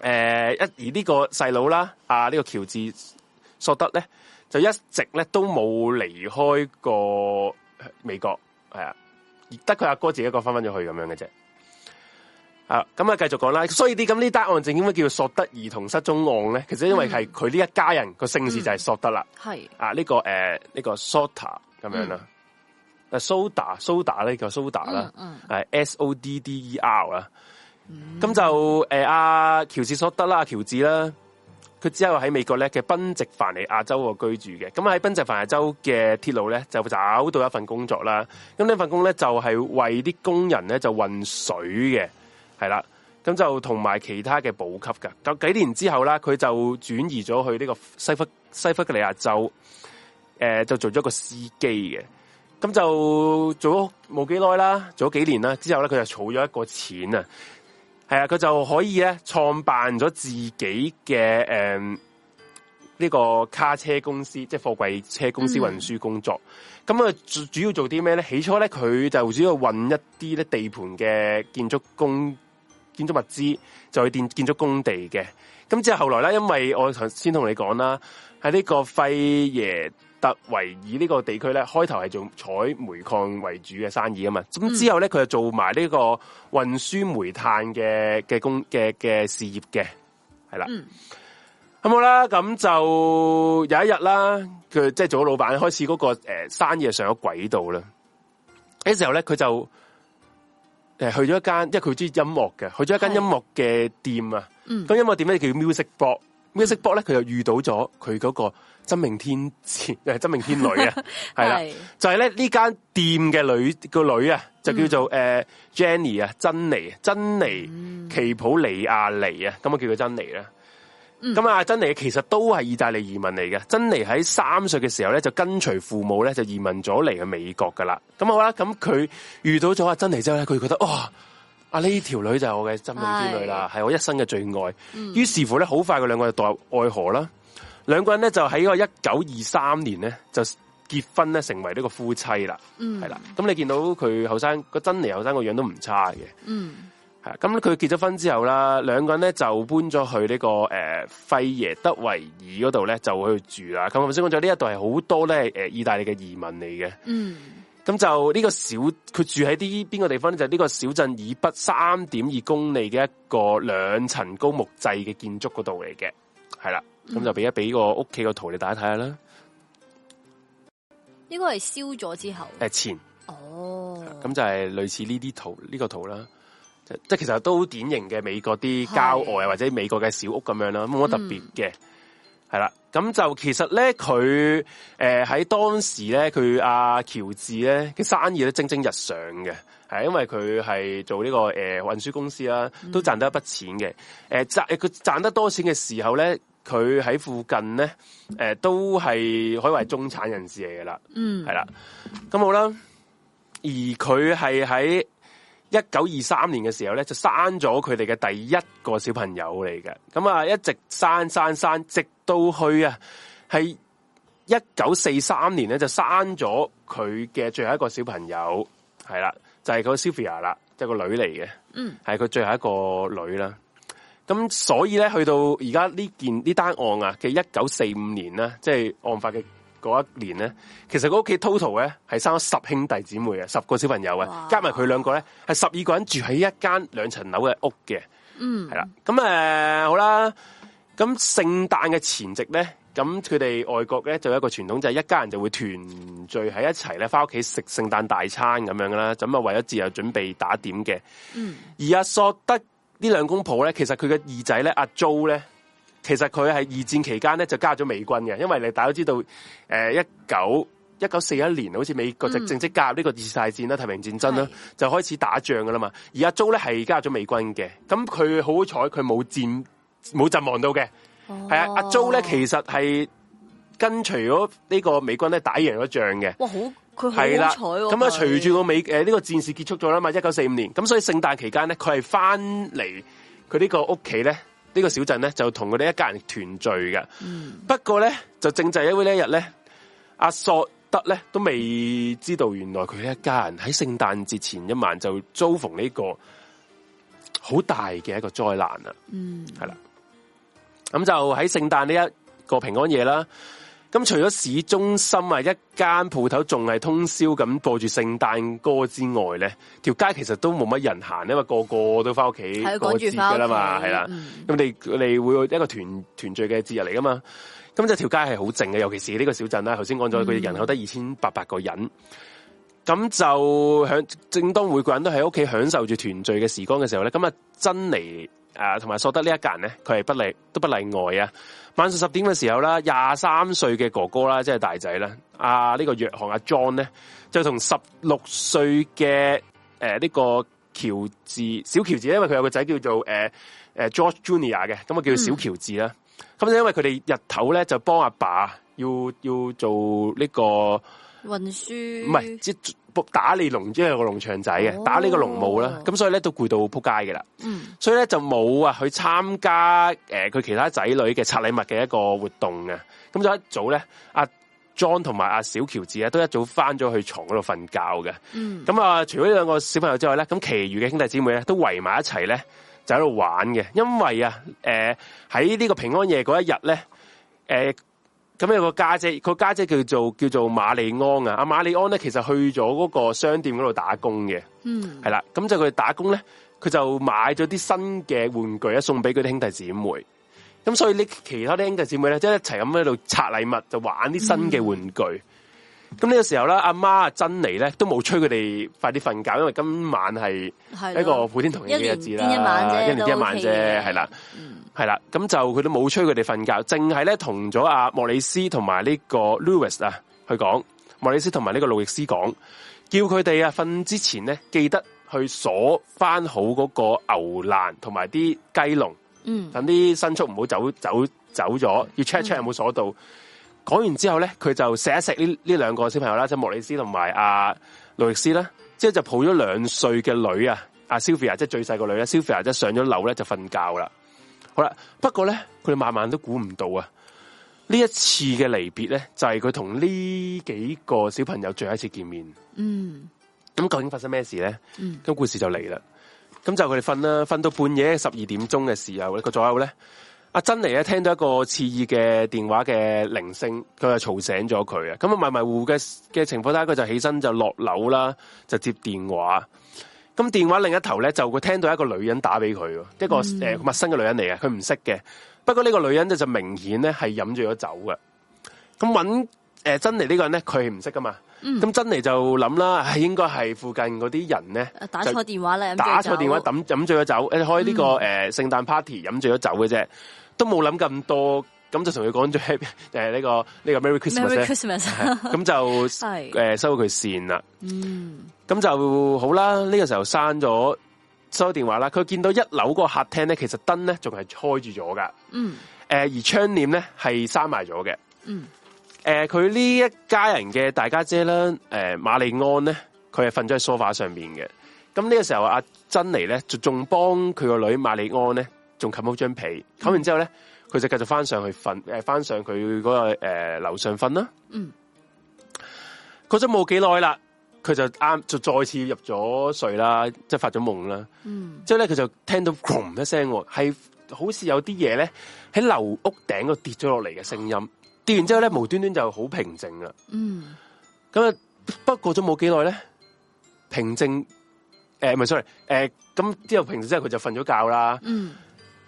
呃、而呢個細佬啦，啊呢、呢個喬治索德咧就一直咧都冇離開過美國，係啊，而得佢阿哥自己一個翻翻咗去咁樣嘅啫。啊，咁啊，繼續講啦。所以啲咁呢單案證點解叫做索德兒童失蹤案咧？其實因為係佢呢一家人個姓氏就係索德啦。係、嗯、啊、呢、這個誒呢、呃這個 s o t a 咁樣啦。啊，Soda Soda 咧，叫 Soda 啦，係 S O D D E R 啦。咁就誒阿喬治索德啦，阿、啊、喬治啦，佢之後喺美國咧，其實賓夕凡尼亞州個居住嘅。咁喺賓夕凡尼州嘅鐵路咧，就找到一份工作啦。咁呢份工咧就係、是、為啲工人咧就運水嘅。係啦，咁就同埋其他嘅補給噶。咁幾年之後啦，佢就轉移咗去呢個西弗西弗吉尼亞州，誒、呃，就做咗個司機嘅。咁就做咗冇幾耐啦，做咗幾年啦，之後咧佢就儲咗一個錢啊。係啊，佢就可以咧創辦咗自己嘅誒呢個卡車公司，即係貨櫃車公司運輸工作。咁啊、嗯，佢主要做啲咩咧？起初咧，佢就主要運一啲咧地盤嘅建築工。建築物資，就去建築工地嘅。咁之後後來咧，因為我頭先同你講啦，喺呢個費耶特維爾呢個地區咧，開頭係做採煤礦為主嘅生意啊嘛，咁之後咧佢就做埋呢個運輸煤炭嘅嘅工嘅嘅事業嘅，係啦，咁好啦，咁就有一日啦，佢即係做咗老闆，開始嗰、那個誒、呃、生意上咗軌道啦，呢時候咧佢就。誒，去咗一間，因為佢中意音樂嘅，去咗一間音樂嘅店啊。咁的、嗯、音樂店咧叫 music box，music、嗯、box 咧佢就遇到咗佢嗰個真命天子誒，真命天女啊，係啦， 就係咧呢間店嘅女個女啊，就叫做誒、嗯 uh, Jenny 啊，珍妮，珍妮，奇普尼亞妮啊，咁啊叫做珍妮啦。咁、嗯、啊，珍妮其實都係意大利移民嚟嘅。珍妮喺三歲嘅時候咧，就跟隨父母咧就移民咗嚟嘅美國噶啦。咁好啦，咁佢遇到咗阿珍妮之後咧，佢覺得哇，阿呢條女就係我嘅真命之女啦，係是我一生嘅最愛。於、嗯、是乎咧，好快佢兩個人就墮愛河啦。兩個人咧就喺個一九二三年咧就結婚咧，成為呢個夫妻啦。係啦、嗯，咁你見到佢後生個珍妮後生個樣都唔差嘅。嗯。咁佢、嗯、結咗婚之後啦，兩個人咧就搬咗去呢、這個誒費、呃、耶德維爾嗰度咧就去住啦。咁頭先講咗呢一度係好多咧，誒、呃、意大利嘅移民嚟嘅。嗯，咁就呢個小佢住喺啲邊個地方咧？就呢、是、個小鎮以北三點二公里嘅一個兩層高木製嘅建築嗰度嚟嘅，係啦。咁就俾一俾個屋企個圖你大家睇下啦。應該係燒咗之後誒前哦，咁就係類似呢啲圖呢個圖啦。即即其實都典型嘅美國啲郊外或者美國嘅小屋咁樣啦，冇乜是特別嘅係啦。咁、嗯、就其實咧，佢誒喺當時咧，佢阿、啊、喬治咧嘅生意咧蒸蒸日上嘅，係因為佢係做呢、這個誒、呃、運輸公司啦，都賺得一筆錢嘅。誒、嗯呃、賺佢賺得多錢嘅時候咧，佢喺附近咧誒、呃、都係可以話係中產人士嚟嘅啦。嗯，係啦。咁好啦，而佢係喺。一九二三年嘅時候咧，就生咗佢哋嘅第一個小朋友嚟嘅，咁啊一直生，生生生，直到去啊係一九四三年咧就生咗佢嘅最後一個小朋友，係啦，就係個 Sophia 啦，即係個女嚟嘅，嗯，係佢最後一個女啦，咁所以咧去到而家呢件呢單案啊其實一九四五年咧，即係案發嘅。嗯嗰一年咧，其實佢屋企 total 咧係生咗十兄弟姊妹啊，十個小朋友啊，哇加埋佢兩個咧係十二個人住喺一間兩層樓嘅屋嘅，嗯，係啦，咁誒、呃、好啦，咁聖誕嘅前夕咧，咁佢哋外國咧就有一個傳統，就係一家人就會團聚喺一齊咧，翻屋企食聖誕大餐咁樣啦，咁啊為咗自由準備打點嘅，嗯，而阿索德呢兩公婆咧，其實佢嘅二仔咧阿 Jo 咧。其實佢係二戰期間咧就加入咗美軍嘅，因為你大家都知道，誒一九一九四一年好似美國就正式加入呢個二次大戰啦、太平洋戰爭啦，是的 就開始打仗噶啦嘛。而阿 Joe 係咧係加入咗美軍嘅，咁佢好好彩，佢冇戰冇陣亡到嘅，係、哦、啊。阿 Joe 咧其實係跟隨咗呢個美軍咧打贏咗仗嘅。哇，好佢好彩咁啊！隨住個美誒呢、呃這個戰事結束咗啦嘛，一九四五年。咁所以聖誕期間咧，佢係翻嚟，佢呢個屋企咧。呢個小鎮咧就同佢哋一家人團聚嘅，嗯、不過咧就正就因為呢一日咧，阿索德咧都未知道原來佢一家人喺聖誕節前一晚就遭逢呢個好大嘅一個災難啦。嗯，係啦，咁就喺聖誕呢一個平安夜啦。咁除咗市中心啊，一間鋪頭仲係通宵咁播住聖誕歌之外咧，條街其實都冇乜人行，因為個個都翻屋企過節噶啦嘛，係啦。咁了、嗯、你你會有一個團團聚嘅節日嚟噶嘛？咁就條街係好靜嘅，尤其是呢個小鎮啦。頭先講咗佢人口得二千八百個人，咁、嗯、就正當每個人都喺屋企享受住團聚嘅時光嘅時候咧，咁啊，珍妮啊，同埋索德一家人呢一間咧，佢係不例都不例外啊。晚上十點嘅時候啦，廿三歲嘅哥哥啦，即係大仔啦，啊、這個、行啊呢個約翰阿 John 咧，就同十六歲嘅誒呢個喬治小喬治，因為佢有個仔叫做誒誒、呃呃、George Junior 嘅，咁啊叫小喬治啦。咁就、嗯、因為佢哋日頭咧就幫阿爸，爸要要做呢、這個。運輸唔係即係打理農，即係個農場仔嘅，oh. 打理個農務啦。咁、oh. 所以咧都攰到扑街嘅啦。嗯，mm. 所以咧就冇啊，去參加誒佢其他仔女嘅拆禮物嘅一個活動嘅。咁就一早咧，阿、啊、John 同埋阿小喬治啊，都一早翻咗去床嗰度瞓覺嘅。嗯，咁啊，除咗呢兩個小朋友之外咧，咁其餘嘅兄弟姊妹咧都圍埋一齊咧就喺度玩嘅。因為啊，誒喺呢個平安夜嗰一日咧，誒、呃。咁有個家姐，姐，個家姐，姐叫做叫做瑪麗安啊。阿、啊、瑪麗安咧，其實去咗嗰個商店嗰度打工嘅。嗯，係啦。咁就佢哋打工咧，佢就買咗啲新嘅玩具啊，送俾佢啲兄弟姊妹。咁所以呢，其他啲兄弟姊妹咧，即係一齊咁喺度拆禮物，就玩啲新嘅玩具。嗯。咁呢、嗯、個時候咧，阿媽阿珍妮咧都冇催佢哋快啲瞓覺，因為今晚係一個普天同慶嘅日子啦，一年一晚啫，係啦年，係啦，咁、嗯、就佢都冇催佢哋瞓覺，淨係咧同咗阿莫里斯同埋呢個 Louis 啊，去講，莫里斯同埋呢個、啊、路易斯講，叫佢哋啊瞓之前咧記得去鎖翻好嗰個牛欄同埋啲雞籠，嗯，等啲牲畜唔好走走走咗，要 check check 有冇鎖到。嗯嗯講完之後咧，佢就錫一錫呢呢兩個小朋友啦，即係莫里斯同埋阿路易斯啦，即係就抱咗兩歲嘅女啊，阿 Sophia，即係最細個女啊 Sophia 即係上咗樓咧就瞓覺啦。好啦，不過咧佢哋慢慢都估唔到啊！呢一次嘅離別咧，就係佢同呢幾個小朋友最後一次見面。嗯，咁究竟發生咩事咧？嗯，咁故事就嚟啦。咁就佢哋瞓啦，瞓到半夜十二點鐘嘅時候咧，那個左右咧。阿珍妮咧聽到一個刺耳嘅電話嘅鈴聲，佢就吵醒咗佢啊！咁啊迷迷糊嘅嘅情況底下，佢就起身就落樓啦，就接電話。咁電話另一頭咧，就聽到一個女人打俾佢，嗯、一個誒、呃、陌生嘅女人嚟嘅，佢唔識嘅。不過呢個女人咧就明顯咧係飲住咗酒飲醉咗酒嘅。咁揾誒珍妮呢個人咧，佢係唔識噶嘛？咁、嗯、珍妮就諗啦，係應該係附近嗰啲人咧。打錯電話啦，打錯電話，飲飲醉咗酒，開呢、這個誒聖誕 party 飲醉咗酒嘅啫。嗯呃都冇諗咁多，咁就同佢講咗誒呢個呢、呢個 Merry Christmas，咁就誒 收咗佢線啦。嗯、mm.，咁就好啦。呢、呢個時候閂咗收咗電話啦。佢見到一樓個客廳咧，其實燈咧仲係開住咗噶。嗯，誒而窗簾咧係閂埋咗嘅。嗯，誒佢呢一家人嘅大家姐咧，誒馬利安咧，佢係瞓咗喺 sofa 上邊嘅。咁呢個時候阿珍妮咧，就仲幫佢個女瑪利安咧。仲冚好張被，冚完之後咧，佢就繼續翻上去瞓，誒、呃、翻上佢嗰、那個誒樓、呃、上瞓啦。嗯，過咗冇幾耐啦，佢就啱、啊、就再次入咗睡啦，即係發咗夢啦。嗯，之後咧佢就聽到一聲，係好似有啲嘢咧喺樓屋頂嗰跌咗落嚟嘅聲音。跌完之後咧，無端端就好平靜啦。嗯，咁啊，不過咗冇幾耐咧，平靜誒唔係 sorry 誒、呃，咁之後平靜之後佢就瞓咗覺啦。嗯。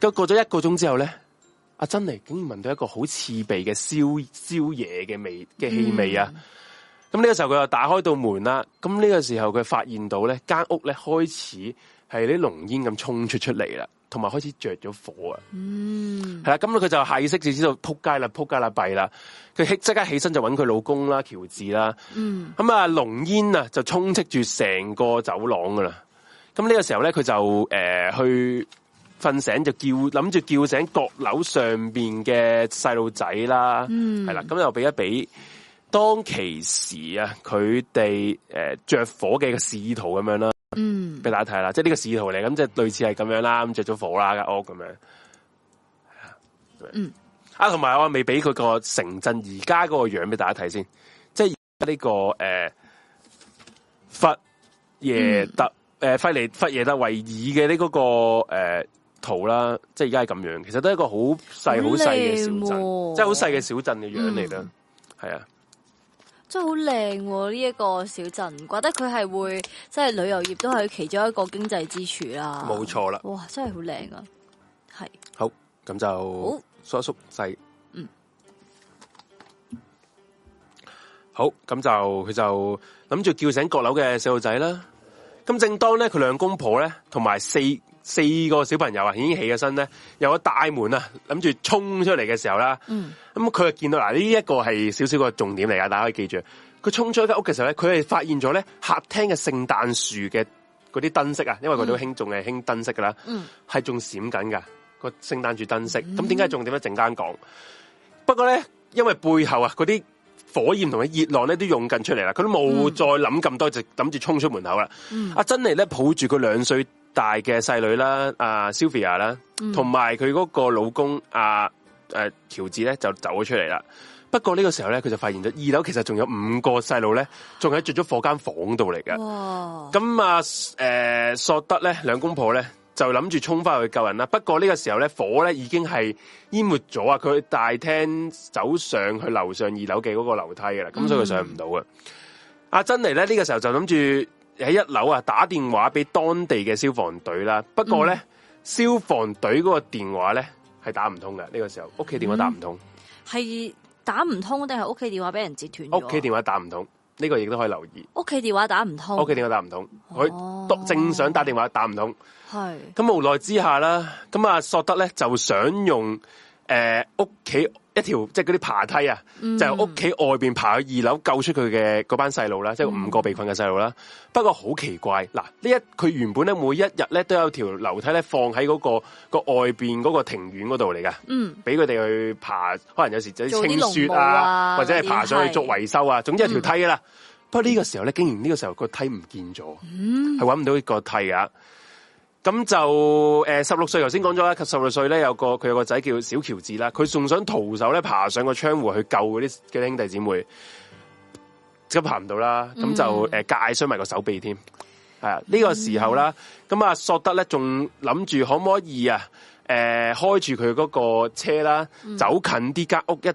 咁過咗一個鐘之後咧，阿珍妮竟然聞到一個好刺鼻嘅宵宵夜嘅味嘅氣味啊！咁呢、嗯、個時候佢又打開到門啦，咁呢個時候佢發現到咧間屋咧開始係啲濃煙咁衝出出嚟啦，同埋開始着咗火啊！嗯，係啦，咁佢就下意識就知道撲街啦，撲街啦，弊啦，佢即刻起身就揾佢老公啦，喬治啦，嗯，咁啊濃煙啊就充斥住成個走廊噶啦，咁呢個時候咧佢就誒、呃、去。瞓醒就叫諗住叫醒閣樓上邊嘅細路仔啦，嗯，係啦，咁又俾一俾當其時啊，佢哋誒着火嘅個視圖，咁樣啦，嗯，俾大家睇啦，即係呢個視圖嚟，咁即係類似係咁樣啦，咁着咗火啦，間屋咁樣，嗯，啊，同埋我未俾佢個城鎮而家嗰個樣俾大家睇先，即係呢個誒佛耶特誒費尼佛耶德維爾嘅呢嗰個誒。呃圖啦，即係而家係咁樣，其實都係一個好細、好細嘅小鎮，啊這個，即係好細嘅小鎮嘅樣嚟啦。係啊，真係好靚喎！呢一個小鎮，覺得佢係會即係旅遊業都係其中一個經濟支柱啦。冇錯啦，哇，真係好靚啊！係好，咁就縮縮嗯嗯好，一縮細，嗯，好，咁就佢就諗住叫醒閣樓嘅細路仔啦。咁正當咧，佢兩公婆咧同埋四。四個小朋友啊，已經起咗身咧，有咗大門啊，諗住衝出嚟嘅時候啦、啊。咁佢、嗯嗯、就見到嗱，呢、啊、一、這個係少少個重點嚟噶，大家可以記住。佢衝出間屋嘅時候咧，佢係發現咗咧客廳嘅聖誕樹嘅嗰啲燈飾啊，因為佢都興，仲係興燈飾噶啦，係仲閃緊噶個聖誕樹燈飾。咁點解重點一樣陣間講？不過咧，因為背後啊嗰啲火焰同埋熱浪咧都湧緊出嚟啦，佢都冇再諗咁多，嗯、就諗住衝出門口啦。阿、嗯啊、珍妮咧抱住佢兩歲。大嘅細女啦，阿、啊、Sophia 啦，同埋佢嗰個老公阿誒喬治咧就走咗出嚟啦。不過呢個時候咧，佢就發現咗二樓其實仲有五個細路咧，仲喺着咗火間房度嚟嘅。咁哇啊，誒、啊，索德咧兩公婆咧就諗住衝翻去救人啦。不過呢個時候咧，火咧已經係淹沒咗啊！佢大廳走上去樓上二樓嘅嗰個樓梯啦，咁所以佢上唔到嘅。阿、嗯啊、珍妮咧呢、這個時候就諗住。喺一樓啊，打電話俾當地嘅消防隊啦。不過咧，嗯、消防隊嗰個電話咧係打唔通嘅。呢、這個時候，屋企電話打唔通，係、嗯、打唔通定係屋企電話俾人截斷？屋企電話打唔通，呢、這個亦都可以留意。屋企電話打唔通，屋企電話打唔通，佢、哦、正想打電話打唔通，係咁是無奈之下啦，咁啊索德咧就想用誒屋企。呃一條即係嗰啲爬梯啊，嗯、就係屋企外邊爬去二樓救出佢嘅嗰班細路啦，嗯、即係五個被困嘅細路啦。嗯、不過好奇怪，嗱呢一佢原本咧每一日咧都有條樓梯咧放喺嗰、嗰個、嗰個外邊嗰個庭院嗰度嚟噶，嗯，俾佢哋去爬，可能有時就啲清雪啊，啊或者係爬上去做維修啊，是總之係條梯啦，啊。嗯、不過呢個時候咧，竟然呢個時候個梯唔見咗，係搵唔到呢個梯啊。咁就誒十六歲，頭先講咗啦，十六歲咧有個佢有個仔叫小喬治啦，佢仲想徒手咧爬上個窗戶去救嗰啲嘅兄弟姊妹，即刻爬唔到啦。咁、嗯、就誒夾傷埋個手臂添。係啊，呢、這個時候啦，咁、嗯、啊索德咧仲諗住可唔可以啊誒、呃、開住佢嗰個車啦，走近啲間屋一誒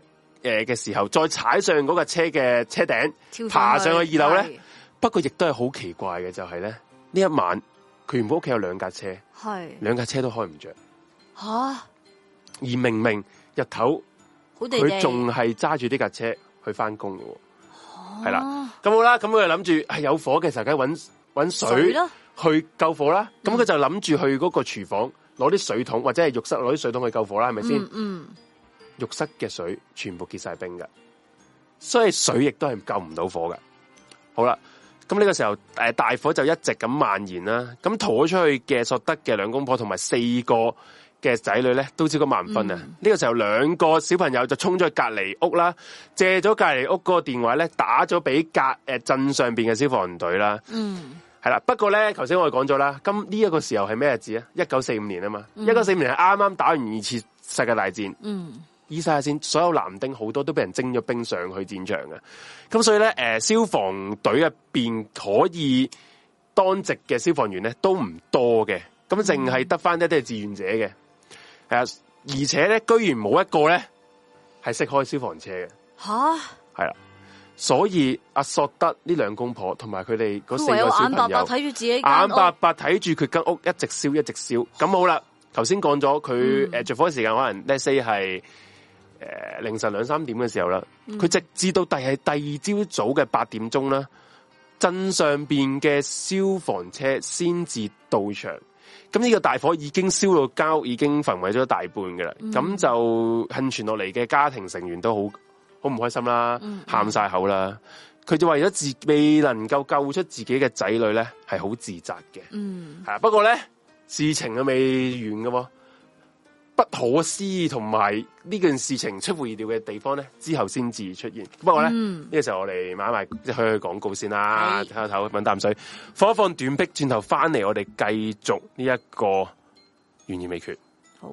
嘅、呃、時候，再踩上嗰個車嘅車頂，上爬上去二樓咧。是的 不過亦都係好奇怪嘅，就係、是、咧呢一晚。佢原本屋企有兩架車，兩是架車都開唔着。吓、啊！而明明日頭，佢仲係揸住呢架車去翻工嘅。係啦、啊，咁好啦，咁佢就諗住係有火嘅時候，梗係搵搵水去救火啦。咁佢呢就諗住去嗰個廚房攞啲水桶，或者係浴室攞啲水桶去救火啦。係咪先？嗯，浴室嘅水全部結晒冰㗎，所以水亦都係救唔到火㗎。好啦。咁呢個時候，誒大火就一直咁蔓延啦、啊。咁逃咗出去嘅索德嘅兩公婆同埋四個嘅仔女咧，都超過萬分啊！呢、嗯、個時候，兩個小朋友就衝咗去隔籬屋啦，借咗隔籬屋嗰個電話咧，打咗俾隔誒鎮、呃、上邊嘅消防隊啦。嗯，係啦。不過咧，頭先我哋講咗啦，咁呢一個時候係咩日子啊？一九四五年啊嘛，一九四五年係啱啱打完二次世界大戰。嗯。依曬先，所有男丁好多都俾人徵咗兵上去戰場嘅。咁所以咧，誒、呃、消防隊入邊可以當值嘅消防員咧都唔多嘅，咁淨係得翻一啲係志願者嘅，誒、嗯、而且咧居然冇一個咧係識開消防車嘅，吓蛤？係啦，所以阿索德呢兩公婆同埋佢哋嗰四個小朋友，佢眼白白睇住自己，眼白白睇住佢間屋一直燒一直燒，咁好啦，頭先講咗佢誒著火嘅時間可能 let's say 係。誒，凌晨兩三點嘅時候啦，佢直至到第係第二朝早嘅八點鐘啦，鎮上邊嘅消防車先至到場。咁呢個大火已經燒到交，已經焚毀咗大半噶啦。咁、嗯、就幸存落嚟嘅家庭成員都好，好唔開心啦，喊晒口啦。佢、嗯、就為咗自未能夠救出自己嘅仔女咧，係好自責嘅。嗯，係啊。不過咧，事情都未完噶。不可思議同埋呢件事情出乎意料嘅地方咧，之後先至出現。不過咧，呢、嗯、個時候我哋買埋即係去廣告先啦，唞是一唞，飲啖水，放一放短壁，轉頭翻嚟我哋繼續呢一個懸而未決。好。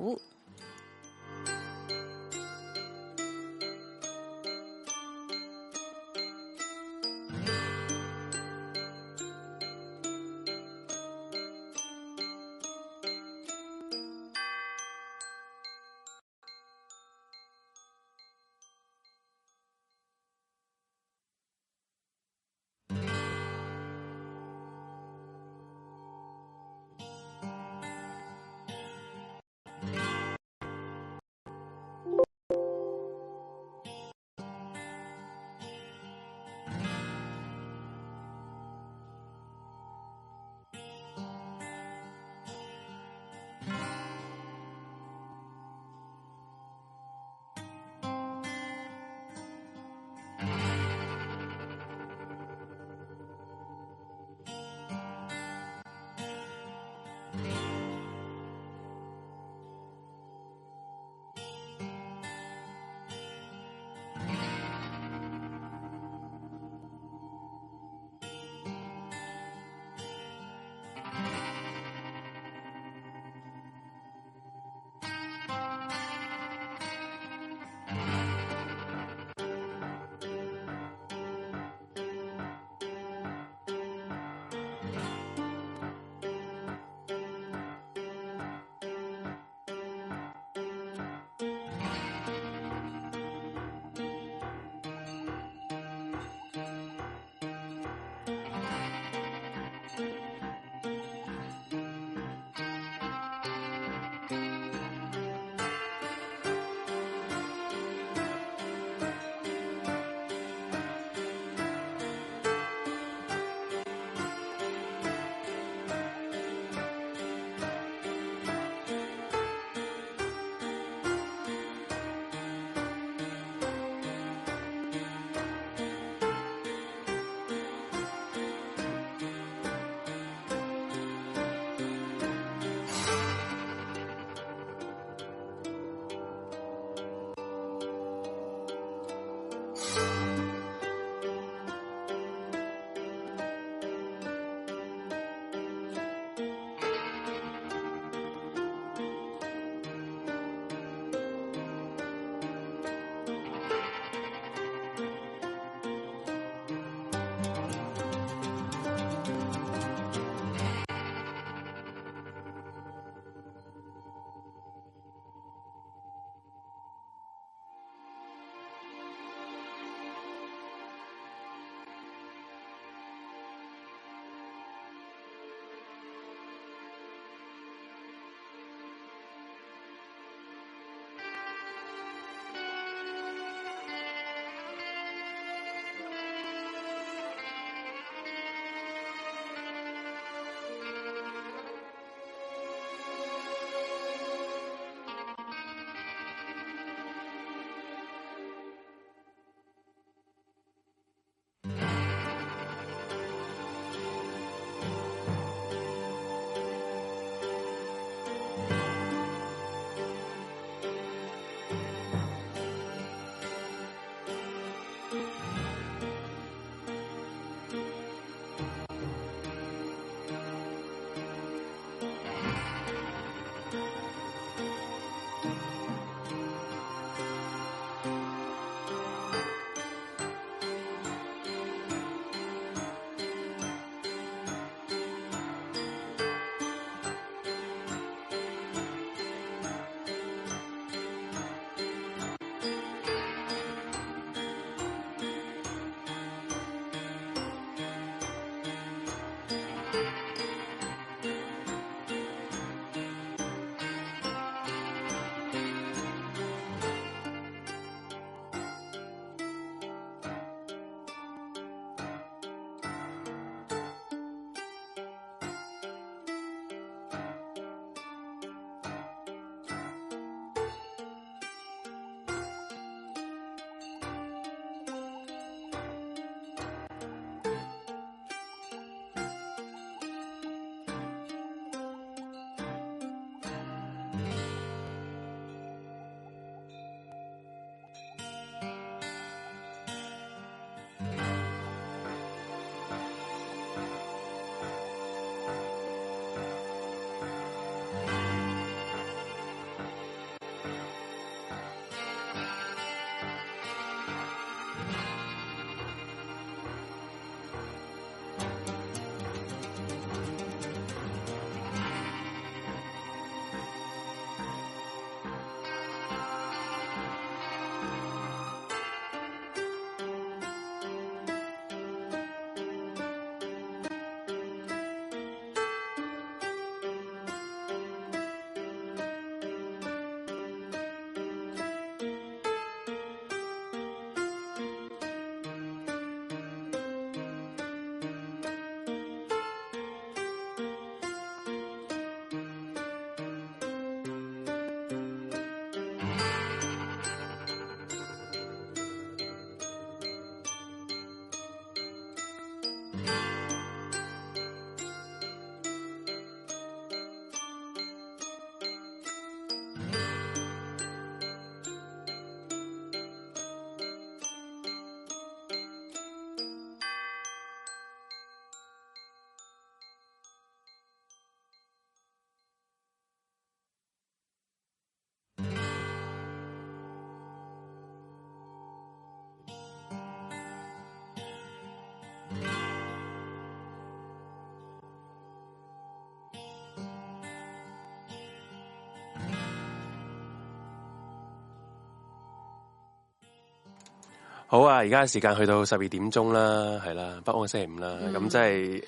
好啊！而家時間去到十二點鐘啦，係啦，不安星期五啦，咁真係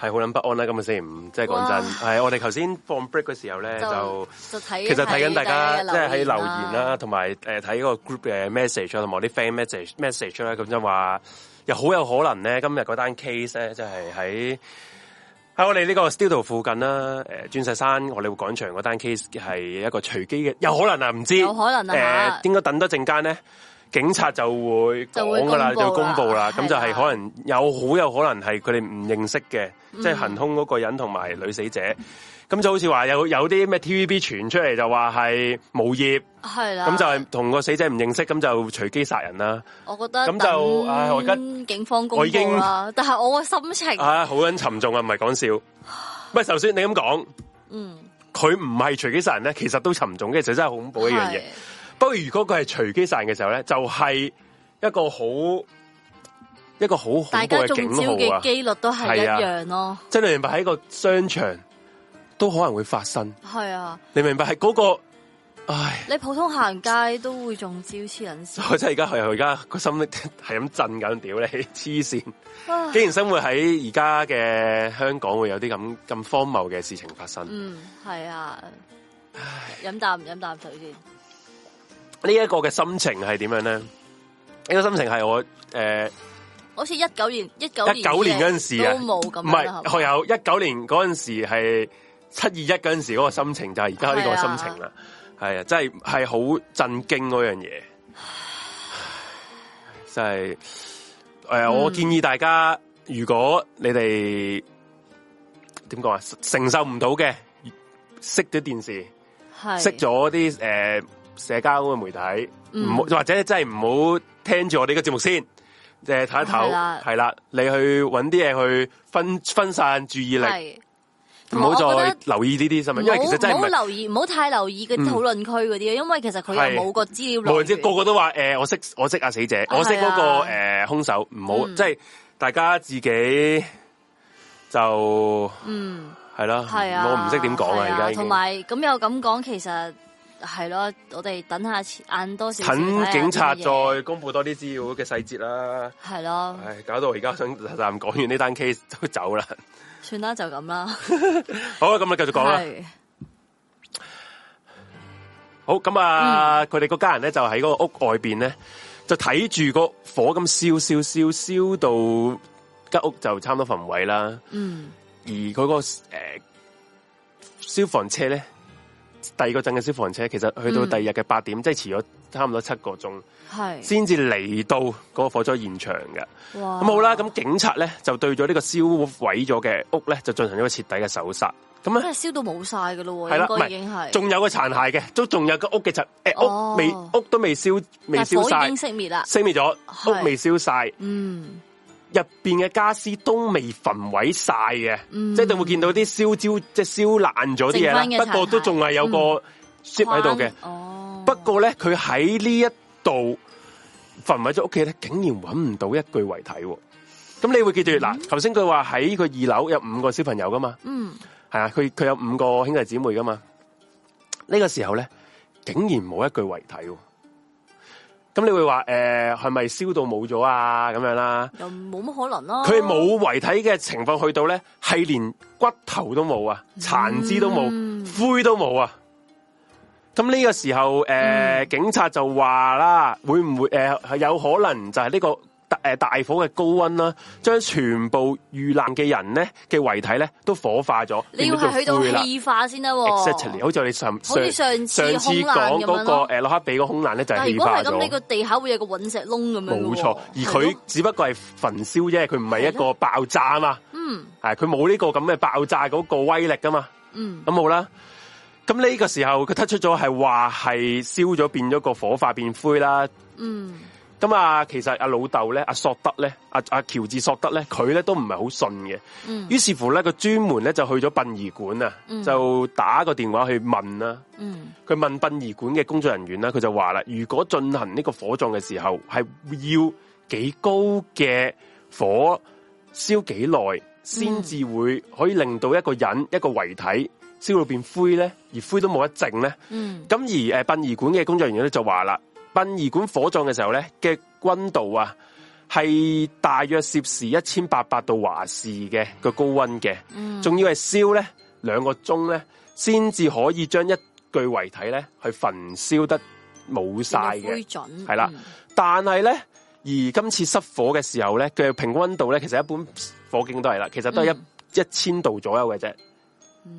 係好撚不安啦。今日星期五，即係講真，是說真的，係哇我哋頭先放 break 嘅時候咧就，就看其實睇緊大家即係喺留言啦，同埋誒睇嗰個 group 嘅，嗯、message，同埋啲 friend message，message 咧咁就話又好有可能咧，今日嗰單 case 咧，即係喺喺我哋呢個 studio 附近啦，啊，誒，呃，鑽石山我哋會廣場嗰單 case 係一個隨機嘅，有可能啊，唔知道，有可能吓，啊，呃，應該等多陣間咧。警察就會講噶啦，就會公布啦，咁就係的可能有好有可能係佢哋唔認識嘅，即係、嗯、行兇嗰個人同埋女死者，咁就好似話有有啲咩 TVB 傳出嚟就話係冇業，係啦的，咁就係同個死者唔認識，咁就隨機殺人啦。我覺得咁就，我跟警方公話，已經但係我嘅心情啊，好緊沉重啊，唔係講笑。喂，首先你咁講，嗯，佢唔係隨機殺人咧，其實都沉重嘅，就真係好恐怖一樣嘢。不過如果佢係隨機散嘅時候咧，就係一個好一個好恐怖嘅警號啊！大家中招嘅幾率都係一樣咯。真係明白喺個商場都可能會發生。係啊，你明白係嗰個唉？你普通行街都會中招黐人線。我真係而家係我而家個心力係咁震緊屌你黐線！唉，既然生活喺而家嘅香港會有啲咁咁荒謬嘅事情發生。嗯，係啊。唉，飲啖飲啖水先。呢一個嘅心情係點樣咧？呢、這個心情係我誒，呃、好似一九年、一九年，年時、一九是吧年嗰陣時啊，都冇咁。唔係，有一九年嗰陣時係七二一嗰陣時嗰個心情，就係而家呢個心情啦。係是啊，啊，真係係好震驚嗰樣嘢，就係、是、誒、呃，我建議大家，嗯、如果你哋點講啊，承受唔到嘅，熄咗電視，熄咗啲誒。呃社交嘅媒體唔好，或者真係唔好聽住我哋個節目先。即係睇一睇係啦，你去搵啲嘢去分分散注意力，唔好再留意呢啲新聞。因為其實真係唔好留意，唔好太留意嗰啲討論區嗰啲，因為其實佢又冇個資料來源。個個都話誒，我識我識阿死者，我識嗰個誒兇手。唔好即係大家自己就嗯係啦，係啊，我唔識點講啦，而家同埋咁又咁講，其實。係咯，我哋等下晏多少？等警察看看再公布多啲資料嘅細節啦。係咯，唉，搞到我而家想暫講完呢單 case 都走啦。算啦，就咁啦。好，咁你繼續講啦。好，咁啊，佢哋個家人咧就喺嗰個屋外邊咧，就睇住個火咁燒燒燒燒到間屋就差唔多焚毀啦。嗯而、那個，而佢個誒消防車咧。第二個鎮嘅消防車其實去到第二日嘅八點，嗯、即係遲咗差唔多七個鐘，係先至嚟到嗰個火災現場嘅。咁哇、嗯、好啦，咁警察咧就對咗呢個燒毀咗嘅屋咧就進行咗徹底嘅搜查。咁咧燒到冇晒嘅咯，係啦，唔係仲有個殘骸嘅，都仲有個屋嘅殘誒屋未、哦、屋都未燒未燒晒，啊、已經熄滅啦，熄滅咗是屋未燒晒，嗯。入邊嘅家私都未焚毀晒嘅，嗯、即係你會見到啲燒焦，即係燒爛咗啲嘢啦。不過都仲係有個燒喺度嘅。哦、不過咧，佢喺呢一度焚毀咗屋企咧，竟然揾唔到一具遺體。咁你會記住嗱，頭先佢話喺佢二樓有五個小朋友噶嘛？嗯，係啊，佢佢有五個兄弟姐妹噶嘛？呢、這個時候咧，竟然冇一具遺體。咁你會話誒係咪燒到冇咗啊？咁樣啦，又冇乜可能咯。佢冇遺體嘅情況去到咧，係連骨頭都冇啊，殘肢都冇，嗯、灰都冇啊。咁呢個時候誒，呃嗯、警察就話啦，會唔會誒係、呃、有可能就係呢、這個？誒，大火嘅高溫啦，將全部遇難嘅人咧嘅遺體咧都火化咗。了你要去到氣化先得、啊、exactly 好似你上上次講嗰、那個誒洛克比個空難咧、呃、就是、氣化咗。如果係咁，呢個地下會有一個隕石窿咁樣。冇錯，而佢只不過係焚燒啫，佢唔係一個爆炸啊嘛。的嘛嗯，係佢冇呢個咁嘅爆炸嗰個威力噶嘛。嗯，咁好啦。咁呢個時候佢突出咗係話係燒咗變咗個火化變灰啦。嗯。咁啊，啊，其實阿老豆咧，阿索德咧，阿阿喬治索德咧，佢咧都唔係好信嘅。嗯，於是乎咧，佢專門咧就去咗殯儀館啊，嗯、就打個電話去問啊。嗯，佢問殯儀館嘅工作人員啦，佢就話啦，如果進行呢個火葬嘅時候，係要幾高嘅火燒幾耐，先至會可以令到一個人一個遺體燒到變灰咧，而灰都冇得淨咧？嗯，咁而誒殯儀館嘅工作人員咧就話啦。殯儀館火葬嘅時候咧，嘅溫度啊，係大約攝氏一千八百度華氏嘅個高溫嘅，嗯，仲要係燒咧兩個鐘咧，先至可以將一具遺體咧去焚燒得冇晒嘅，係啦。但係咧，而今次失火嘅時候咧嘅平均溫度咧，其實一般火警都係啦，其實都係一一千度左右嘅啫，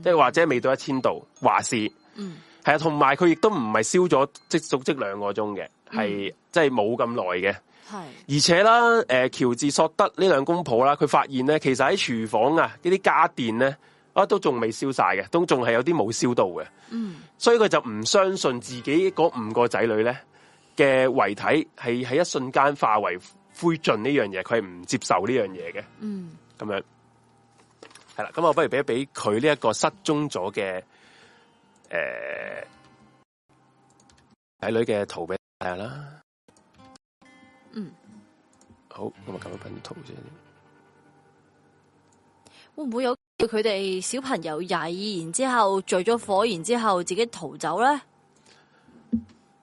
即係或者未到一千度華氏，嗯。係啊，同埋佢亦都唔係燒咗即即織兩個鐘嘅，係即係冇咁耐嘅。係而且啦，誒喬治索德呢兩公婆啦，佢發現咧，其實喺廚房啊呢啲家電咧，啊都仲未燒晒嘅，都仲係有啲冇燒到嘅。嗯，所以佢就唔相信自己嗰五個仔女咧嘅遺體係喺一瞬間化為灰燼呢樣嘢，佢係唔接受呢樣嘢嘅。嗯，咁樣係啦，咁我不如俾一俾佢呢一個失蹤咗嘅。誒，仔、uh, 女嘅圖片大啦。嗯，mm. 好，那我咪撳樣噴圖先。會唔會有佢哋小朋友曳，然之後聚咗火，然之後自己逃走咧？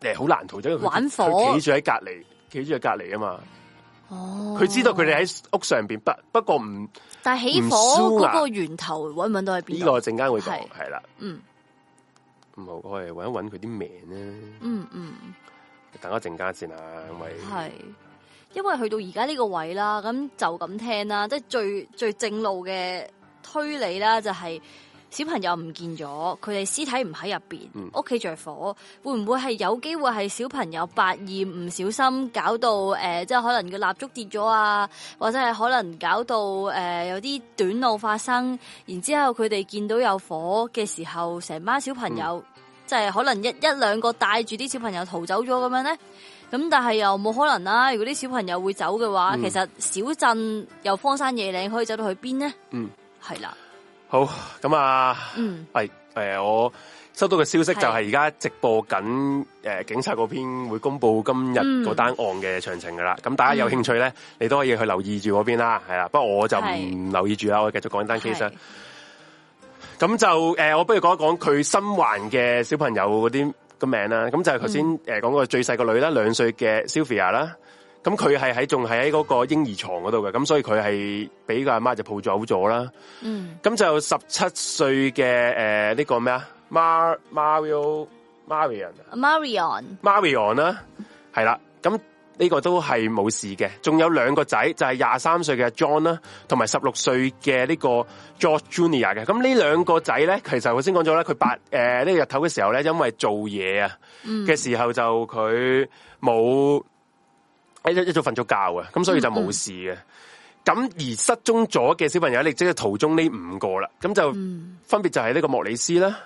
誒，好難逃走，玩火，企住喺隔籬，企住喺隔籬啊嘛。哦，佢知道佢哋喺屋上邊，不不過唔，但係起火嗰、啊、個源頭揾唔揾到喺邊？呢個我陣間會講，係啦，嗯、mm.。好，我嚟揾一揾佢啲名咧。嗯嗯，等一陣間先啊，因為係，因為去到而家呢個位啦，咁就咁聽啦，即係最最正路嘅推理啦，就係小朋友唔見咗，佢哋屍體唔喺入邊，屋企着火，會唔會係有機會係小朋友百厭唔小心搞到誒，即、呃、係、就是、可能個蠟燭跌咗啊，或者係可能搞到誒、呃、有啲短路發生，然之後佢哋見到有火嘅時候，成班小朋友、嗯。就係可能一一兩個帶住啲小朋友逃走咗咁樣咧，咁但係又冇可能啦、啊。如果啲小朋友會走嘅話，嗯、其實小鎮又荒山野嶺，可以走到去邊呢？嗯，係啦了，好咁啊，嗯，係誒、哎呃，我收到嘅消息就係而家直播緊誒，警察嗰邊會公布今日嗰單案嘅詳情噶啦。咁、嗯、大家有興趣咧，嗯、你都可以去留意住嗰邊啦。係啦，不過我就唔留意住啦，是我繼續講一單 case 是咁就誒、呃、我不如講一講佢身環嘅小朋友嗰啲個名啦。咁就係頭先誒講個最細個女啦，兩歲嘅 Sophia 啦。咁佢係喺仲係喺嗰個嬰兒床嗰度嘅，咁所以佢係俾個阿媽就抱走咗啦。嗯，咁就十七歲嘅誒呢個咩 Mar 啊 Marion？Mar Marion Marion Marion 啦，係啦，咁。呢個都係冇事嘅，仲有兩個仔就係廿三歲嘅 John 啦，同埋十六歲嘅呢個 John Junior 嘅。咁呢兩個仔咧，其實我先講咗啦，佢八誒呢、呃這個日頭嘅時候咧，因為做嘢啊嘅時候、嗯、就佢冇一一早瞓咗覺啊，咁所以就冇事嘅。咁、嗯、而失蹤咗嘅小朋友，亦即係途中呢五個啦，咁就分別就係呢個莫里斯啦、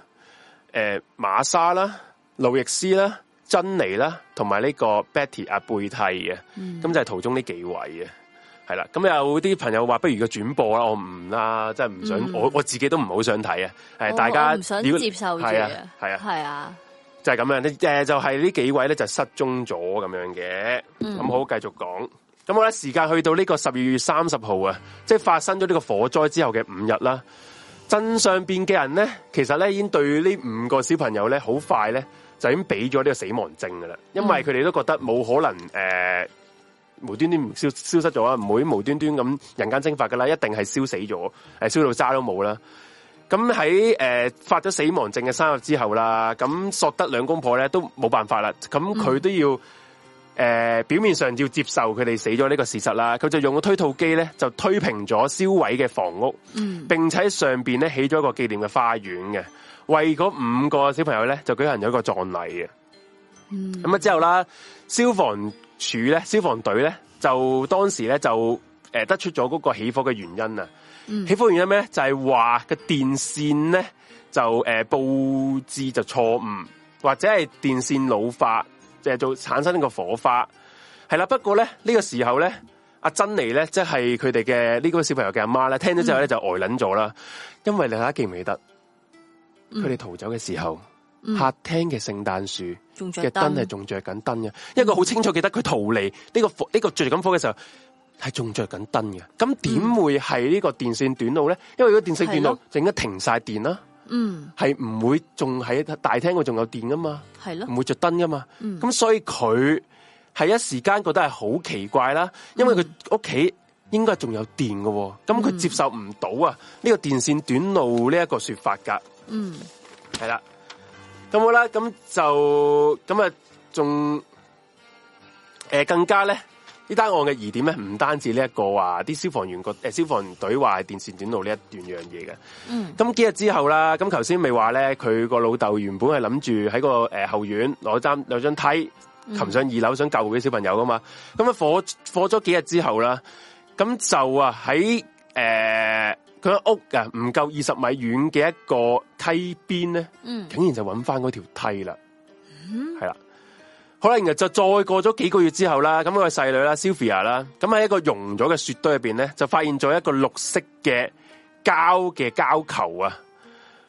誒瑪莎啦、路易斯啦。珍妮啦、啊，同埋呢個 Betty 阿貝蒂嘅，咁、嗯、就係途中呢幾位嘅，係啦。咁有啲朋友話不如個轉播啦，我唔啦，即係唔想，嗯、我我自己都唔好想睇啊。係大家唔想接受，係啊，係啊，係啊的，就係、是、咁樣咧。誒、嗯，就係呢幾位咧就失蹤咗咁樣嘅。咁好，繼續講。咁我咧時間去到呢個十二月三十號啊，即係發生咗呢個火災之後嘅五日啦。鎮上邊嘅人咧，其實咧已經對呢五個小朋友咧好快咧。就已經俾咗呢個死亡證噶啦，因為佢哋都覺得冇可能誒、呃，無端端消消失咗啊，唔會無端端咁人間蒸發噶啦，一定係燒死咗，誒燒到渣都冇啦。咁喺誒發咗死亡證嘅三日之後啦，咁索德兩公婆咧都冇辦法啦，咁佢都要誒、嗯呃、表面上要接受佢哋死咗呢個事實啦，佢就用個推土機咧就推平咗燒毀嘅房屋，嗯、並且上邊咧起咗一個紀念嘅花園嘅。為嗰五個小朋友咧，就舉行咗一個葬禮嘅。嗯，咁啊之後啦，消防署咧、消防隊咧，就當時咧就誒得出咗嗰個起火嘅原因啊。嗯、起火原因咩？就係話個電線咧就誒、呃、布置就錯誤，或者係電線老化，就是、做產生呢個火花。係啦，不過咧呢、這個時候咧，阿珍妮咧即係佢哋嘅呢、就是這個小朋友嘅阿媽咧，聽咗之後咧就呆捻咗啦，嗯、因為你睇下記唔記得？佢哋逃走嘅時候，嗯、客廳嘅聖誕樹嘅燈係仲着緊燈嘅。一個好清楚記得，佢逃離呢個呢個着緊火嘅時候，係仲着緊燈嘅。咁點會係呢個電線短路咧？因為如果電線短路，就應該停晒電啦。嗯了，係唔會仲喺大廳度仲有電噶嘛？係咯了，唔會着燈噶嘛？咁了所以佢係一時間覺得係好奇怪啦。因為佢屋企應該仲有電喎。咁佢接受唔到啊呢個電線短路呢一個說法噶。嗯，係啦，咁好啦，咁就咁啊，仲誒、呃、更加咧呢單案嘅疑點咧，唔單止呢、這、一個話啲消防員個誒、呃、消防員隊話係電線短路呢一段樣嘢嘅。嗯，咁幾日之後啦，咁頭先咪話咧佢個老豆原本係諗住喺個誒、呃、後院攞擔張梯擒上二樓想救佢啲小朋友噶嘛，咁啊、嗯、火火咗幾日之後啦，咁就啊喺誒。呃佢屋噶唔夠二十米遠嘅一個梯邊咧，嗯、竟然就揾翻嗰條梯啦，係啦、嗯。好啦，然後就再過咗幾個月之後啦，咁、個細女啦，Sophia 啦，咁喺一個溶咗嘅雪堆入邊咧，就發現咗一個綠色嘅膠嘅膠球啊，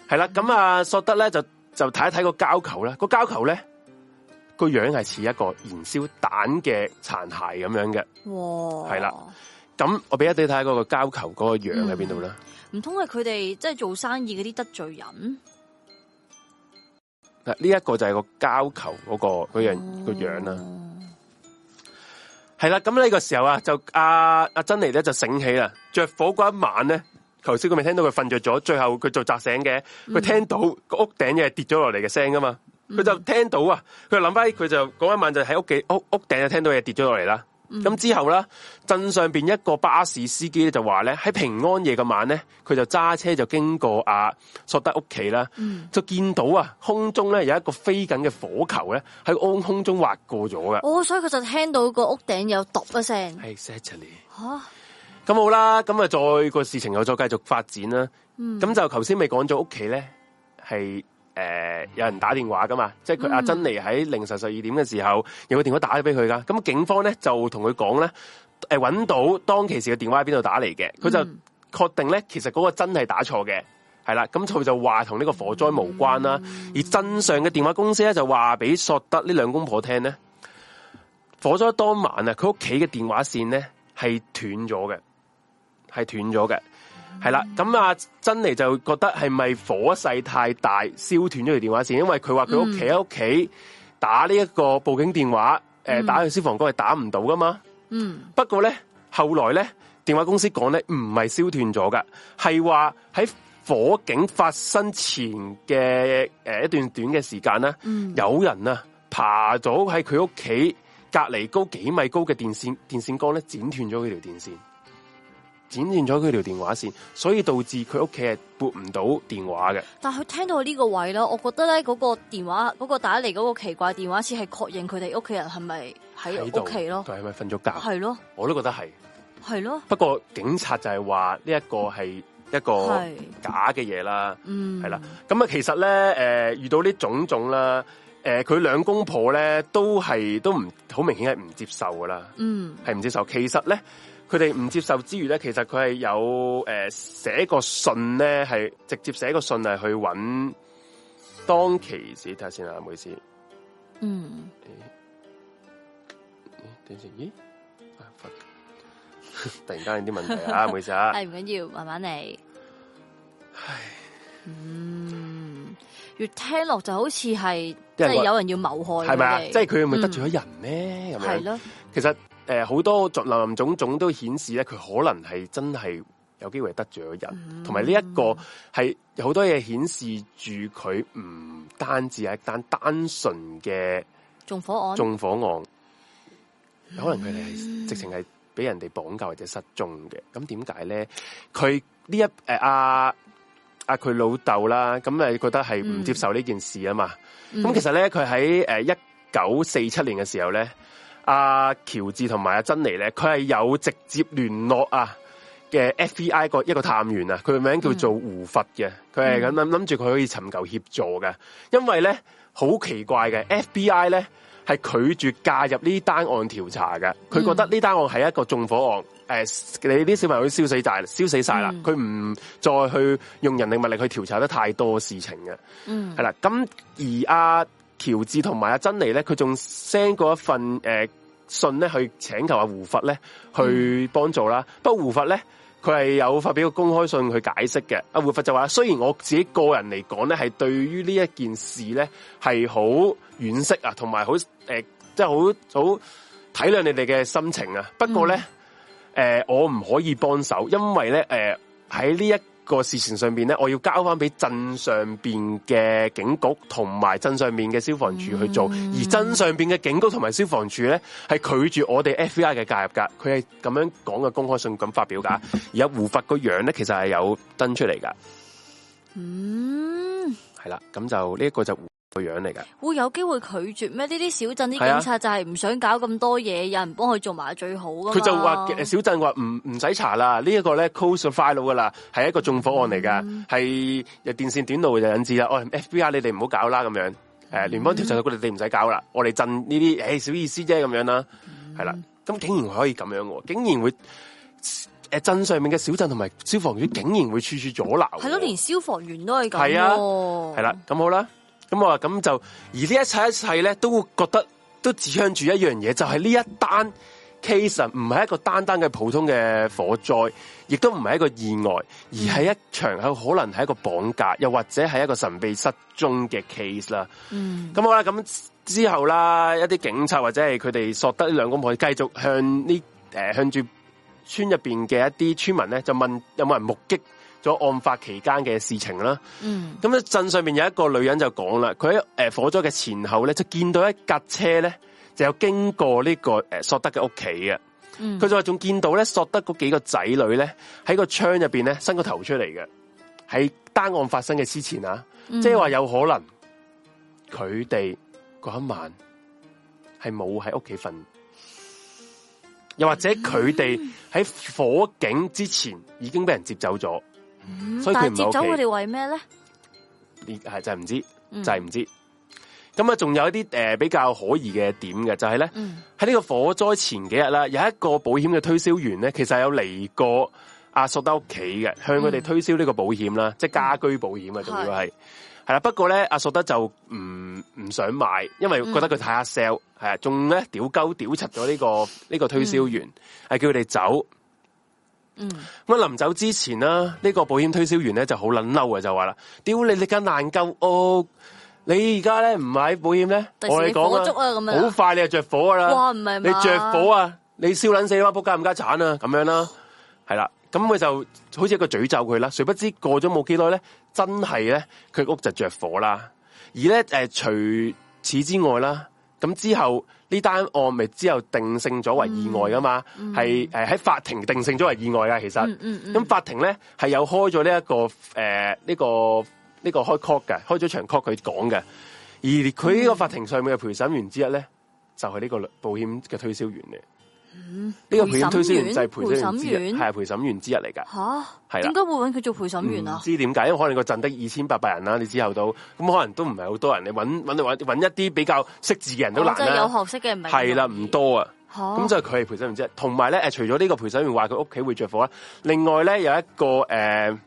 係啦、嗯。咁啊，索德咧就就睇一睇個膠球啦，個膠球咧個樣係似一個燃燒彈嘅殘骸咁樣嘅，係啦哇。咁我俾一俾你睇下嗰個膠球嗰個樣喺邊度啦。嗯唔通係佢哋即係做生意嗰啲得罪人？嗱，呢一個就係個交球嗰、那個嗰樣、嗯、個樣啦。係啦，咁呢個時候啊，就阿、啊、阿珍妮咧就醒起啦。着火嗰一晚咧，頭先佢咪聽到佢瞓着咗，最後佢就扎醒嘅。佢聽到個屋頂嘢跌咗落嚟嘅聲噶嘛，佢、嗯、就聽到啊。佢就諗翻，佢就嗰一晚就喺屋企屋屋頂就聽到嘢跌咗落嚟啦。咁、嗯、之後咧，鎮上邊一個巴士司機咧就話咧，喺平安夜嘅晚咧，佢就揸車就經過阿、啊、索德屋企啦，嗯、就見到啊空中咧有一個飛緊嘅火球咧，喺空空中滑過咗嘅。哦，所以佢就聽到個屋頂有毒一聲。係 seriously 吓？咁好啦，咁啊再、那個事情又再繼續發展啦。咁、嗯、就頭先咪講咗屋企咧係。誒、呃，有人打電話噶嘛？即係佢阿珍妮喺凌晨十二點嘅時候有個電話打咗俾佢噶。咁警方咧就同佢講咧，誒，揾到當其時嘅電話喺邊度打嚟嘅，佢就確定咧其實嗰個真係打錯嘅，係啦。咁佢就話同呢個火災無關啦。而鎮上嘅電話公司咧就話俾索德呢兩公婆聽咧，火災當晚啊佢屋企嘅電話線咧係斷咗嘅，係斷咗嘅。係啦，咁、嗯嗯、啊，珍妮就覺得係咪火勢太大燒斷咗條電話線？因為佢話佢屋企喺屋企打呢一個報警電話，誒、嗯呃，打去消防局係打唔到噶嘛。嗯。不過咧，後來咧，電話公司講咧，唔係燒斷咗噶，係話喺火警發生前嘅誒、呃、一段短嘅時間啦。嗯、有人啊，爬咗喺佢屋企隔離高幾米高嘅電線電線桿咧，剪斷咗佢條電線。電線剪斷咗佢條電話線，所以導致佢屋企係撥唔到電話嘅。但係佢聽到呢個位囉，我覺得咧嗰個電話嗰個打嚟嗰個奇怪電話線係確認佢哋屋企人係咪喺屋企咯？佢係咪瞓咗覺？係咯，我都覺得係，係咯。不過警察就係話呢一個係一個假嘅嘢啦，嗯，係啦。咁啊，其實咧，誒，遇到呢種種啦，誒，佢兩公婆咧都係都唔好明顯係唔接受噶啦，嗯，係唔接受。其實咧。佢哋唔接受之餘咧，其實佢係有誒、呃、寫個信咧，係直接寫個信嚟去揾當其時睇下先啦，唔好意思。嗯。誒、欸？點先？欸、 突然間有啲問題啊！唔 好意思。啊，係唔、哎、緊要，慢慢嚟。唉。嗯。越聽落就好似係，即係有人要謀害，係咪啊？即係佢係咪得罪咗人咩？咁樣？係咯。其實。誒，好、呃、多林林總總都顯示咧，佢可能係真係有機會得罪咗人，同埋呢一個係有好多嘢顯示住佢唔單止係一單單純嘅縱火案，縱火案，有可能佢哋係直情係俾人哋綁架或者失蹤嘅。咁點解咧？佢呢一誒佢、呃啊啊、老豆啦，咁誒覺得係唔接受呢件事啊嘛。咁、嗯嗯、其實咧，佢喺誒一九四七年嘅時候咧。阿喬、啊、治同埋阿珍妮咧，佢係有直接聯絡啊嘅 FBI 個一個探員啊，佢個名叫做胡佛嘅，佢係咁諗諗住佢可以尋求協助嘅，因為咧好奇怪嘅、嗯、FBI 咧係拒絕介入呢單案調查嘅，佢覺得呢單案係一個縱火案，誒、嗯呃、你啲小朋友都燒死晒，燒死晒啦，佢唔、嗯、再去用人力物力去調查得太多事情嘅，係啦、嗯，咁而阿、啊。喬治同埋阿珍妮咧，佢仲 send 過一份誒、呃、信咧去請求阿胡佛咧去幫助啦。嗯、不過胡佛咧，佢係有發表個公開信去解釋嘅。阿胡佛就話：雖然我自己個人嚟講咧，係對於呢一件事咧係好惋惜啊，同埋好誒，即係好好體諒你哋嘅心情啊。不過咧，誒、嗯呃，我唔可以幫手，因為咧，誒、呃，喺呢一。個事情上邊咧，我要交翻俾鎮上邊嘅警局同埋鎮上面嘅消防處去做，而鎮上邊嘅警局同埋消防處咧，係拒絕我哋 FBI 嘅介入噶，佢係咁樣講嘅公開信咁發表噶， 而家胡佛個樣咧，其實係有登出嚟噶， 嗯，係啦，咁就呢一個就。個樣嚟噶，會有機會拒絕咩？呢啲小鎮啲警察就係唔想搞咁多嘢，啊、有人幫佢做埋最好噶。佢就話小鎮話唔唔使查啦。這個、呢、嗯、是一個咧 close file 噶啦，係一個縱火案嚟噶，係又電線短路就引致啦。哦、哎、F B R 你哋唔好搞啦，咁樣誒、呃，聯邦調查局你哋唔使搞啦，我哋鎮呢啲誒小意思啫，咁樣啦，係啦、嗯。咁、啊、竟然可以咁樣嘅、啊，竟然會誒鎮上面嘅小鎮同埋消防員竟然會處處阻撓。係咯、啊，連消防員都係咁。係啊，係啦、啊，咁、啊、好啦。咁我話咁就，而呢一切一切咧，都會覺得都指向住一樣嘢，就係、是、呢一單 case 唔係一個單單嘅普通嘅火災，亦都唔係一個意外，而係一場向可能係一個綁架，又或者係一個神秘失蹤嘅 case 啦。嗯，咁好啦，咁之後啦，一啲警察或者係佢哋索得呢兩公婆,婆，繼續向呢誒向住村入邊嘅一啲村民咧，就問有冇人目擊。咗案發期間嘅事情啦，咁咧鎮上面有一個女人就講啦，佢喺誒火災嘅前後咧就見到一架車咧就有經過呢個誒索德嘅屋企嘅，佢、嗯、就話仲見到咧索德嗰幾個仔女咧喺個窗入邊咧伸個頭出嚟嘅，喺單案發生嘅之前啊，即係話有可能佢哋嗰一晚係冇喺屋企瞓，又或者佢哋喺火警之前已經俾人接走咗。嗯、所以佢、嗯、接走佢哋為咩咧？呢係就係唔知，就係、是、唔知。咁、就、啊、是，仲、嗯、有一啲誒比較可疑嘅點嘅、就是，就係咧，喺呢個火災前幾日啦，有一個保險嘅推銷員咧，其實有嚟過阿索德屋企嘅，向佢哋推銷呢個保險啦，嗯、即係家居保險啊，仲要係係啦。不過咧，阿索德就唔唔想買，因為覺得佢太 sell，係啊，仲咧屌鳩屌柒咗呢吊吊、呢個呢、呢個推銷員，係、嗯、叫佢哋走。嗯，咁啊臨走之前啦，呢、這個保險推銷員咧就好撚嬲啊，就話啦，屌你你間難救屋，你而家咧唔買保險咧，我哋講啊，好、啊、快你就着火啦。哇，唔係嘛？你着火啊，你燒撚死啦，仆街冚家鏟啊，咁樣啦，係啦，咁佢就好似一個詛咒佢啦。誰不知過咗冇幾耐咧，真係咧佢屋就着火啦。而咧誒、呃、除此之外啦，咁之後。呢單案咪之後定性咗為意外噶嘛？係喺、嗯、法庭定性咗為意外噶。其實咁、嗯嗯嗯、法庭咧係有開咗呢一個誒呢、呃這個呢、這個開 court 嘅，開咗場 court 佢講嘅，而佢呢個法庭上面嘅陪審員之一咧就係、是、呢個保險嘅推銷員嚟。嗯，呢個陪推銷員就係陪審員，係陪審員之一嚟㗎。吓，係點解會揾佢做陪審員啊？知點解？因為可能個陣得二千八百人啦，啊，你之後都咁，嗯、可能都唔係好多人，你揾一啲比較識字嘅人都難，你即係有學識嘅唔係係啦，唔多啊。咁就係佢係陪審員之一。同埋咧，誒，除咗呢個陪審員話佢屋企會着火，另外咧有一個誒，呃，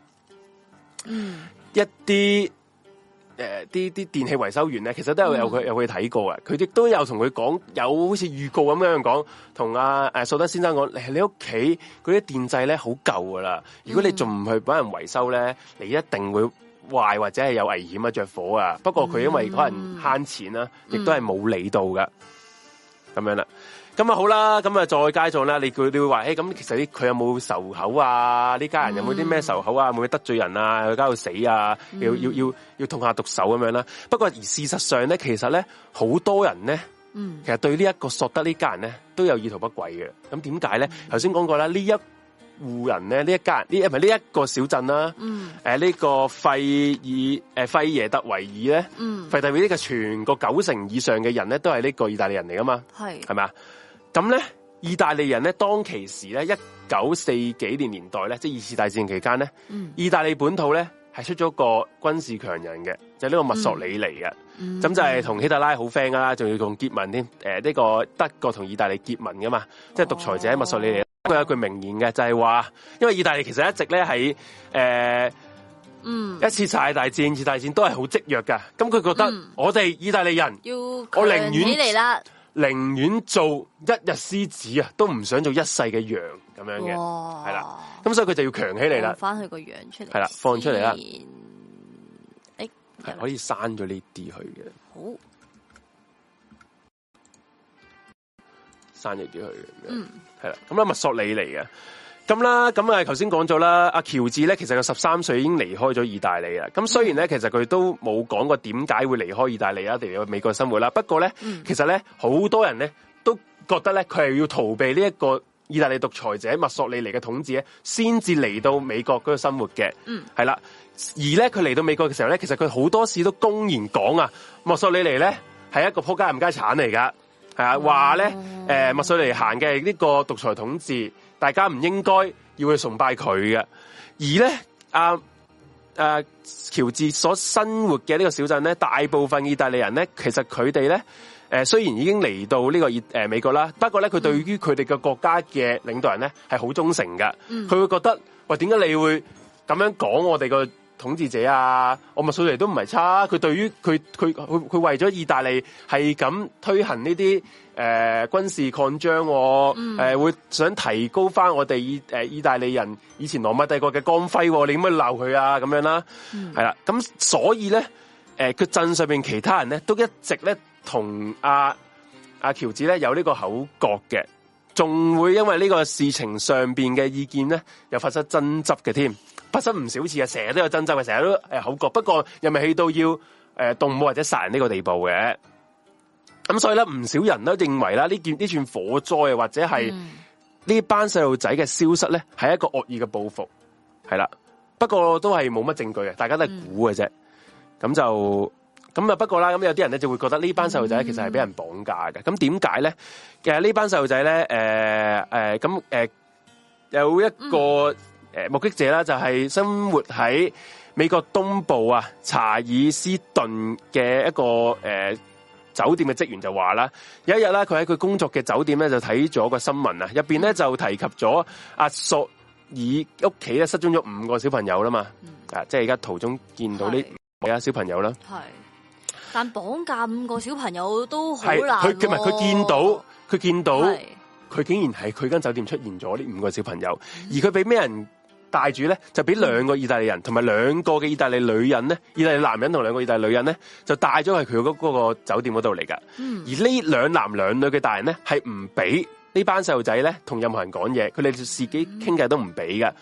嗯，一啲。誒，啲啲，呃、電器維修員咧，其實都有有佢有去睇過佢亦都有同佢講，有好似預告咁樣講，同阿誒索德先生講，你你屋企嗰啲電掣咧好舊㗎啦，如果你仲唔去揾人維修咧，你一定會壞或者係有危險啊，着火啊！不過佢因為可能慳錢啦，亦、嗯、都係冇理到㗎。咁樣啦。咁啊好啦，咁啊再加上啦。你佢你會話，誒咁其實佢有冇仇口啊？呢家人有冇啲咩仇口啊？有冇、嗯、得罪人啊？佢家到死啊？嗯、要要要要痛下毒手咁樣啦。不過而事實上咧，其實咧好多人咧，嗯、其實對呢一個索德呢家人咧都有意圖不軌嘅。咁點解咧？頭先講過啦，一戶呢一戶人咧，呢一家人，呢唔係呢一個小鎮啦、啊，嗯，誒呢、啊這個費爾誒費耶德維爾咧，嗯，費耶呢個全國九成以上嘅人咧都係呢個意大利人嚟噶嘛，係係咪啊？咁咧，意大利人咧，當其時咧，一九四幾年年代咧，即係二次大戰期間咧，嗯、意大利本土咧係出咗個軍事強人嘅，就呢、是、個墨索里尼嘅。咁、嗯嗯、就係同希特拉好 friend 啦，仲要同結盟添。誒、呃、呢、這個德國同意大利結盟噶嘛，即係獨裁者墨索里尼。佢、哦、有一句名言嘅，就係、是、話，因為意大利其實一直咧喺誒、呃、嗯，一次世界大戰、二次大戰都係好積弱㗎。」咁佢覺得我哋意大利人，嗯、我寧願嚟啦。寧願做一日獅子啊，都唔想做一世嘅羊咁樣嘅，係啦哇。咁所以佢就要強起嚟啦，翻佢個羊出嚟，係啦，放出嚟啦。誒、欸，係、okay, 可以刪咗呢啲去嘅，好刪咗啲去嘅，嗯，係啦。咁咧，墨索里尼嚟嘅。咁啦，咁啊，頭先講咗啦，阿喬治咧，其實佢十三歲已經離開咗意大利啦。咁雖然咧，嗯、其實佢都冇講過點解會離開意大利啊，嚟到美國嘅生活啦。不過咧，嗯、其實咧，好多人咧都覺得咧，佢係要逃避呢一個意大利獨裁者墨索里尼嘅統治咧，先至嚟到美國嗰個生活嘅。嗯，係啦，而咧佢嚟到美國嘅時候咧，其實佢好多事都公然講啊，墨索里尼咧係一個仆街、冚家產嚟噶，係啊、嗯，話咧誒，墨、呃、索里尼行嘅呢個獨裁統治。大家唔應該要去崇拜佢嘅，而咧阿阿喬治所生活嘅呢個小鎮咧，大部分意大利人咧，其實佢哋咧，誒、呃、雖然已經嚟到呢個意誒、呃、美國啦，不過咧佢對於佢哋嘅國家嘅領導人咧係好忠誠㗎。佢會覺得，喂，點解你會咁樣講我哋個統治者啊？我咪數嚟都唔係差，佢對於佢佢佢佢為咗意大利係咁推行呢啲。誒、呃，軍事擴張，誒、嗯呃、會想提高翻我哋意誒、呃、意大利人以前羅馬帝國嘅光輝，你點可以鬧佢啊？咁樣啦，係啦、嗯，咁所以咧，誒佢鎮上邊其他人咧都一直咧同阿阿喬治咧有呢個口角嘅，仲會因為呢個事情上邊嘅意見咧又發生爭執嘅添，發生唔少次嘅，成日都有爭執，成日都誒口角，不過又咪去到要誒動武或者殺人呢個地步嘅。咁所以咧，唔少人都認為啦，呢件呢串火災或者係呢班細路仔嘅消失咧，係一個惡意嘅報復，係啦。不過都係冇乜證據嘅，大家都係估嘅啫。咁就咁啊，不過啦，咁有啲人咧就會覺得呢班細路仔其實係俾人綁架嘅。咁點解咧？其實呢班細路仔咧，誒、呃、誒，咁、呃、誒、呃呃呃、有一個誒目擊者啦，就係、是、生活喺美國東部啊查爾斯頓嘅一個誒。呃酒店嘅職員就話啦，有一日咧，佢喺佢工作嘅酒店咧就睇咗個新聞啊，入邊咧就提及咗阿索爾屋企咧失蹤咗五個小朋友啦嘛，啊、嗯，即係而家途中見到呢五個小朋友啦，係，但綁架五個小朋友都好難，佢佢唔係佢見到，佢見到，佢是竟然係佢間酒店出現咗呢五個小朋友，嗯、而佢俾咩人？帶住咧，就俾兩個意大利人同埋兩個嘅意大利女人咧，意大利男人同兩個意大利女人咧，就帶咗去佢嗰個酒店嗰度嚟噶。嗯、而呢兩男兩女嘅大人咧，係唔俾呢班細路仔咧同任何人講嘢，佢哋自己傾偈都唔俾噶。嗯、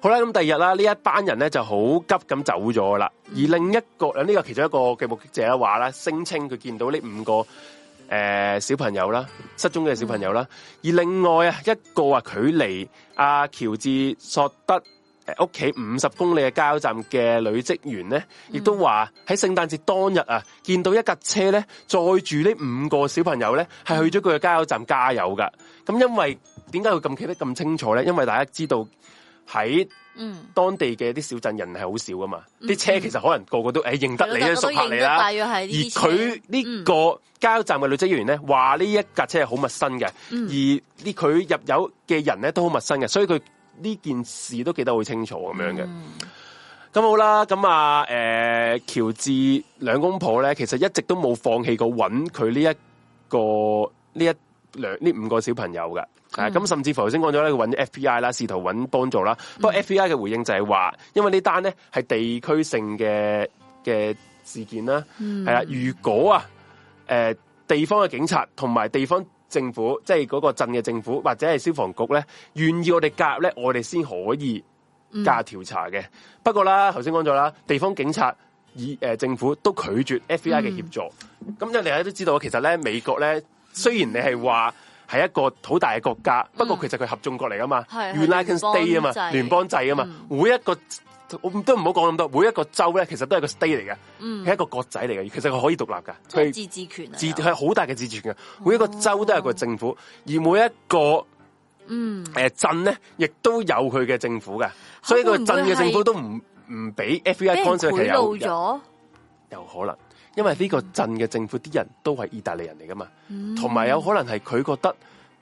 好啦，咁第二日啦、啊，呢一班人咧就好急咁走咗啦。嗯、而另一個，呢個其中一個嘅目擊者嘅話啦，聲稱佢見到呢五個。誒、呃，小朋友啦，失蹤嘅小朋友啦，嗯、而另外啊，一個話佢離阿喬治索德誒屋企五十公里嘅加油站嘅女職員咧，亦、嗯、都話喺聖誕節當日啊，見到一架車咧載住呢五個小朋友咧，係去咗佢嘅加油站加油噶。咁因為點解佢咁記得咁清楚咧？因為大家知道。喺嗯當地嘅啲小鎮人係好少噶嘛，啲、嗯、車其實可能個個都誒認得你啦，嗯嗯、熟客你啦。大約係而佢呢個加油站嘅女職員咧，話呢一架車係好陌生嘅，嗯、而呢佢入有嘅人咧都好陌生嘅，所以佢呢件事都記得好清楚咁樣嘅。咁、嗯、好啦，咁啊，誒、呃，喬治兩公婆咧，其實一直都冇放棄過揾佢呢一個呢一。兩呢五個小朋友嘅，咁、嗯、甚至頭先講咗咧，揾 FBI 啦，試圖搵幫助啦。嗯、不過 FBI 嘅回應就係話，因為呢單咧係地區性嘅嘅事件啦，係啦、嗯。如果啊，誒、呃、地方嘅警察同埋地方政府，即係嗰個鎮嘅政府或者係消防局咧，願意我哋加入咧，我哋先可以加入調查嘅。嗯、不過啦，頭先講咗啦，地方警察以誒、呃、政府都拒絕 FBI 嘅協助。咁因為大家都知道，其實咧美國咧。雖然你係話係一個好大嘅國家，不過其實佢合眾國嚟噶嘛，United States 啊嘛，聯邦制啊嘛，每一個我都唔好講咁多，每一個州咧其實都係個 state 嚟嘅，係一個國仔嚟嘅，其實佢可以獨立噶，佢自治權，自係好大嘅自治權嘅，每一個州都有個政府，而每一個嗯誒鎮咧，亦都有佢嘅政府嘅，所以個鎮嘅政府都唔唔俾 FBI 干涉佢有，有可能。因為呢個鎮嘅政府啲人都係意大利人嚟噶嘛，同埋、嗯、有，有可能係佢覺得，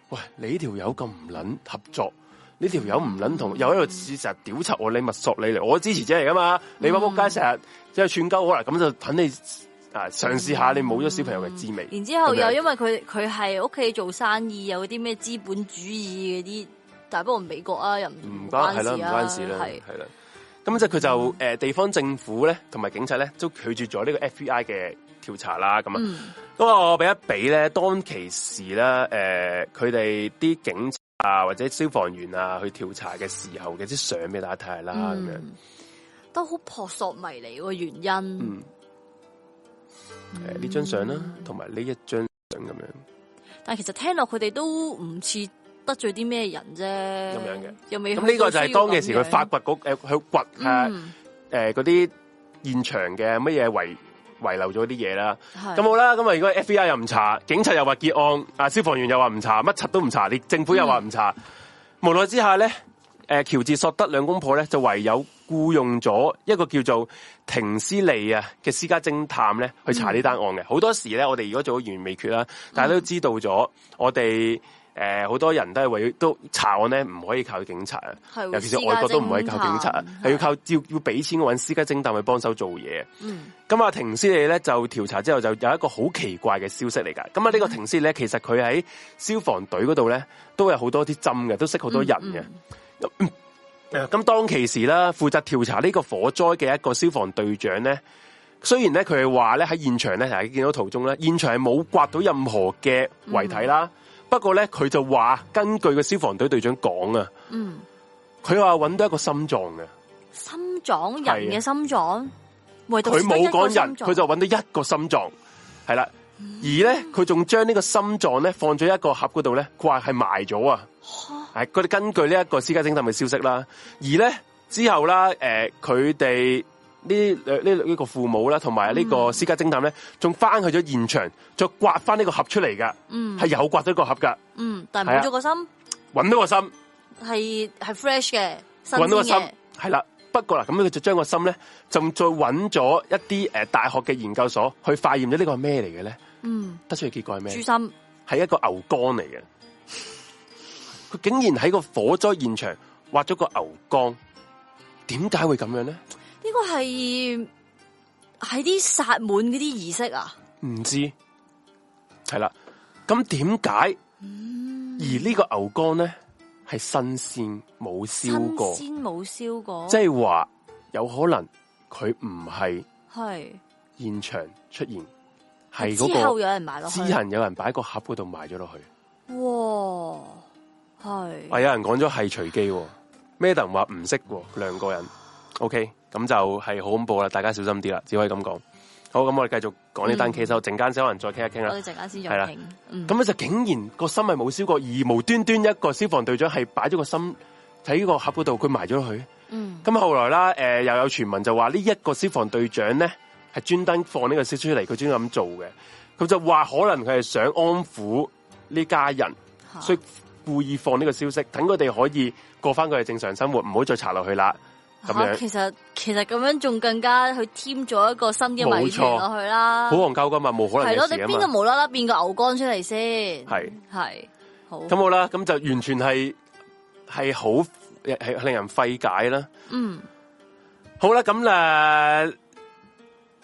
喂，你條友咁唔捻合作，呢條友唔捻同，又喺度事實屌柒我，你密索你嚟，我支持者嚟噶嘛，你話仆街成日即係串鳩我啦，咁、嗯、就等你啊嘗試下你冇咗小朋友嘅滋味。嗯嗯、然之後又因為佢佢係屋企做生意，有啲咩資本主義嗰啲，但不過美國啊又唔、啊、關，關事啦，係啦是。是咁即係佢就誒、嗯呃，地方政府咧，同埋警察咧，都拒絕咗呢個 FBI 嘅調查啦。咁啊、嗯，咁我俾一俾咧，當其時啦，誒、呃，佢哋啲警察啊，或者消防員啊，去調查嘅時候嘅啲相俾大家睇下啦，咁、嗯、樣都好撲朔迷離個、啊、原因。誒、嗯，呢、呃、張相啦、啊，同埋呢一張相咁樣。但係其實聽落，佢哋都唔似。得罪啲咩人啫？咁樣嘅，咁呢個就係當其時佢發掘嗰誒佢掘誒誒嗰啲現場嘅乜嘢遺遺留咗啲嘢啦。咁是好啦，咁啊如果 FBI 又唔查，警察又話結案，啊消防員又話唔查，乜柒都唔查，你政府又話唔查，嗯、無奈之下咧，誒喬治索德兩公婆咧就唯有僱傭咗一個叫做廷斯利啊嘅私家偵探咧去查呢單案嘅。好、嗯、多時咧，我哋如果做完未決啦，大家都知道咗、嗯、我哋。誒，好、呃、多人都係為都查案咧，唔可以靠警察啊，是尤其是外國都唔可以靠警察啊，係要靠是要要俾錢搵私家偵探去幫手做嘢。咁阿廷斯利你咧就調查之後就有一個好奇怪嘅消息嚟噶。咁啊，呢個廷斯利咧其實佢喺消防隊嗰度咧都有好多啲針嘅，都識好多人嘅。咁、嗯嗯嗯、當其時啦，負責調查呢個火災嘅一個消防隊長咧，雖然咧佢係話咧喺現場咧係見到途中咧，現場係冇刮到任何嘅遺體啦。嗯不過咧，佢就話根據個消防隊隊長講啊，嗯，佢話揾到一個心臟嘅心臟，人嘅心臟，佢冇講人，佢就揾到一個心臟，係啦，嗯、而咧佢仲將呢個心臟咧放咗一個盒嗰度咧，佢話係埋咗啊，係佢哋根據呢一個私家偵探嘅消息啦，而咧之後啦，誒佢哋。呢呢呢個父母啦，同埋呢個私家偵探咧，仲翻、嗯、去咗現場，再刮翻呢個盒出嚟噶，係、嗯、有刮咗個盒噶、嗯，但係冇咗個心，揾、啊、到個心係係 fresh 嘅，揾到個心係啦、啊。不過啦，咁佢就將個心咧，就再揾咗一啲誒，大學嘅研究所去化驗咗呢個係咩嚟嘅咧？嗯，得出嘅結果係咩？豬心係一個牛肝嚟嘅，佢 竟然喺個火災現場挖咗個牛肝，點解會咁樣咧？呢個係喺啲殺滿嗰啲儀式啊？唔知係啦，咁點解？嗯、而呢個牛肝咧係新鮮冇燒過，新鮮冇燒過，即係話有可能佢唔係係現場出現，係之後有人買落，之後有人擺個盒嗰度賣咗落去。哇，係有人講咗係隨機，Madam 話唔識？兩個人，OK。咁就係好恐怖啦，大家小心啲啦，只可以咁講。好，咁我哋繼續講呢單 case，陣間先可能再傾一傾啦。我哋陣間先再傾。咁咧的、嗯、就竟然個心係冇燒過，而無端端一個消防隊長係擺咗個心喺個盒度，佢埋咗佢。咁、嗯、後來啦，誒、呃、又有傳聞就話呢一個消防隊長咧係專登放呢個消息出嚟，佢專登咁做嘅。佢就話可能佢係想安撫呢家人，哈所以故意放呢個消息，等佢哋可以過翻佢哋正常生活，唔好再查落去啦。吓、啊，其實其實咁樣仲更加去添咗一個新嘅謎團落去啦，好難救噶嘛，冇可能係咯，你邊個無啦啦變個牛肝出嚟先？系系是好，咁好啦，咁就完全係係好令人費解啦。嗯，好啦，咁誒、啊，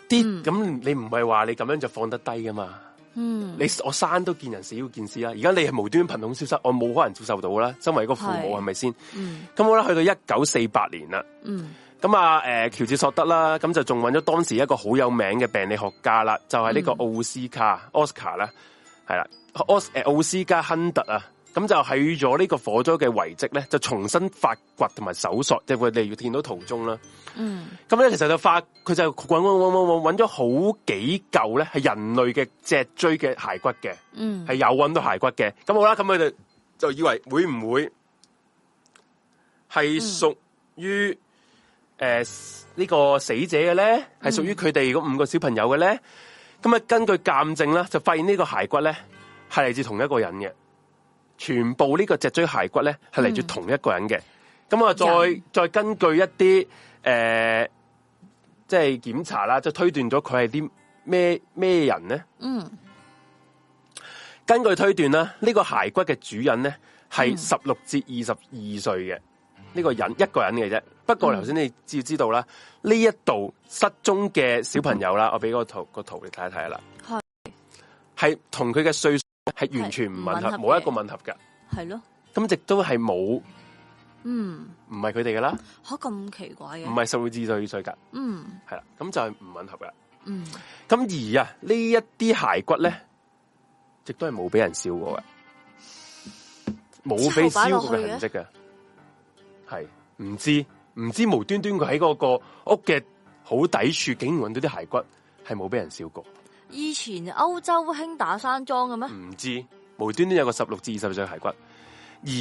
啲咁你唔係話你咁樣就放得低噶嘛？嗯，你我生都見人死要見屍啦，而家你係無端端憑空消失，我冇可能接受到啦。身為一個父母係咪先？咁好啦，去到一九四八年啦，咁啊、嗯，誒，呃、喬治索德啦，咁就仲搵咗當時一個好有名嘅病理學家啦，就係、是、呢個奧斯卡，奧斯卡啦，係啦，奧斯誒奧斯卡亨特啊。咁就喺咗呢個火災嘅遺跡咧，就重新發掘同埋搜索，即係佢哋要見到途中啦。嗯，咁咧其實就發佢就搵搵搵搵咗好幾嚿咧，係人類嘅脊椎嘅骸骨嘅。嗯，係有揾到骸骨嘅。咁好啦，咁佢哋就以為會唔會係屬於誒呢個死者嘅咧？係屬於佢哋嗰五個小朋友嘅咧？咁啊、嗯，就根據鑒證啦，就發現個鞋呢個骸骨咧係嚟自同一個人嘅。全部呢個脊椎骸骨咧，係嚟住同一個人嘅。咁啊、嗯，再再根據一啲誒，即係檢查啦，即就推斷咗佢係啲咩咩人咧？嗯。根據推斷啦，呢、這個骸骨嘅主人咧係十六至二十二歲嘅呢個人一個人嘅啫。不過頭先你知唔知道啦，呢一度失蹤嘅小朋友啦，我俾個圖個圖你睇一睇啦。係係同佢嘅歲數。是係完全唔吻合，冇一個吻合噶，係咯的。咁直都係冇，嗯，唔係佢哋噶啦。吓咁奇怪嘅，唔係數字主義衰噶，嗯，係啦。咁就係唔吻合噶，嗯。咁而啊，呢一啲骸骨咧，亦都係冇俾人燒過嘅，冇俾燒過嘅痕迹嘅，係唔知唔知無端端佢喺嗰個屋嘅好底處，竟然揾到啲骸骨，係冇俾人燒過。以前歐洲興打山莊嘅咩？唔知無端端有個十六至二十歲骸骨。而、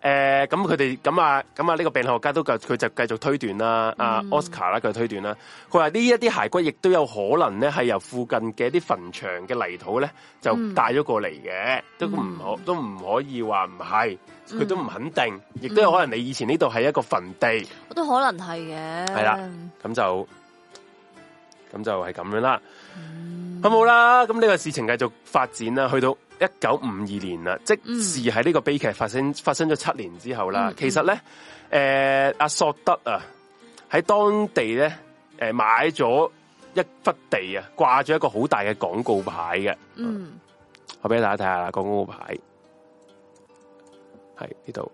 呃、啊，誒，咁佢哋咁啊，咁啊，呢個病學學家都佢就繼續推斷啦，阿、嗯啊、Oscar 啦佢推斷啦，佢話呢一啲骸骨亦都有可能咧係由附近嘅一啲墳場嘅泥土咧就帶咗過嚟嘅，嗯，都唔可都唔可以話唔係，佢都唔肯定，亦、嗯、都有可能你以前呢度係一個墳地，都可能係嘅。係啦，咁就咁就係咁樣啦。嗯好冇啦，咁呢個事情繼續發展啦，去到一九五二年啦，即係喺呢個悲劇發生，發生咗七年之後啦，嗯、其實咧，誒、呃、阿索德啊喺當地咧，誒買咗一忽地啊，掛咗一個好大嘅廣告牌嘅，嗯，我俾大家睇下啦廣告牌，係呢度。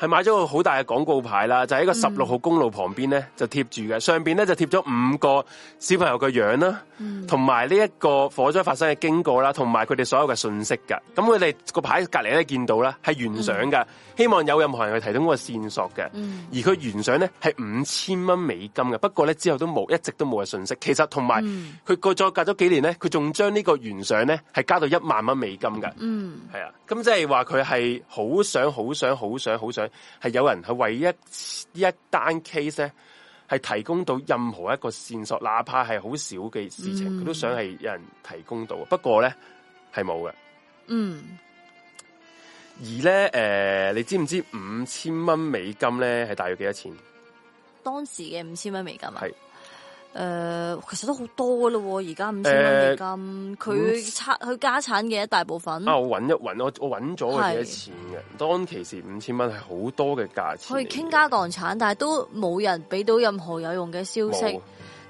係買咗個好大嘅廣告牌啦，就喺、是、個十六號公路旁邊咧，就貼住嘅。上邊咧就貼咗五個小朋友嘅樣啦，同埋呢一個火災發生嘅經過啦，同埋佢哋所有嘅信息噶。咁佢哋個牌隔籬咧見到啦，係懸賞噶。嗯、希望有任何人去提供個線索嘅。嗯、而佢懸賞咧係五千蚊美金嘅，不過咧之後都冇，一直都冇嘅信息。其實同埋佢過再隔咗幾年咧，佢仲將呢個懸賞咧係加到一萬蚊美金㗎。嗯，係啊，咁即係話佢係好想好想好想好想。係有人去為一一單 case 咧，係提供到任何一個線索，哪怕係好少嘅事情，佢、嗯、都想係有人提供到。不過咧係冇嘅，嗯。而咧，誒、呃，你知唔知五千蚊美金咧係大約幾多錢？當時嘅五千蚊美金啊。係。誒、呃，其實都好多噶咯，而家五千蚊嘅金，佢差佢家產嘅一大部分。啊，我揾一揾，我我揾咗佢幾多錢嘅？當其時五千蚊係好多嘅價錢。可以傾家蕩產，但係都冇人俾到任何有用嘅消息。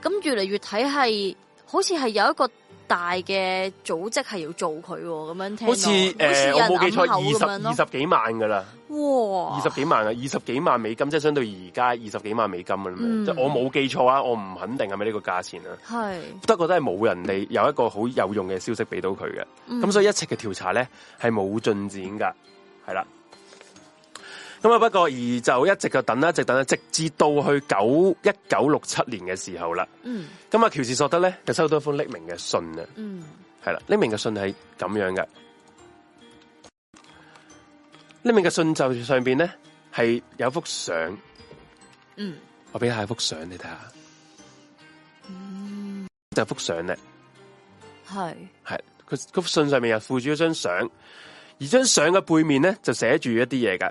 咁有越嚟越睇係，好似係有一個。大嘅組織係要做佢咁樣聽，好似誒、呃、我冇記錯，二十二十,二十幾萬噶啦，二十幾萬啊，二十幾萬美金，即係相對而家二十幾萬美金咁樣，即、嗯、我冇記錯啊，我唔肯定係咪呢個價錢啊，係，不過都係冇人哋有一個好有用嘅消息俾到佢嘅，咁、嗯、所以一切嘅調查咧係冇進展噶，係啦。咁啊！不過而就一直就等啦，一直等啦，直至到去九一九六七年嘅時候啦。嗯，咁啊，喬治索德咧就收到一封匿名嘅信啊。嗯，係啦，匿名嘅信係咁樣嘅。匿名嘅信就上邊咧係有幅相。嗯，我俾下幅相你睇下。嗯，就係幅相咧。係係佢幅信上面又附住一張相，而張相嘅背面咧就寫住一啲嘢嘅。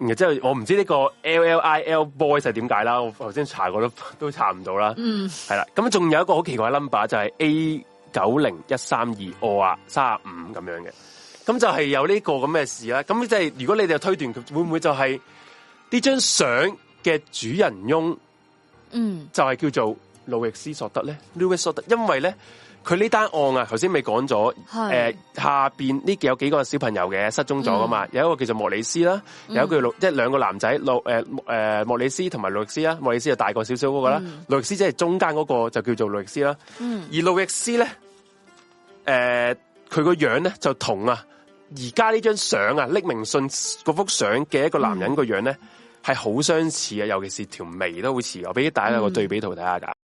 然之後我唔知呢個 L L I L Boys 係點解啦，我頭先查過都都查唔到啦、嗯、啦。嗯，係啦，咁仲有一個好奇怪嘅 number 就係、是、A 九零一三二二啊三啊五咁樣嘅，咁就係有呢、這個咁嘅事啦。咁即係如果你哋推斷，會唔會就係、是、呢張相嘅主人翁，嗯，就係叫做路易斯索德咧，Louis 索德，因為咧。佢呢單案啊，頭先未講咗，誒是、呃、下邊呢有幾個小朋友嘅失蹤咗噶嘛，嗯、有一個叫做莫里斯啦，嗯、有一個老一兩個男仔老誒誒莫里斯同埋路易斯啦，莫里斯就大個少少嗰個啦，路易、嗯、斯即係中間個就叫做路易斯啦，嗯、而路易斯咧，誒佢個樣咧就同啊而家呢張相啊匿名信幅相嘅一個男人個樣咧係好相似啊，尤其是條眉都好似，我俾大家一個對比圖睇下架。嗯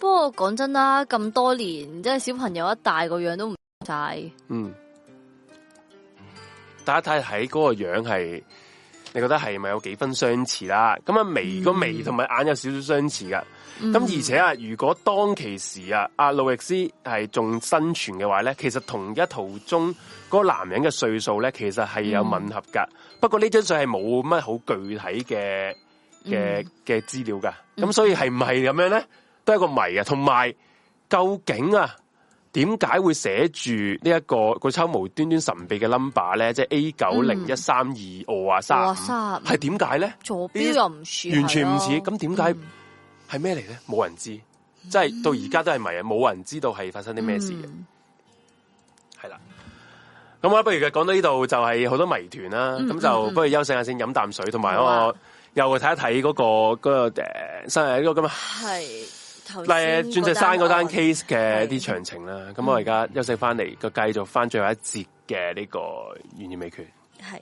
不過講真啦，咁多年即係小朋友一大個樣都唔晒。嗯，大家睇睇嗰個樣係，你覺得係咪有幾分相似啦、啊？咁啊眉個眉同埋眼有少少相似噶。咁、嗯、而且啊，如果當其時啊，阿路易斯係仲生存嘅話咧，其實同一圖中嗰、那個、男人嘅歲數咧，其實係有吻合噶。嗯、不過呢張相係冇乜好具體嘅嘅嘅資料噶，咁所以係唔係咁樣咧？都係一個謎啊，同埋究竟啊，點解會寫住呢一個個抽無端端神秘嘅 number 咧？即、就、係、是、A 九零一三二，我啊，三五，係點解咧？坐標又唔似，完全唔似。咁點解係咩嚟咧？冇人知，即係到而家都係謎啊！冇人知道係、嗯、發生啲咩事嘅。係啦、嗯，咁啊，不如嘅講到呢度就係好多謎團啦。咁、嗯、就不如休息一下先，飲啖、嗯、水，同埋我又去睇一睇嗰、那個嗰、那個誒生日嘅呢個咁啊。係、呃。這個誒，鑽石山嗰單 case 嘅啲詳情啦，咁的我而家休息翻嚟，就繼續翻最後一節嘅呢個懸疑未決。係。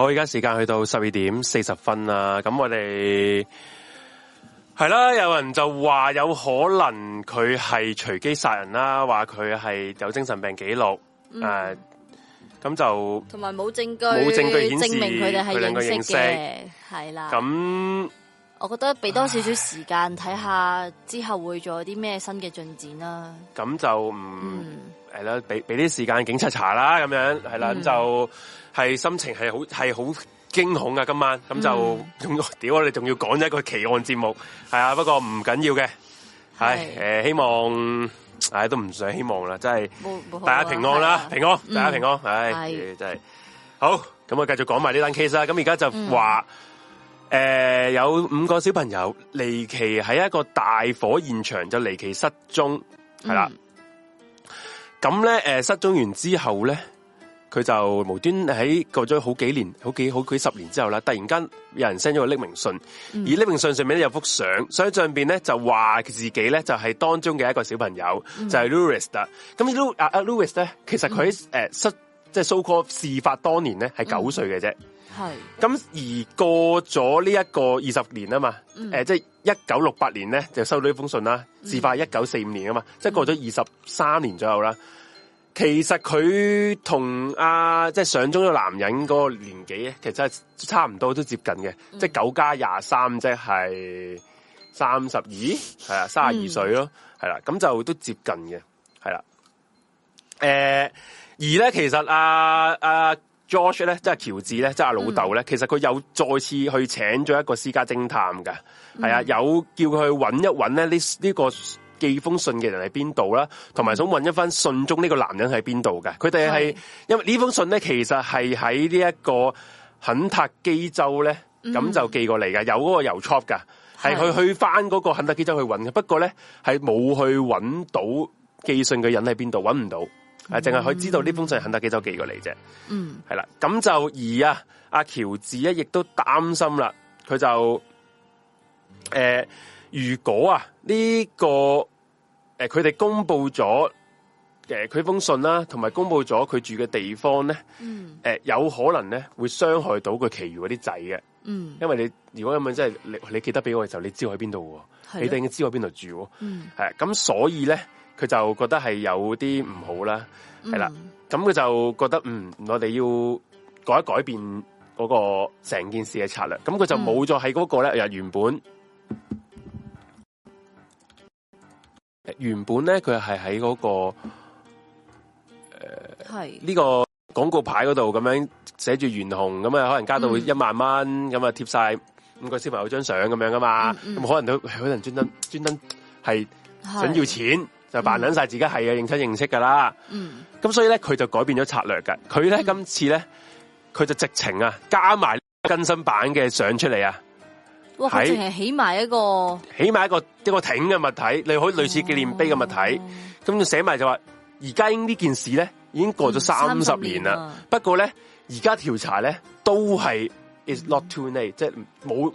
現在我而家時間去到十二點四十分啦，咁我哋係啦，有人就話有可能佢係隨機殺人啦，話佢係有精神病記錄，誒、嗯，咁、呃、就同埋冇證據，冇證據證明佢哋係認識嘅，係啦，咁了那我覺得俾多少少時間睇下之後會做啲咩新嘅進展啦，啊，咁就唔。嗯嗯係啦，俾俾啲時間警察查啦，咁樣係啦，咁就係心情係好係好驚恐啊！今晚咁就，屌我哋仲要講一個奇案節目，係啊，不過唔緊要嘅，係誒希望，唉都唔想希望啦，真係大家平安啦，平安，大家平安，唉，真係好，咁啊繼續講埋呢單 case 啦，咁而家就話，誒有五個小朋友離奇喺一個大火現場就離奇失蹤，係啦。咁咧、呃，失蹤完之後咧，佢就無端喺過咗好幾年、好幾好幾十年之後啦，突然間有人 send 咗個匿名信，嗯、而匿名信上面咧有幅相，相上面咧就話自己咧就係、是、當中嘅一個小朋友，嗯、就係、啊、Louis 啦。咁 Louis 咧，其實佢失、嗯、即係 Sodder 事發當年咧係九歲嘅啫。嗯係，咁是而過咗呢一個二十年啊嘛，誒、嗯，即係一九六八年咧就收到呢封信啦，事發一九四五年啊嘛，嗯、即係過咗二十三年左右啦。嗯、其實佢同阿即係上中嘅男人嗰個年紀，其實係差唔多，都接近嘅，即係九加廿三，即係三十二，係啊，三十二歲咯，係啦、嗯，咁、啊、就都接近嘅，係啦、啊。誒、呃，而咧其實啊。阿、啊。George 咧，即係喬治咧，即係阿老豆咧。其實佢有再次去請咗一個私家偵探嘅，係、嗯、啊，有叫佢去揾一揾咧呢呢個寄封信嘅人喺邊度啦，同埋想揾一翻信中呢個男人喺邊度嘅。佢哋係因為呢封信咧，其實係喺呢一個肯塔基州咧，咁、嗯、就寄過嚟嘅，有嗰個郵戳噶，係去去翻嗰個肯塔基州去揾嘅。是不過咧係冇去揾到寄信嘅人喺邊度，揾唔到。誒，淨係可以知道呢封信係肯德基州寄過嚟啫。嗯，係啦，咁就而啊，阿喬治咧亦都擔心啦。佢就誒、呃，如果啊呢、這個誒，佢、呃、哋公佈咗誒佢封信啦，同埋公佈咗佢住嘅地方咧，誒、嗯呃，有可能咧會傷害到佢其餘嗰啲仔嘅。嗯，因為你如果咁樣即係你你記得俾我嘅時候，的你知我喺邊度，你哋已經知我喺邊度住。嗯，係咁，所以咧。佢就覺得係有啲唔好啦，係、嗯、啦，咁佢就覺得嗯，我哋要改一改變嗰個成件事嘅策略，咁佢就冇咗喺嗰個咧，又、嗯、原本原本咧，佢係喺嗰個，誒、呃，呢是個廣告牌嗰度咁樣寫住懸紅咁啊，可能加到一萬蚊咁啊，嗯、樣就貼晒五、那個小朋友張相咁樣噶嘛，咁、嗯嗯、可能都可能專登專登係想要錢。就扮捻晒自己係嘅認親認識噶啦，咁所以咧佢就改變咗策略噶，佢咧今次咧佢就直情啊加埋更新版嘅相出嚟啊，哇，係係起埋一個起埋一個一個挺嘅物體，類似類似紀念碑嘅物體，咁就寫埋就話而家呢件事咧已經過咗三十年啦，不過咧而家調查咧都係 is not too late，即係冇。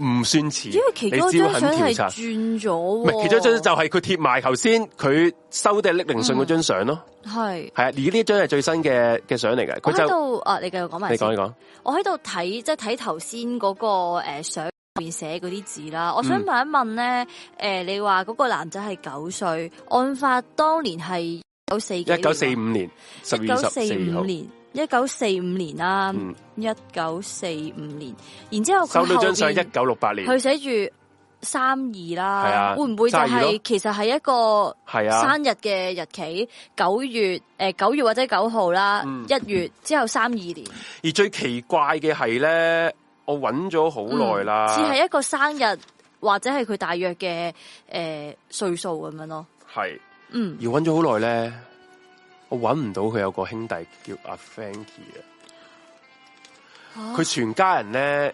唔算遲，因為其中張相係轉咗、啊嗯，其中張就係佢貼埋頭先，佢收定匿名信嗰張相咯。係係啊，而呢張係最新嘅嘅相嚟嘅。就我喺度、啊，你繼續講埋，你講一講。我喺度睇，即係睇頭先嗰個誒相，面寫嗰啲字啦。我想問一問咧，誒、嗯呃，你話嗰個男仔係九歲，案發當年係九四幾一九四五年，十月十四五年。一九四五年啦，一九四五年，然之後，後收到張相一九六八年，佢寫住三二啦，係啊，會唔會就係、是、其實係一個係啊生日嘅日期？九、啊、月誒九、呃、月或者九號啦，一、嗯、月之後三二年。而最奇怪嘅係咧，我揾咗好耐啦，似係、嗯、一個生日或者係佢大約嘅誒、呃、歲數咁樣咯。係是，嗯，而揾咗好耐咧。我揾唔到佢有個兄弟叫阿 Frankie 啊！佢全家人咧，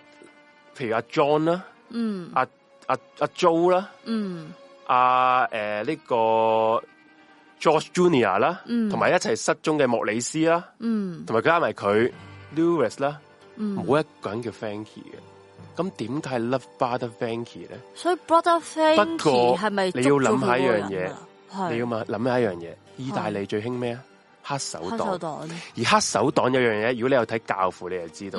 譬如阿 John 啦，嗯，阿阿阿 Joe 啦，嗯，阿誒呢個 George Junior 啦，嗯，同埋一齊失蹤嘅莫里斯啦，嗯，同埋加埋佢 Lewis 啦，嗯，冇一個人叫 Frankie 嘅，咁點解 Love Brother Frankie 咧？所以 Brother Frankie 不過係咪你要諗下一樣嘢？你要問諗下一樣嘢？意大利最興咩啊？黑手黨，黑手黨，而黑手黨有樣嘢，如果你有睇教父，你就知道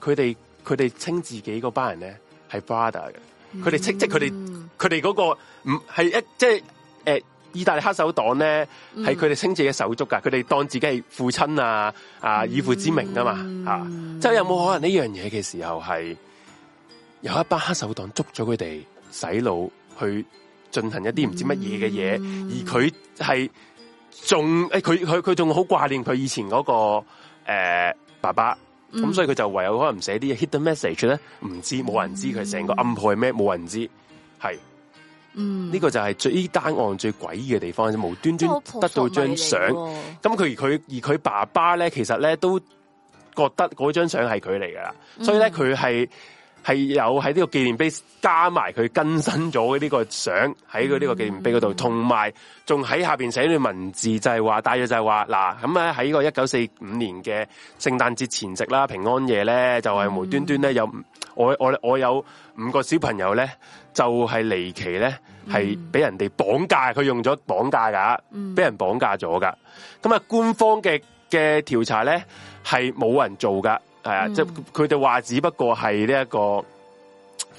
佢哋佢哋稱自己是的，嗯，嗰個班人咧係 brother 嘅，佢哋稱即係佢哋佢哋嗰個唔係一即係誒意大利黑手黨咧，係佢哋稱自己嘅手足噶，佢哋，嗯，當自己係父親啊啊以父之名噶嘛、嗯，啊，即係有冇可能呢樣嘢嘅時候係有一班黑手黨捉咗佢哋洗腦去進行一啲唔知乜嘢嘅嘢，嗯，而佢係。仲誒，佢佢佢仲好掛念佢以前嗰、那個誒、呃、爸爸，咁、嗯、所以佢就唯有可能寫啲 hidden message 咧、嗯，唔知冇人知佢成、嗯、個暗鋪係咩，冇人知係，嗯，呢個就係最呢單案最詭異嘅地方，無端端得到張相，咁佢而佢而佢爸爸咧，其實咧都覺得嗰張相係佢嚟噶啦，嗯、所以咧佢係。係有喺呢個紀念碑加埋佢更新咗嘅呢個相喺佢呢個紀念碑嗰度，同埋仲喺下邊寫咗文字，就係話，大約就係話，嗱咁咧喺個一九四五年嘅聖誕節前夕啦，平安夜咧就係無端端咧有，我我我有五個小朋友咧就係離奇咧係俾人哋綁架，佢用咗綁架噶，俾人綁架咗噶，咁啊官方嘅嘅調查咧係冇人做噶。係啊，即係佢哋話只不過係呢一個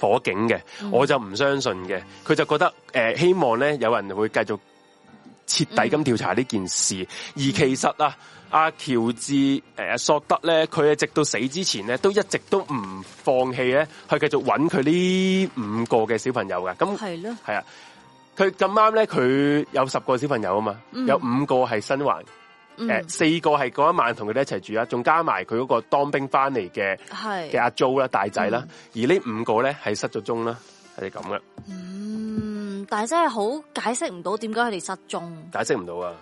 火警嘅，嗯、我就唔相信嘅。佢就覺得誒、呃，希望咧有人會繼續徹底咁調查呢件事。嗯、而其實啊，阿喬治誒、阿、索德咧，佢啊直到死之前咧，都一直都唔放棄咧去繼續揾佢呢五個嘅小朋友嘅。咁係咯，係的啊。佢咁啱咧，佢有十個小朋友啊嘛，嗯、有五個係生還。誒，四個係嗰一晚同佢哋一齊住啦，仲加埋佢嗰個當兵翻嚟嘅嘅的阿 Jo 啦，大仔啦，的而呢五個咧係失咗蹤啦，係咁嘅。嗯，但係真係好解釋唔到點解佢哋失蹤，解釋唔到啊。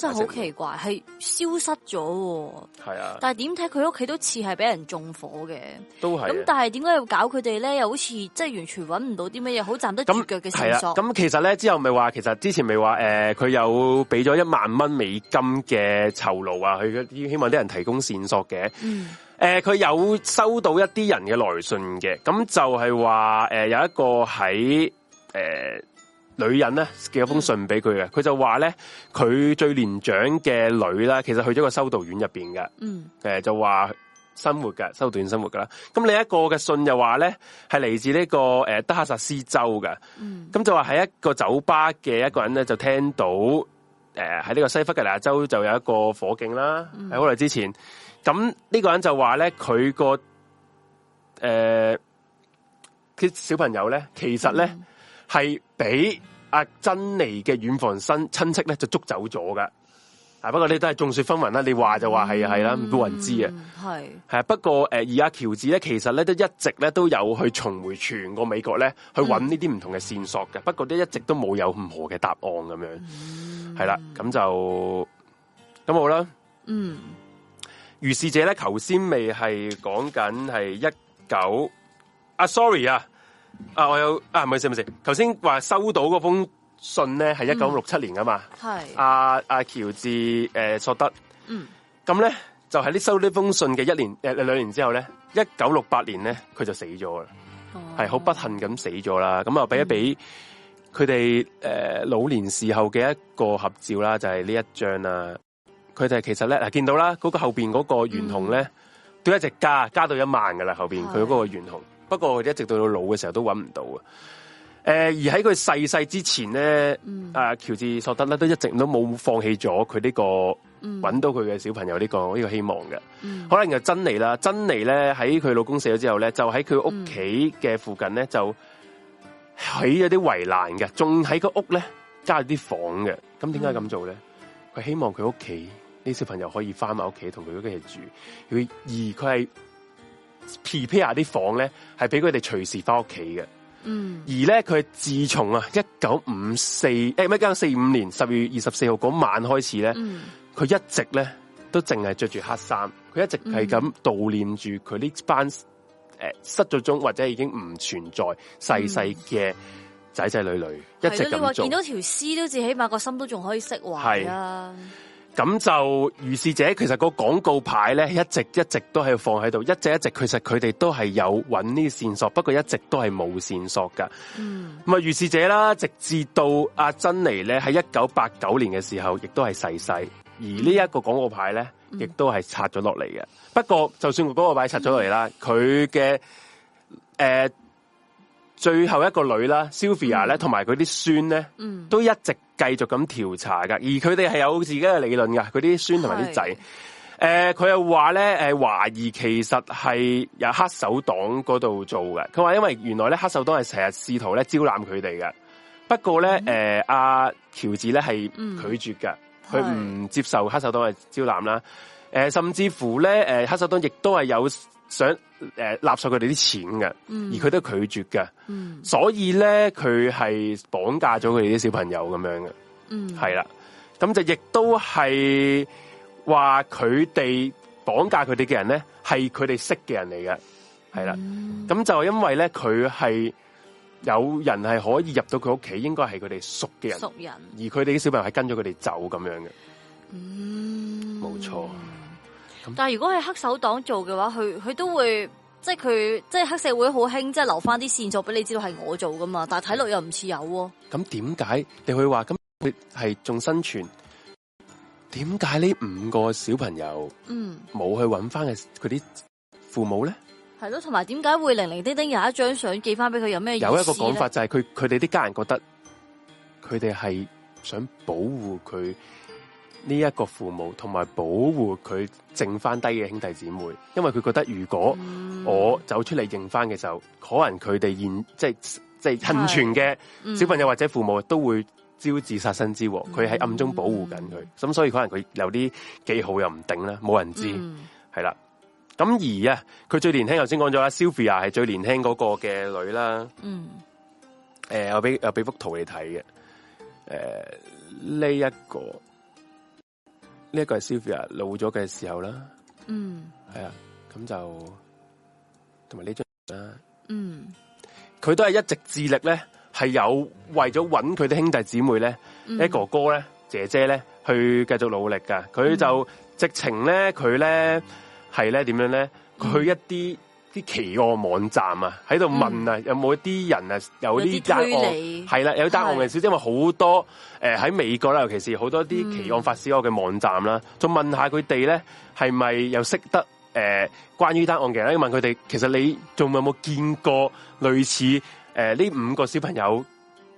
真係好奇怪，係、啊、消失咗。係啊，但係點睇佢屋企都似係俾人縱火嘅，都係。咁但係點解要搞佢哋咧？又好似即係完全搵唔到啲咩嘢，好站得住腳嘅線索。咁、啊、其實咧之後咪話，其實之前咪話誒，佢、呃、有俾咗一萬蚊美金嘅酬勞啊，佢希希望啲人提供線索嘅。誒、嗯，佢、呃、有收到一啲人嘅來信嘅，咁就係話誒有一個喺誒。呃女人咧寄咗封信俾佢嘅，佢就話咧佢最年長嘅女啦，其實去咗個修道院入邊嘅，誒、嗯欸、就話生活嘅修道院生活噶啦。咁另一個嘅信又話咧係嚟自呢、這個誒、呃、德克薩斯州嘅，咁、嗯、就話喺一個酒吧嘅一個人咧就聽到，誒喺呢個西弗吉尼亞州就有一個火警啦，喺好耐之前。咁呢個人就話咧佢個誒啲、呃、小朋友咧，其實咧係俾。嗯阿珍妮嘅遠房親親戚咧就捉走咗噶，啊！不過呢都係眾說紛紜啦，你話就話係啊係啦，冇、嗯、人知啊，係係啊。不過誒、呃，而阿喬治咧，其實咧都一直咧都有去重回全個美國咧，去揾呢啲唔同嘅線索嘅。嗯、不過都一直都冇有任何嘅答案咁樣，係啦，咁就咁好啦。嗯，如是、嗯、者咧，頭先未係講緊係一九，啊，sorry 啊。啊，我有啊，唔好意思，唔好意思，頭先話收到嗰封信咧，係一九六七年噶嘛，係阿阿喬治誒、呃、索德，咁咧、嗯、就喺呢收呢封信嘅一年誒兩、呃、年之後咧，一九六八年咧佢就死咗啦，係好、哦、不幸咁死咗啦，咁啊俾一俾佢哋誒老年時候嘅一個合照啦，就係、是、呢一張啦、啊，佢哋其實咧嗱見到啦，嗰、那個後邊嗰個懸紅咧、嗯、都一直加加到一萬噶啦，後邊佢嗰個懸紅。不過佢一直到到老嘅時候都揾唔到，呃小小嗯，啊！誒，而喺佢逝世之前咧，誒，喬治索德咧都一直都冇放棄咗佢呢個揾，嗯，到佢嘅小朋友呢、這個呢、這個希望嘅。可能就珍妮啦，珍妮咧喺佢老公死咗之後咧，就喺佢屋企嘅附近咧，嗯，就起咗啲圍欄嘅，仲喺個屋咧加咗啲房嘅。咁點解咁做咧？佢，嗯，希望佢屋企啲小朋友可以翻埋屋企同佢屋企人住。佢而佢係。prepare 啲房咧，係俾佢哋隨時翻屋企嘅。嗯，而咧佢自從啊一九五四誒一九四五年十二月二十四號嗰晚開始咧，佢、嗯、一直咧都淨係着住黑衫，佢一直係咁、嗯、悼念住佢呢班誒、呃、失咗蹤或者已經唔存在細細嘅仔仔女女，一直咁做。見到條屍都至起碼個心都仲可以釋懷，係啊。咁就如是者，其實個廣告牌咧，一直一直都係放喺度，一直一直，其實佢哋都係有搵呢啲線索，不過一直都係冇線索噶。咁啊、嗯，如是者啦，直至到阿珍妮咧，喺一九八九年嘅時候，亦都係逝世，而呢一個廣告牌咧，亦都係拆咗落嚟嘅。不過就算嗰個牌拆咗落嚟啦，佢嘅誒。呃最後一個女啦，Sophia 咧，同埋佢啲孫咧，嗯、都一直繼續咁調查㗎。而佢哋係有自己嘅理論㗎。佢啲孫同埋啲仔。誒是、呃，佢又話咧，誒懷疑其實係由黑手黨嗰度做嘅。佢話因為原來咧，黑手黨係成日試圖咧招攬佢哋嘅。不過咧，誒阿、嗯呃啊、喬治咧係拒絕嘅，佢唔、嗯、接受黑手黨嘅招攬啦、呃。甚至乎咧，黑手黨亦都係有。想誒勒、呃、索佢哋啲錢嘅，嗯、而佢都拒絕嘅，嗯、所以咧佢係綁架咗佢哋啲小朋友咁樣嘅，係啦、嗯，咁就亦都係話佢哋綁架佢哋嘅人咧，係佢哋識嘅人嚟嘅，係啦、嗯，咁就因為咧佢係有人係可以入到佢屋企，應該係佢哋熟嘅人，熟人，而佢哋啲小朋友係跟咗佢哋走咁樣嘅，冇、嗯、錯。但係如果係黑手黨做嘅話，佢佢都會即係佢即係黑社會好興，即係留翻啲線索俾你知道係我做噶嘛。但係睇落又唔似有。咁點解你會話咁佢係仲生存？點解呢五個小朋友沒，嗯，冇去揾翻佢佢啲父母咧？係咯，同埋點解會零零丁丁有一張相寄翻俾佢？有咩？有一個講法就係佢佢哋啲家人覺得佢哋係想保護佢。呢一個父母同埋保護佢剩翻低嘅兄弟姊妹，因為佢覺得如果我走出嚟認翻嘅時候，可能佢哋現即係即係幸存嘅小朋友或者父母都會招致殺身之禍。佢喺暗中保護緊佢，咁、嗯、所以可能佢有啲記號又唔定啦，冇人知係啦。咁、嗯、而啊，佢最年輕，頭先講咗啦，Sophia 係最年輕嗰個嘅女啦。嗯，誒、呃，我俾我俾幅圖你睇嘅，誒、呃，呢、這、一個。呢一個係 Sylvia 老咗嘅時候啦，嗯，係啊，咁就同埋呢張啦，還有這張，嗯，佢都係一直致力咧，係有為咗揾佢啲兄弟姊妹咧，啲、嗯、哥哥咧、姐姐咧，去繼續努力噶，佢就、嗯、直情咧，佢咧係咧點樣咧，佢一啲。啲奇案網站啊，喺度問啊、嗯，有冇一啲人啊，有啲單案，係啦，有單案嘅事，因為好多誒喺、呃、美國啦，尤其是好多啲奇案發事案嘅網站啦，仲、嗯、問下佢哋咧，係咪又識得誒、呃、關於單案嘅咧？問佢哋，其實你仲有冇見過類似誒呢、呃、五個小朋友？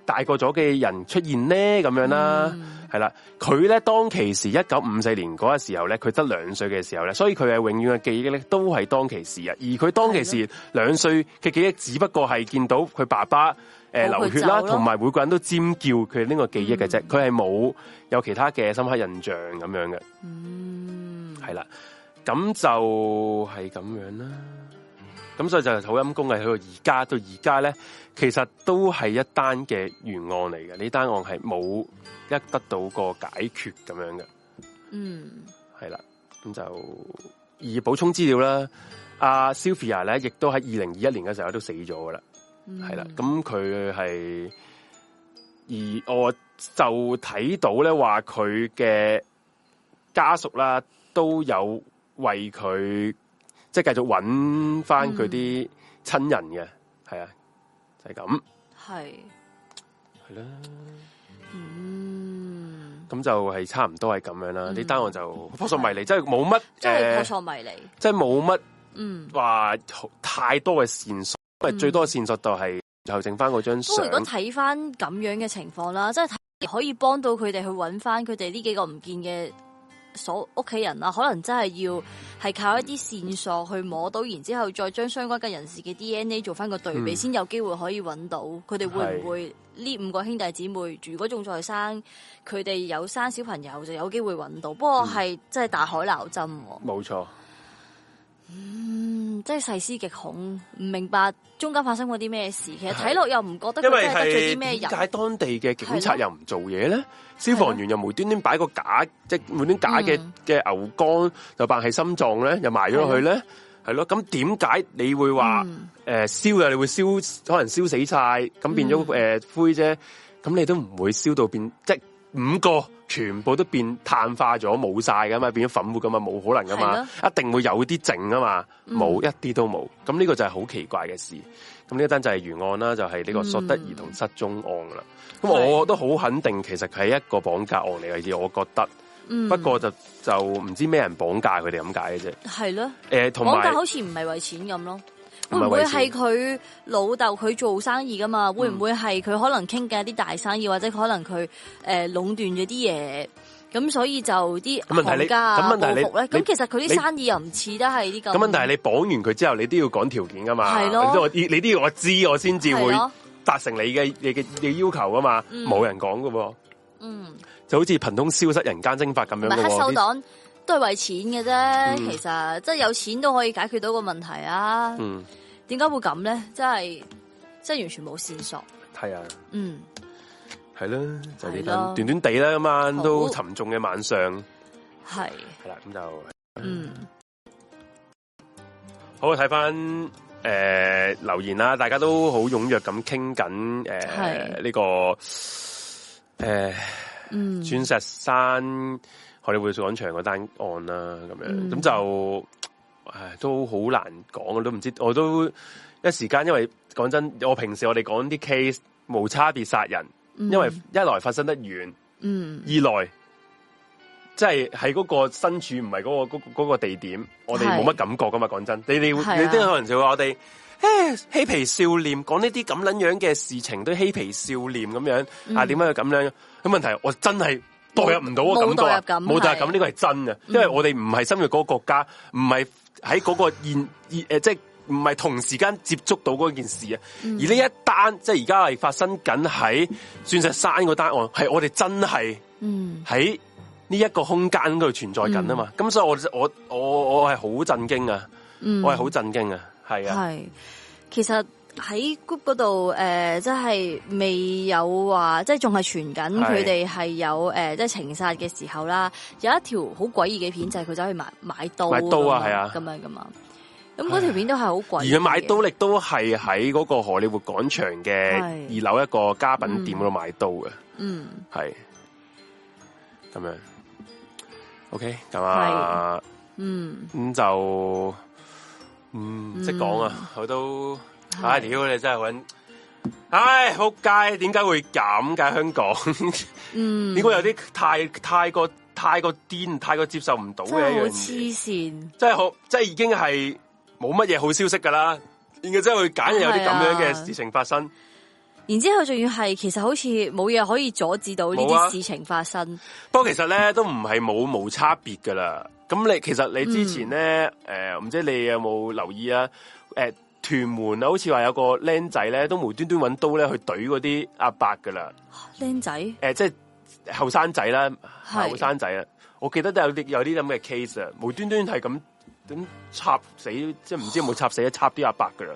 大個咗嘅人出現呢咁樣啦，係啦、嗯，佢咧當其時一九五四年嗰個時候咧，佢得兩歲嘅時候咧，所以佢係永遠嘅記憶咧都係當其時啊。而佢當其時兩歲嘅記憶，只不過係見到佢爸爸誒、呃、流血啦，同埋每個人都尖叫，佢呢個記憶嘅啫，佢係冇有其他嘅深刻印象咁樣嘅。嗯，係啦，咁就係咁樣啦。咁所以就係好陰公嘅，去到而家到而家咧，其實都係一單嘅懸案嚟嘅。呢單案係冇一得到個解決咁樣嘅。嗯，係啦。咁就而補充資料啦，阿 Sylvia 咧，亦都喺二零二一年嘅時候都死咗噶啦。係啦、嗯，咁佢係而我就睇到咧話佢嘅家屬啦、啊、都有為佢。即係繼續揾翻佢啲親人嘅。係啊，就係咁，係係啦，嗯，咁就係差唔多係咁樣啦。呢單案就撲朔迷離，即係冇乜，即係撲朔迷離，即係冇乜，嗯，話太多嘅線索，因為最多嘅線索就係後剩翻嗰張相。不過如果睇翻咁樣嘅情況啦，即係可以幫到佢哋去揾翻佢哋呢幾個唔見嘅。所屋企人啊，可能真係要係靠一啲線索去摸到，然之後再將相關嘅人士嘅 DNA 做翻個對比，先、嗯、有機會可以揾到佢哋會唔會呢是五個兄弟姊妹？如果仲再生，佢哋有生小朋友就有機會揾到。不過係真係大海撈針。冇、嗯、錯。嗯，真係細思極恐，唔明白中間發生過啲咩事。唉其實睇落又唔覺得佢真係得罪啲咩人。但係當地嘅警察又唔做嘢咧，的消防員又無端端擺個假是的即係無端端假嘅嘅、嗯、牛肝，又扮係心臟咧，又埋咗落去咧，係咯的。咁點解你會話誒燒啊？你會燒，可能燒死晒，咁變咗誒、嗯呃、灰啫。咁你都唔會燒到變即五個全部都變碳化咗，冇曬㗎嘛，變咗粉末㗎嘛，冇可能㗎嘛，一定會有啲淨㗎嘛，冇、嗯、一啲都冇。咁呢個就係好奇怪嘅事。咁呢單就係懸案啦，就係、是、呢個索德兒童失蹤案啦。咁、嗯、我都好肯定，其實佢係一個綁架案嚟嘅。而我覺得，嗯、不過就就唔知咩人綁架佢哋咁解嘅啫。係咯的。同埋、呃、綁架好似唔係為錢咁咯。會唔會係佢老豆佢做生意噶嘛？嗯、會唔會係佢可能傾嘅一啲大生意，或者可能佢誒壟斷咗啲嘢，咁、呃、所以就啲行家啊、客戶咧？咁你其實佢啲生意又唔似得係啲咁。咁問題係你綁完佢之後，你都要講條件噶嘛？係咯的，你你都要我知我先至會達成你嘅嘅要求噶嘛？冇的人講噶，嗯，就好似憑空消失人間蒸發咁樣都係為錢嘅啫，其實即係有錢都可以解決到個問題啊。點解會咁咧？真係真係完全冇線索。係啊。嗯。係咯，就呢咁斷斷地啦。今晚都沉重嘅晚上。係。係啦，咁就嗯。好睇翻誒留言啦，大家都好踊躍咁傾緊誒呢個誒鑽石山。荷里活廣場嗰單案啦，咁樣咁、嗯、就，唉，都好難講，我都唔知，我都一時間，因為講真，我平時我哋講啲 case 無差別殺人，嗯、因為一來發生得遠，嗯，二來，即係喺嗰個身處唔係嗰個、嗰個地點，我哋冇乜感覺噶嘛，講是 真，你哋你都可能就話我哋，誒，嬉皮笑臉，講呢啲咁樣樣嘅事情都嬉皮笑臉咁樣，啊，點解要咁樣？咁問題我真係。代入唔到啊，感覺啊，冇代入感咁，呢個係真嘅，嗯、因為我哋唔係深入嗰個國家，唔係喺嗰個現誒、 呃，即係唔係同時間接觸到嗰件事啊。嗯、而呢一單即係而家係發生緊喺鑽石山嗰單案，係我哋真係，嗯，喺呢一個空間度存在緊啊嘛。咁、嗯、所以我我我我係好震驚啊，我係好震驚啊，係啊、嗯，係其實。喺 Group 嗰度，誒、呃，即係未有話、呃，即係仲係傳緊佢哋係有，誒，即係情殺嘅時候啦。的有一條好詭異嘅片就係佢走去買買刀，買刀啊，係啊樣，咁的樣噶嘛。咁嗰條片都係好詭異，而佢買刀亦都係喺嗰個荷里活廣場嘅二樓一個家品店嗰度的買刀嘅，嗯，係咁樣。OK，咁啊，的嗯，咁、嗯、就，嗯，唔識講啊，佢、嗯、都。唉！屌、哎、你真係搵唉，扑、哎、街！點解會咁嘅香港？ 嗯，點解有啲太太過太過癲、太過接受唔到嘅？真係好黐線！即係好，即係已經係冇乜嘢好消息噶啦！點解真係會揀有啲咁樣嘅事情發生？然之後仲要係其實好似冇嘢可以阻止到呢啲事情發生。不過其實咧都唔係冇無差別噶啦。咁你其實你之前咧誒，唔、嗯呃、知你有冇留意啊？誒、呃。屯門啊，好似話有個僆仔咧，都無端端揾刀咧去懟嗰啲阿伯噶啦。僆仔，誒、欸，即係後生仔啦，後生仔啊！我記得都有啲有啲咁嘅 case 啊，無端端係咁咁插死，即係唔知有冇插死一插啲阿伯噶啦。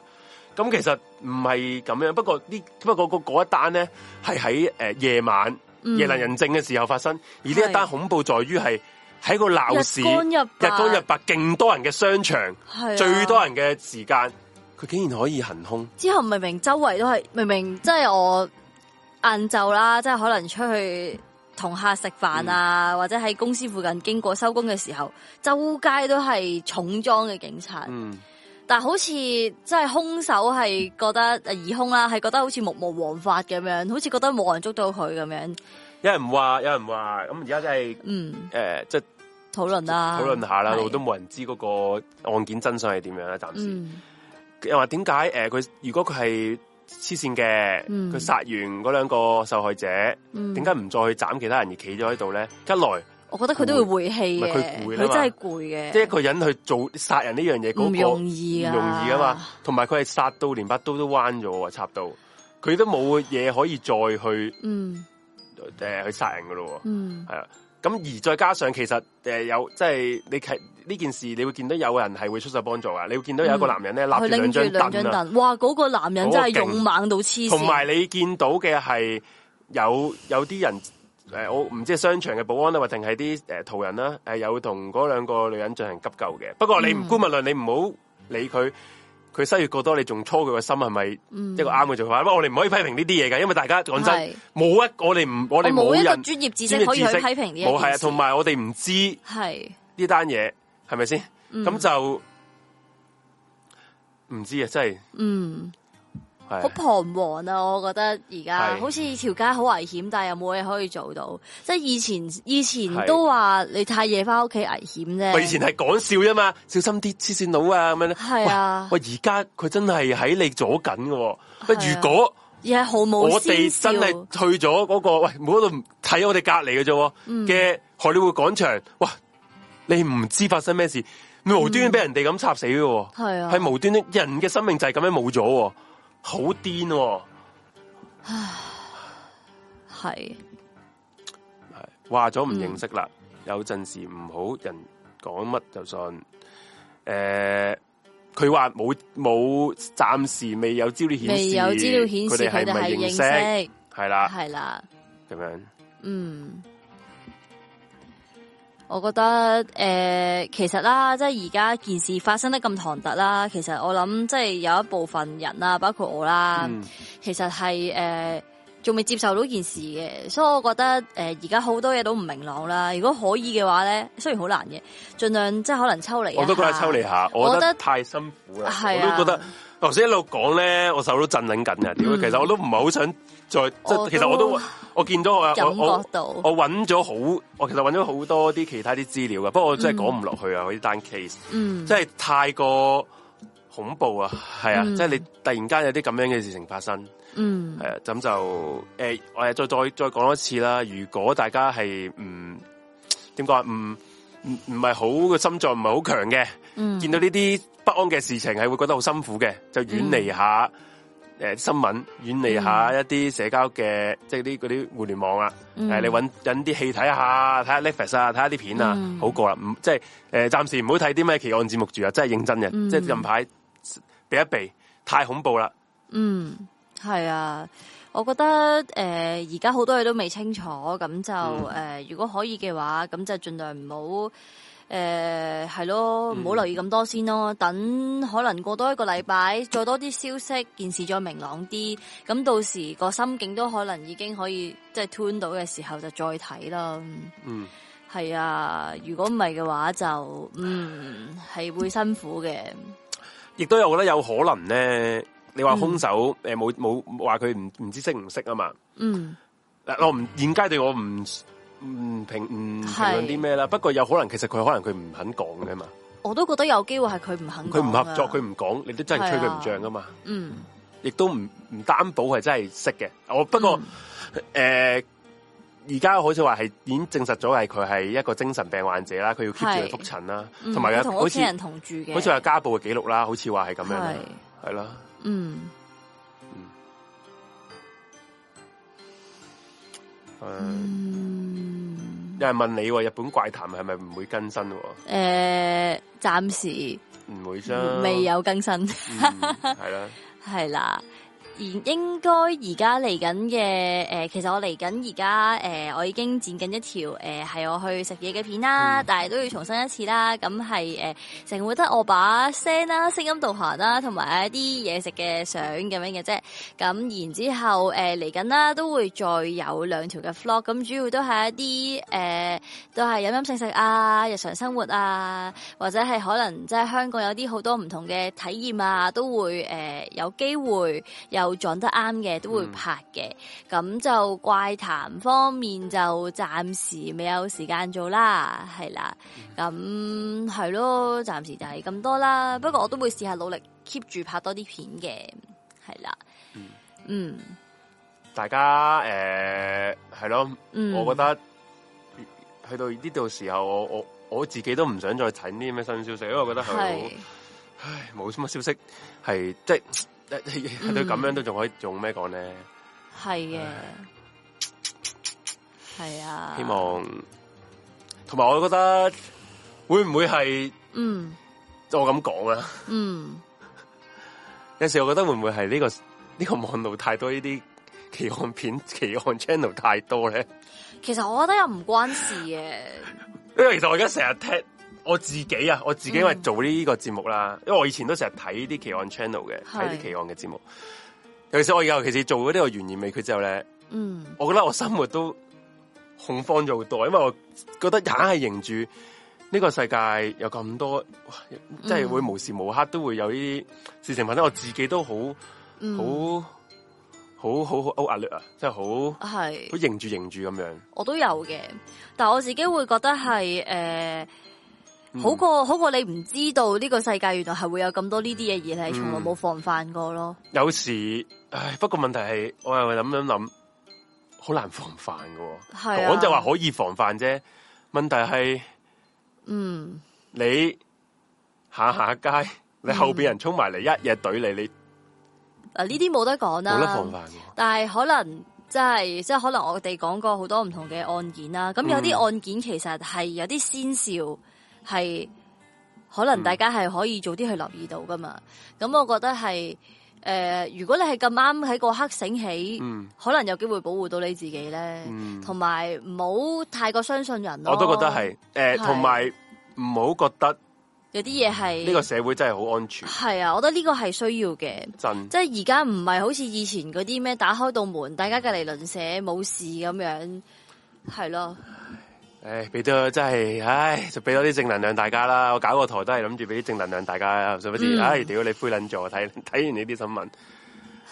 咁其實唔係咁樣，不過呢，不過嗰一單咧係喺誒夜晚、嗯、夜闌人靜嘅時候發生。而呢一單恐怖在於係喺個鬧市的日光日白，勁多人嘅商場，的最多人嘅時間。佢竟然可以行兇，之後明明周圍都係明明即係我晏晝啦，即係可能出去同客食飯啊，嗯、或者喺公司附近經過收工嘅時候，周街都係重裝嘅警察。嗯，但，但係好似即係兇手係覺得疑凶啦，係覺得好似目無王法咁樣，好似覺得冇人捉到佢咁樣，有人唔話。有人話，有人話，咁而家真係嗯誒，即係討論啦，討論下啦，是都冇人知嗰個案件真相係點樣咧，暫時。嗯又話點解？誒，佢、呃、如果佢係黐線嘅，佢殺、嗯、完嗰兩個受害者，點解唔再去斬其他人而企咗喺度咧？一來，我覺得佢都會回氣，佢攰，佢真係攰嘅。即係一個人去做殺人呢樣嘢，唔、嗰個、容易啊，容易啊嘛。同埋佢係殺到連把刀都彎咗喎，插刀，佢都冇嘢可以再去，嗯，誒、呃、去殺人噶咯。嗯，係啊。咁而再加上，其實誒、呃、有即係、即係、你呢件事，你會見到有人係會出手幫助啊！你會見到有一個男人咧、嗯、立住兩張凳啊！張哇，嗰、那個男人真係勇猛到黐線。同埋你見到嘅係有有啲人、呃、我唔知係商場嘅保安啦，或定係啲誒途人啦，有同嗰兩個女人進行急救嘅。不過你唔姑勿論，你唔好理佢，佢、嗯、失血過多，你仲搓佢個心係咪一個啱嘅做法？嗯、我哋唔可以批評呢啲嘢嘅，因為大家講真冇是一個，我哋唔我哋冇一個專業知識,業知識可以去批評嘅。冇係啊，同埋我哋唔知係呢單嘢。是係咪先？咁、嗯、就唔知啊，真係嗯，好彷是徨啊！我覺得而家是好似條街好危險，是但係又冇嘢可以做到。即係以前，以前都話你太夜返屋企危險啫。以前係講笑啫嘛，小心啲黐線佬啊咁樣咧。係啊，喂，我而家佢真係喺你阻緊嘅。不如果而係好冇。我哋真係去咗嗰個喂，冇嗰度睇我哋隔籬嘅啫嘅荷里活廣場，哇！你唔知發生咩事，你無端俾人哋咁插死嘅。係、嗯、啊，係無端啲人嘅生命就係咁樣冇咗，好癲、啊，係係話咗唔認識啦，嗯、有陣時唔好人講乜就信，誒、呃，佢話冇冇暫時未有資料顯示，未有資料顯示佢哋係咪認識？係啦，係啦，咁樣，嗯。我覺得誒、呃，其實啦，即係而家件事發生得咁唐突啦，其實我諗即係有一部分人啦，包括我啦，嗯、其實係誒仲未接受到件事嘅，所以我覺得誒而家好多嘢都唔明朗啦。如果可以嘅話咧，雖然好難嘅，盡量即係可能抽離。我都覺得抽離下，我覺得太辛苦啦。係、我都覺得頭先一路講咧，我手都震緊緊嘅。點其實我都唔係好想。再即，其實我都我見到我我我揾咗好，我其實揾咗好多啲其他啲資料㗎。不過我真係講唔落去啊！嗰啲單 case，嗯，真係、um、太過恐怖啊！係啊，即係、um、你突然間有啲咁樣嘅事情發生，嗯，係啊，咁、呃、就我係再再再講一次啦。如果大家係唔點講唔唔唔係好嘅心臟，唔係好強嘅，嗯，見到呢啲不安嘅事情係會覺得好辛苦嘅，就遠離下。Um 誒、呃，新聞遠離下一啲社交嘅，嗯、即係啲嗰啲互聯網啊。誒、嗯呃，你揾引啲戲睇下，睇下 Netflix 啊，睇下啲片啊，嗯、好過啦。唔即係誒，呃、暫時唔好睇啲咩奇案節目住啊，真係認真嘅。嗯、即係近排避一避，太恐怖啦。嗯，係啊，我覺得誒而家好多嘢都未清楚，咁就誒、嗯呃、如果可以嘅話，咁就盡量唔好。誒，係、呃、咯，唔好留意咁多先咯，等可能過多一個禮拜，再多啲消息，件事再明朗啲，咁到時個心境都可能已經可以即係 turn 到嘅時候就再睇啦。嗯，係啊，如果唔係嘅話就，嗯，係會辛苦嘅。亦都有覺得有可能咧，你話凶手誒，冇冇話佢唔唔知識唔識啊嘛？嗯，嗱，階我唔現階段我唔。唔評唔評論啲咩啦，嗯嗯、是不過有可能其實佢可能佢唔肯講嘅嘛。我都覺得有機會係佢唔肯，佢唔合作，佢唔講，你都真係吹佢唔漲噶嘛。嗯，亦都唔唔擔保係真係識嘅。我不過誒，而家、嗯呃、好似話係已經證實咗係佢係一個精神病患者啦，佢要 keep 住去復診啦，同埋是同屋企人同住嘅，好似話家暴嘅記錄啦，好似話係咁樣，係啦是，啊、嗯。誒，有人、uh，嗯、問你喎，日本怪談係咪唔會更新喎？誒、呃，暫時唔會啫，未有更新、 嗯，係啦，係啦。而應該而家嚟緊嘅誒其實我嚟緊而家誒我已經剪緊一條誒係、呃、我去食嘢嘅片啦，但係都要重新一次啦。咁係誒成會得我把聲啦、聲音導航啦，同埋一啲嘢食嘅相咁樣嘅啫。咁然之後誒嚟緊啦，都會再有兩條嘅 Vlog，咁主要都係一啲誒、呃、都係飲飲食食啊、日常生活啊，或者係可能即係香港有啲好多唔同嘅體驗啊，都會誒、呃、有機會有。有撞得啱嘅都會拍嘅，咁、嗯、就怪談方面就暫時未有時間做啦，係啦，咁係咯，暫時就係咁多啦。嗯、不過我都會試下努力 keep 住拍多啲片嘅，係啦，嗯，嗯、大家誒係咯，我覺得去、嗯、到呢度時候，我我我自己都唔想再睇啲咩新消息，因為我覺得係，是 唉，冇乜消息係即係。誒， 對咁樣都仲可以呢，仲咩講咧？係嘅、呃，係啊的。希望同埋，我覺得會唔會係？嗯，我咁講啊。嗯， 有時我覺得會唔會係呢、這個呢、這個網路太多呢啲奇案片、奇案 channel 太多咧？其實我覺得又唔關事嘅， 因為其實我而家成日聽。我自己啊，我自己因為做呢個節目啦，嗯、因為我以前都成日睇啲奇案 channel 嘅，睇啲是奇案嘅節目。尤其是我尤其是做咗呢我懸疑未決之後咧，嗯，我覺得我生活都恐慌咗好多，因為我覺得硬係凝住呢個世界有咁多，即係、嗯、會無時無刻都會有呢啲事情發生，我自己都好好好好好壓力啊，即係好係，好凝住凝住咁樣。我都有嘅，但係我自己會覺得係誒。呃好過、嗯、好過你唔知道呢個世界原來係會有咁多呢啲嘢，而係從來冇防範過咯、嗯。有時，唉，不過問題係我又諗諗諗，好難防範噶講、啊、就話可以防範啫。問題係，嗯，你行下街，你後邊人衝埋嚟一嘢懟你，你啊呢啲冇得講啦。冇得防範。但係可能、就是、即係即係可能我哋講過好多唔同嘅案件啦。咁有啲案件其實係有啲先兆。係可能大家係可以早啲去留意到噶嘛，咁、嗯、我覺得係誒、呃，如果你係咁啱喺個刻醒起，嗯、可能有機會保護到你自己咧，同埋唔好太過相信人、啊。我都覺得係誒，同埋唔好覺得有啲嘢係呢個社會真係好安全。係啊，我覺得呢個係需要嘅，真即係而家唔係好似以前嗰啲咩打開道門，大家隔籬鄰舍冇事咁樣，係咯、啊。唉，俾到真係，唉，就俾多啲正能量大家啦。我搞個台都係諗住俾啲正能量大家，係咪先，嗯、唉，屌你灰撚座，睇睇完呢啲新聞，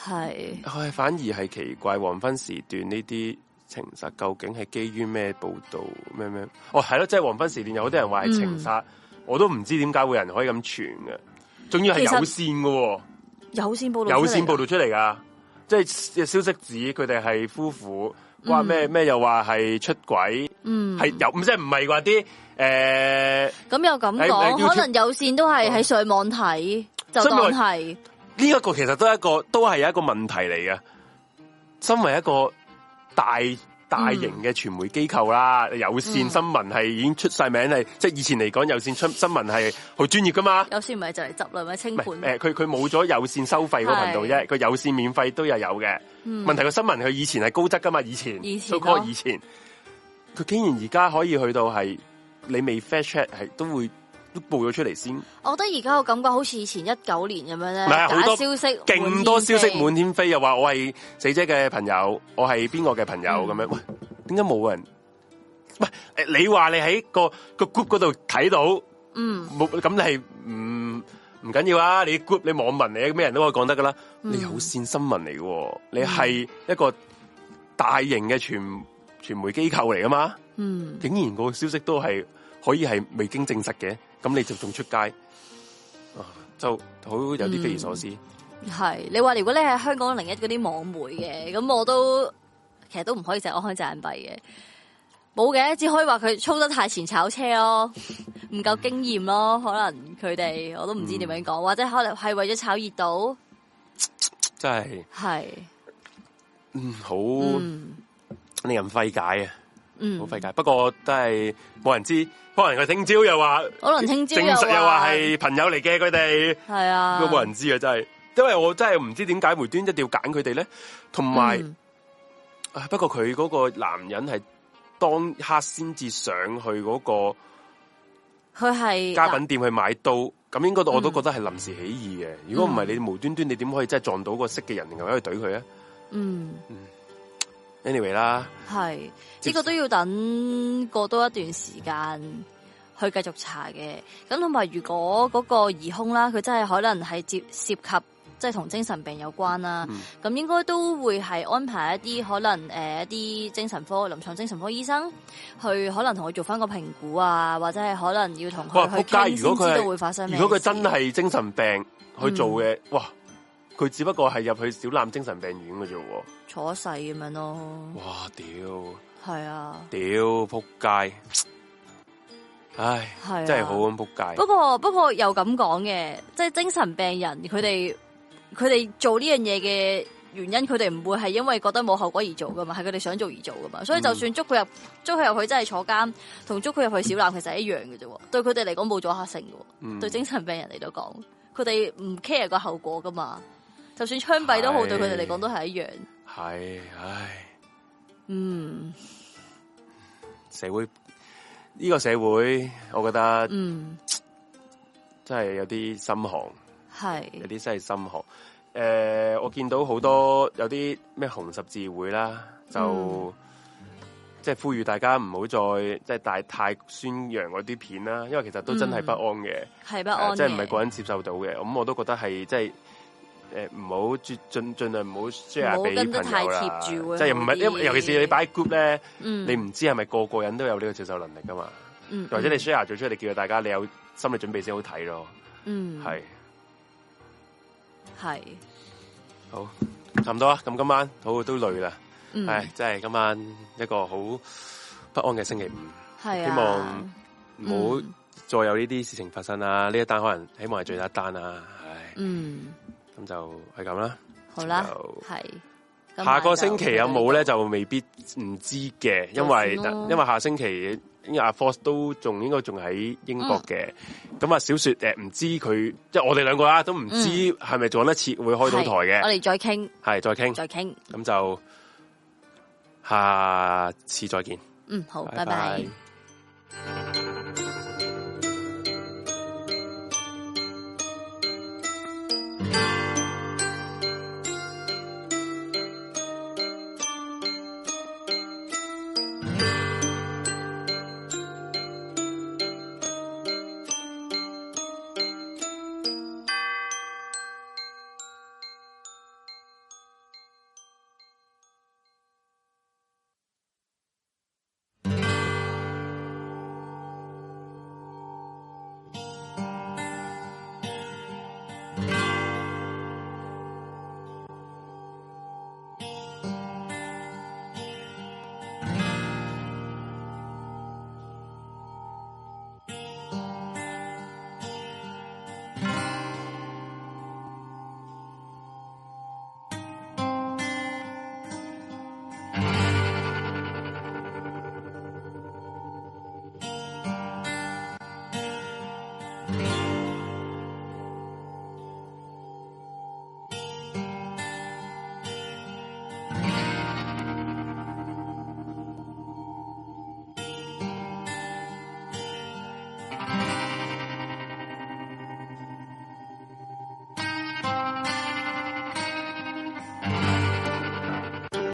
係是，唉，反而係奇怪。黃昏時段呢啲情殺究竟係基於咩報道？咩咩？哦，係咯，即係黃昏時段有好多人話係情殺，嗯、我都唔知點解會有人可以咁傳嘅，仲要係有綫嘅，有綫報道，有綫報道出嚟噶，即係消息指佢哋係夫婦。話咩咩又話係出軌，嗯，係、呃、又唔即係唔係話啲誒，咁又咁講，欸、YouTube, 可能有線都係喺上網睇，哦、就係呢一個其實都係一個都係一個問題嚟嘅。身為一個大大型嘅傳媒機構啦，有線新聞係已經出曬名，係即係以前嚟講，有線新聞係好專業㗎嘛。呃、有線唔係就嚟執啦，咪清盤。唔係佢冇咗有線收費個頻道啫，佢是有線免費都又有嘅。嗯、問題個新聞佢以前係高質㗎嘛，以前，蘇哥以，以前，佢、哦、竟然而家可以去到係你未 fetch 係都會。都報咗出嚟先，我覺得而家我感覺好似以前一九年咁樣咧，唔係，好多消息，勁多消息滿天飛，又話我係死者嘅朋友，我係邊個嘅朋友咁、嗯、樣，喂，點解冇人？喂，誒，嗯、你話你喺個個 group 嗰度睇到，嗯，冇，咁你係唔唔緊要啊？你 group 你網民你咩人都可以講得噶啦，你有線新聞嚟喎。你係一個大型嘅傳傳媒機構嚟噶嘛，嗯，竟然個消息都係。可以係未經證實嘅，咁你就仲出街，啊、就好有啲匪夷所思。係、嗯、你話如果你係香港01嗰啲網媒嘅，咁我都其實都唔可以隻眼開隻眼閉嘅，冇嘅，只可以話佢衝得太前炒車咯，唔夠 經驗咯，可能佢哋我都唔知點樣講，嗯、或者可能係為咗炒熱度，真係係，是嗯好令、嗯、人費解啊！嗯，好費解，不過都係冇人知，可能佢聽朝又話，可能聽朝證實又話係朋友嚟嘅佢哋，係是啊，都冇人知啊，真係，因為我真係唔知點解無端端一定要揀佢哋咧，同埋，啊、嗯，不過佢嗰個男人係當刻先至上去嗰個，佢係家品店去買刀，咁應該我都覺得係臨時起意嘅，如果唔係你無端端你點可以真係撞到個識嘅人，然後喺度懟佢啊？嗯。Anyway 啦，係呢個都要等過多一段時間去繼續查嘅。咁同埋，如果嗰個疑凶啦，佢真係可能係涉涉及，即係同精神病有關啦。咁、嗯、應該都會係安排一啲可能誒、呃、一啲精神科臨床精神科醫生去可能同佢做翻個評估啊，或者係可能要同佢去聽先談 知道會發生咩事。如果佢真係精神病去做嘅，嗯、哇！佢只不過係入去小欖精神病院嘅啫、哦，坐世咁樣咯。哇！屌，係啊，屌，扑街， 唉，係、啊、真係好咁扑街不。不過不過又咁講嘅，即、就、係、是、精神病人佢哋佢哋做呢樣嘢嘅原因，佢哋唔會係因為覺得冇後果而做噶嘛，係佢哋想做而做噶嘛。所以就算捉佢入捉佢、嗯、入去真係坐，真係坐監同捉佢入去小欖，其實係一樣嘅啫。對佢哋嚟講冇阻嚇性嘅，嗯、對精神病人嚟到講，佢哋唔 care 個後果噶嘛。就算槍斃都好，是對佢哋嚟講都係一樣。係，唉，嗯，社會呢、這個社會，我覺得，嗯，真係有啲心寒，係是，有啲真係心寒。誒、呃，我見到好多、嗯、有啲咩紅十字會啦，就即係、嗯、呼籲大家唔好再即係、就是、大太宣揚嗰啲片啦，因為其實都真係不安嘅，係、嗯、不安，即係唔係個人接受到嘅。咁的我都覺得係，即、就、係、是。誒，唔好盡盡盡量唔好 share 俾朋友啦，即係唔係，因為尤其是你擺 group 咧，你唔知係咪個個人都有呢個接受能力噶嘛？嗯，或者你 share 做出嚟，叫大家你有心理準備先好睇咯。嗯，係係好差唔多啊！咁今晚好都累啦，係即係今晚一個好不安嘅星期五。係啊，希望唔好再有呢啲事情發生啦。呢一單可能希望係最後一單啦。唉，嗯。咁就係咁啦，好啦吧，係下個星期有冇咧就未必唔知嘅，因為因為下星期阿 Force 都仲應該仲喺英國嘅，咁啊、嗯、小雪誒唔知佢即係我哋兩個啦都唔知係咪再一次會開到台嘅，我哋再傾，係再傾，再傾，咁談就下次再見，嗯好，拜拜。拜拜。